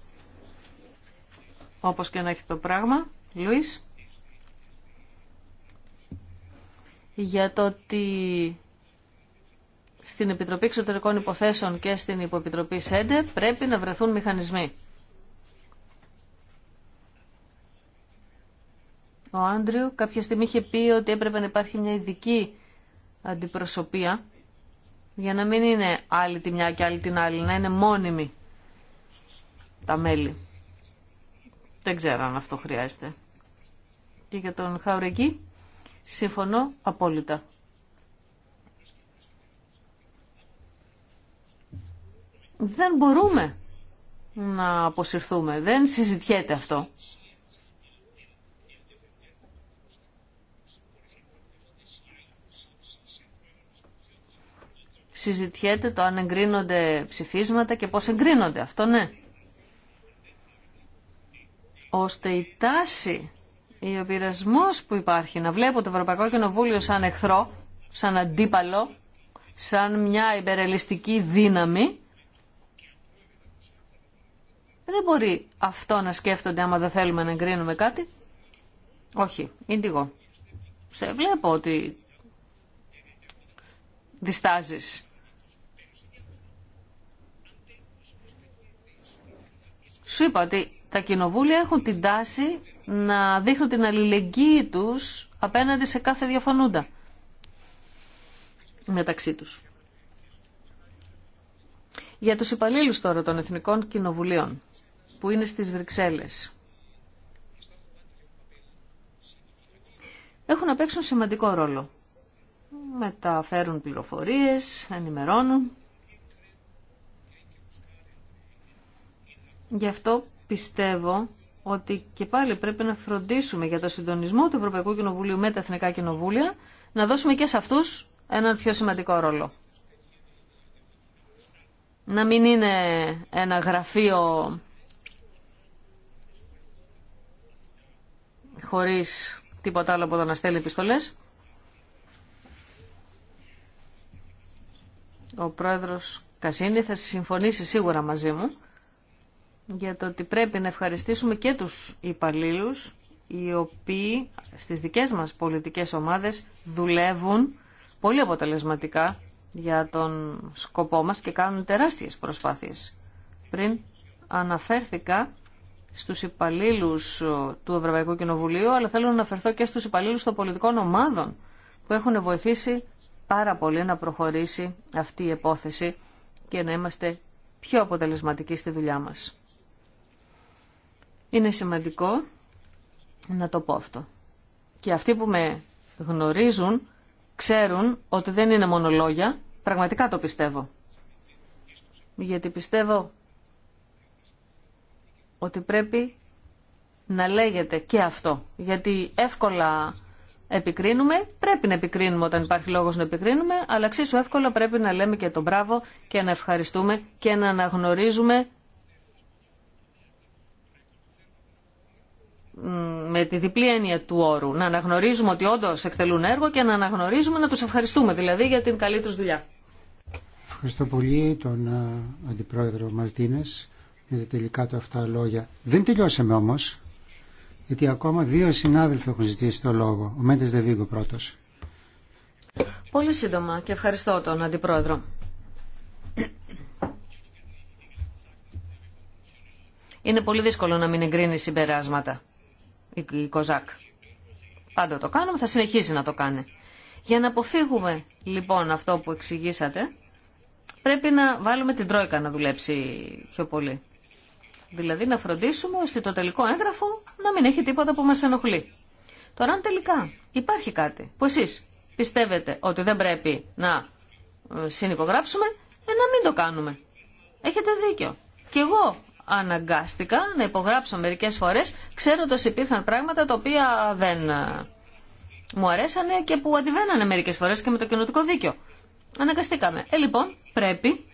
όπως και να έχει το πράγμα, Λουίς, για το ότι στην Επιτροπή Εξωτερικών Υποθέσεων και στην Υποεπιτροπή ΣΕΝΤΕ πρέπει να βρεθούν μηχανισμοί. Ο Άντριου κάποια στιγμή είχε πει ότι έπρεπε να υπάρχει μια ειδική αντιπροσωπεία για να μην είναι άλλη τη μια και άλλη την άλλη, να είναι μόνιμη τα μέλη. Δεν ξέρω αν αυτό χρειάζεται. Και για τον Χαουρεγκή, συμφωνώ απόλυτα. Δεν μπορούμε να αποσυρθούμε. Δεν συζητιέται αυτό. Συζητιέται το αν εγκρίνονται ψηφίσματα και πώς εγκρίνονται. Αυτό ναι ώστε η τάση, ο πειρασμό που υπάρχει να βλέπω το Ευρωπαϊκό Κοινοβούλιο σαν εχθρό, σαν αντίπαλο, σαν μια υπερελιστική δύναμη, δεν μπορεί αυτό να σκέφτονται άμα δεν θέλουμε να εγκρίνουμε κάτι. Όχι, εγώ. Σε βλέπω ότι διστάζεις. Σου είπα ότι τα κοινοβούλια έχουν την τάση να δείχνουν την αλληλεγγύη τους απέναντι σε κάθε διαφωνούντα μεταξύ τους. Για τους υπαλλήλους τώρα των Εθνικών Κοινοβουλίων που είναι στις Βρυξέλλες. Έχουν να παίξουν σημαντικό ρόλο. Μεταφέρουν πληροφορίες, ενημερώνουν. Γι' αυτό πιστεύω ότι και πάλι πρέπει να φροντίσουμε για το συντονισμό του Ευρωπαϊκού Κοινοβουλίου με τα Εθνικά Κοινοβούλια, να δώσουμε και σε αυτούς έναν πιο σημαντικό ρόλο. Να μην είναι ένα γραφείο χωρίς τίποτα άλλο από το να στέλνει επιστολές. Ο πρόεδρος Κασίνη θα συμφωνήσει σίγουρα μαζί μου για το ότι πρέπει να ευχαριστήσουμε και τους υπαλλήλου οι οποίοι στις δικές μας πολιτικές ομάδες δουλεύουν πολύ αποτελεσματικά για τον σκοπό μας και κάνουν τεράστιες προσπάθειες. Πριν αναφέρθηκα στους υπαλλήλου ε, του Ευρωπαϊκού Κοινοβουλίου, αλλά θέλω να αναφερθώ και στους υπαλλήλου των πολιτικών ομάδων που έχουν βοηθήσει πάρα πολύ να προχωρήσει αυτή η επόθεση και να είμαστε πιο αποτελεσματικοί στη δουλειά μας. Είναι σημαντικό να το πω αυτό. Και αυτοί που με γνωρίζουν ξέρουν ότι δεν είναι μόνο λόγια. πραγματικά το πιστεύω. Γιατί πιστεύω ότι πρέπει να λέγεται και αυτό. Γιατί εύκολα επικρίνουμε, πρέπει να επικρίνουμε όταν υπάρχει λόγος να επικρίνουμε, αλλά εξίσου εύκολα πρέπει να λέμε και τον μπράβο και να ευχαριστούμε και να αναγνωρίζουμε με τη διπλή έννοια του όρου. Να αναγνωρίζουμε ότι όντω εκτελούν έργο και να αναγνωρίζουμε να του ευχαριστούμε δηλαδή για την καλή του δουλειά. Ευχαριστώ πολύ τον ε, Αντιπρόεδρο Μαρτίνε για τα τελικά του αυτά λόγια. Δεν τελειώσαμε όμω, γιατί ακόμα δύο συνάδελφοι έχουν ζητήσει το λόγο. Ο Μέντε Δεβίγκο πρώτο. Πολύ σύντομα και ευχαριστώ τον Αντιπρόεδρο. Είναι πολύ δύσκολο να μην εγκρίνει συμπεράσματα η Κοζάκ. Πάντα το κάνουμε, θα συνεχίσει να το κάνει. Για να αποφύγουμε λοιπόν αυτό που εξηγήσατε, πρέπει να βάλουμε την Τρόικα να δουλέψει πιο πολύ. Δηλαδή να φροντίσουμε ώστε το τελικό έγγραφο να μην έχει τίποτα που μας ενοχλεί. Τώρα αν τελικά υπάρχει κάτι που εσεί, πιστεύετε ότι δεν πρέπει να ε, συνυπογράψουμε, ε, να μην το κάνουμε. Έχετε δίκιο. Και εγώ αναγκάστηκα να υπογράψω μερικές φορές ξέροντας υπήρχαν πράγματα τα οποία δεν ε, μου αρέσανε και που αντιβαίνανε μερικές φορές και με το κοινωτικό δίκαιο. Αναγκαστήκαμε. Ε, λοιπόν, πρέπει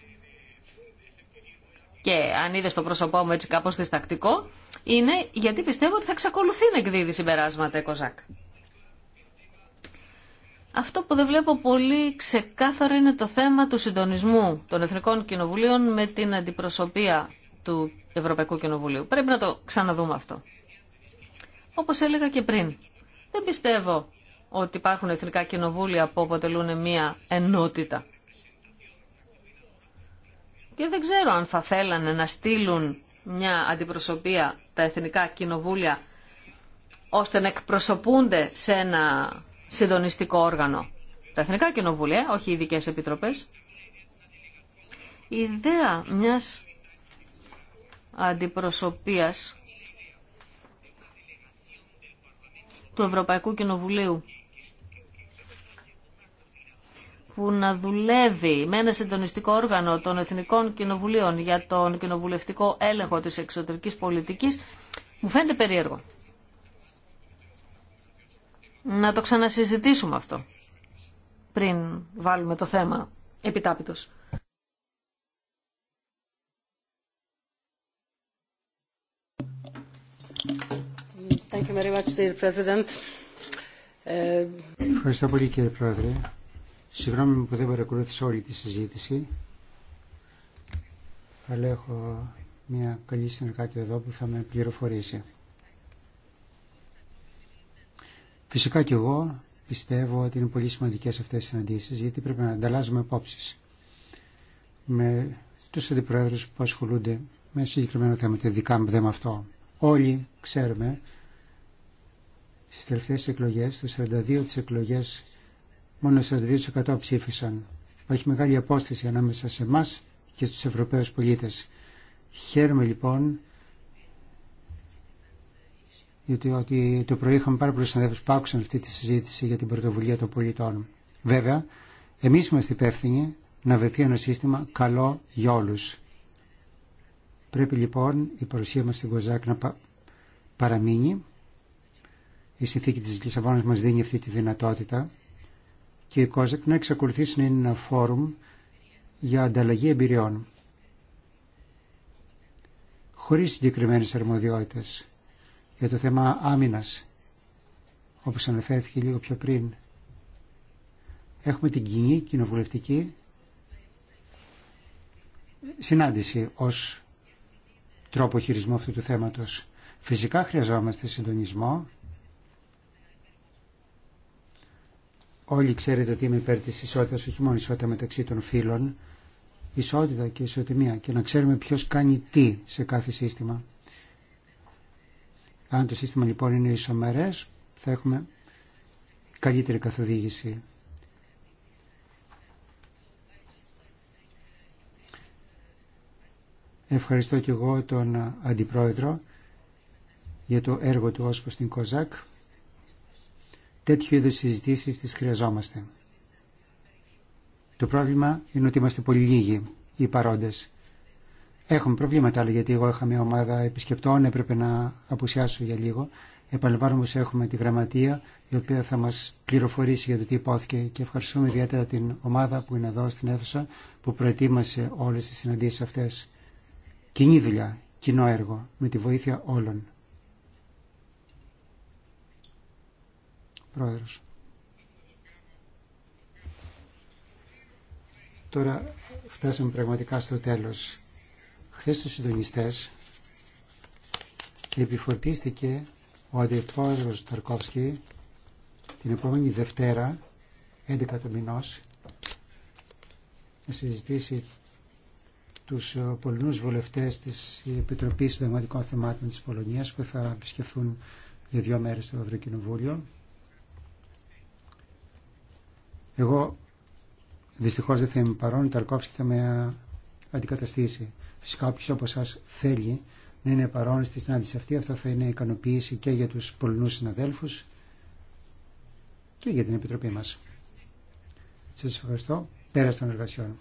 και αν είδε το πρόσωπό μου έτσι κάπως διστακτικό, είναι γιατί πιστεύω ότι θα εξακολουθεί να εκδίδει συμπεράσματα ε, Κοζάκ. Αυτό που δεν βλέπω πολύ ξεκάθαρο είναι το θέμα του συντονισμού των Εθνικών Κοινοβουλίων με την αντιπροσωπεία του Ευρωπαϊκού Κοινοβουλίου. Πρέπει να το ξαναδούμε αυτό. Όπως έλεγα και πριν, δεν πιστεύω ότι υπάρχουν εθνικά κοινοβούλια που αποτελούν μία ενότητα. Και δεν ξέρω αν θα θέλανε να στείλουν μια αντιπροσωπεία τα εθνικά κοινοβούλια ώστε να εκπροσωπούνται σε ένα συντονιστικό όργανο. Τα εθνικά κοινοβούλια, όχι οι ειδικέ επιτροπές. Η ιδέα μιας αντιπροσωπείας του Ευρωπαϊκού Κοινοβουλίου που να δουλεύει με ένα συντονιστικό όργανο των Εθνικών Κοινοβουλίων για τον κοινοβουλευτικό έλεγχο της εξωτερικής πολιτικής μου φαίνεται περίεργο. Να το ξανασυζητήσουμε αυτό πριν βάλουμε το θέμα επιτάπητος. Thank you very much, President. Uh, Ευχαριστώ πολύ κύριε Πρόεδρε. Συγγνώμη που δεν παρακολούθησα όλη τη συζήτηση, αλλά έχω μια καλή συνεργάτη εδώ που θα με πληροφορήσει. Φυσικά και εγώ πιστεύω ότι είναι πολύ σημαντικές αυτές οι συναντήσεις, γιατί πρέπει να ανταλλάζουμε απόψει. με τους αντιπρόεδρους που ασχολούνται με συγκεκριμένο θέμα, και δικά μου αυτό. Όλοι ξέρουμε στις τελευταίες εκλογές, στις 42 τις εκλογές, μόνο 42% ψήφισαν. Υπάρχει μεγάλη απόσταση ανάμεσα σε εμά και στους Ευρωπαίους πολίτες. Χαίρομαι λοιπόν γιατί ότι το πρωί είχαμε πάρα πολλού συναδέλφου που άκουσαν αυτή τη συζήτηση για την πρωτοβουλία των πολιτών. Βέβαια, εμεί είμαστε υπεύθυνοι να βρεθεί ένα σύστημα καλό για όλους. Πρέπει λοιπόν η παρουσία μας στην Κοζάκ να παραμείνει. Η συνθήκη της Λισαβόνας μας δίνει αυτή τη δυνατότητα και η Κοζάκ να εξακολουθήσει να είναι ένα φόρουμ για ανταλλαγή εμπειριών χωρίς συγκεκριμένε αρμοδιότητες για το θέμα άμυνας όπως αναφέρθηκε λίγο πιο πριν έχουμε την κοινή κοινοβουλευτική συνάντηση ως τρόπο χειρισμού αυτού του θέματος. Φυσικά χρειαζόμαστε συντονισμό. Όλοι ξέρετε ότι είμαι υπέρ της ισότητας, όχι μόνο ισότητα μεταξύ των φύλων, ισότητα και ισοτιμία και να ξέρουμε ποιος κάνει τι σε κάθε σύστημα. Αν το σύστημα λοιπόν είναι ισομερές, θα έχουμε καλύτερη καθοδήγηση. Ευχαριστώ και εγώ τον Αντιπρόεδρο για το έργο του ως προς την ΚΟΖΑΚ. Τέτοιου είδους συζητήσεις τις χρειαζόμαστε. Το πρόβλημα είναι ότι είμαστε πολύ λίγοι οι παρόντες. Έχουμε προβλήματα άλλο γιατί εγώ είχα μια ομάδα επισκεπτών, έπρεπε να απουσιάσω για λίγο. Επαλαμβάνω όμως έχουμε τη γραμματεία η οποία θα μας πληροφορήσει για το τι υπόθηκε και ευχαριστούμε ιδιαίτερα την ομάδα που είναι εδώ στην αίθουσα που προετοίμασε όλες τις συναντήσεις αυτές. Κοινή δουλειά, κοινό έργο, με τη βοήθεια όλων. Πρόεδρος. Τώρα φτάσαμε πραγματικά στο τέλος. Χθες τους συντονιστές επιφορτίστηκε ο αντιπρόεδρος Ταρκόφσκι την επόμενη Δευτέρα, 11 του μηνός, να συζητήσει τους ε, πολινούς βουλευτές της Επιτροπής Συνταγματικών Θεμάτων της Πολωνίας που θα επισκεφθούν για δύο μέρες στο Ευρωκοινοβούλιο. Εγώ δυστυχώς δεν θα είμαι παρόν, ο Ταρκόφσκι θα με ε, αντικαταστήσει. Φυσικά όποιος όπως σας θέλει να είναι παρόν στη συνάντηση αυτή, αυτό θα είναι ικανοποίηση και για τους Πολωνούς συναδέλφους και για την Επιτροπή μας. Σας ευχαριστώ. Πέρα των εργασιών.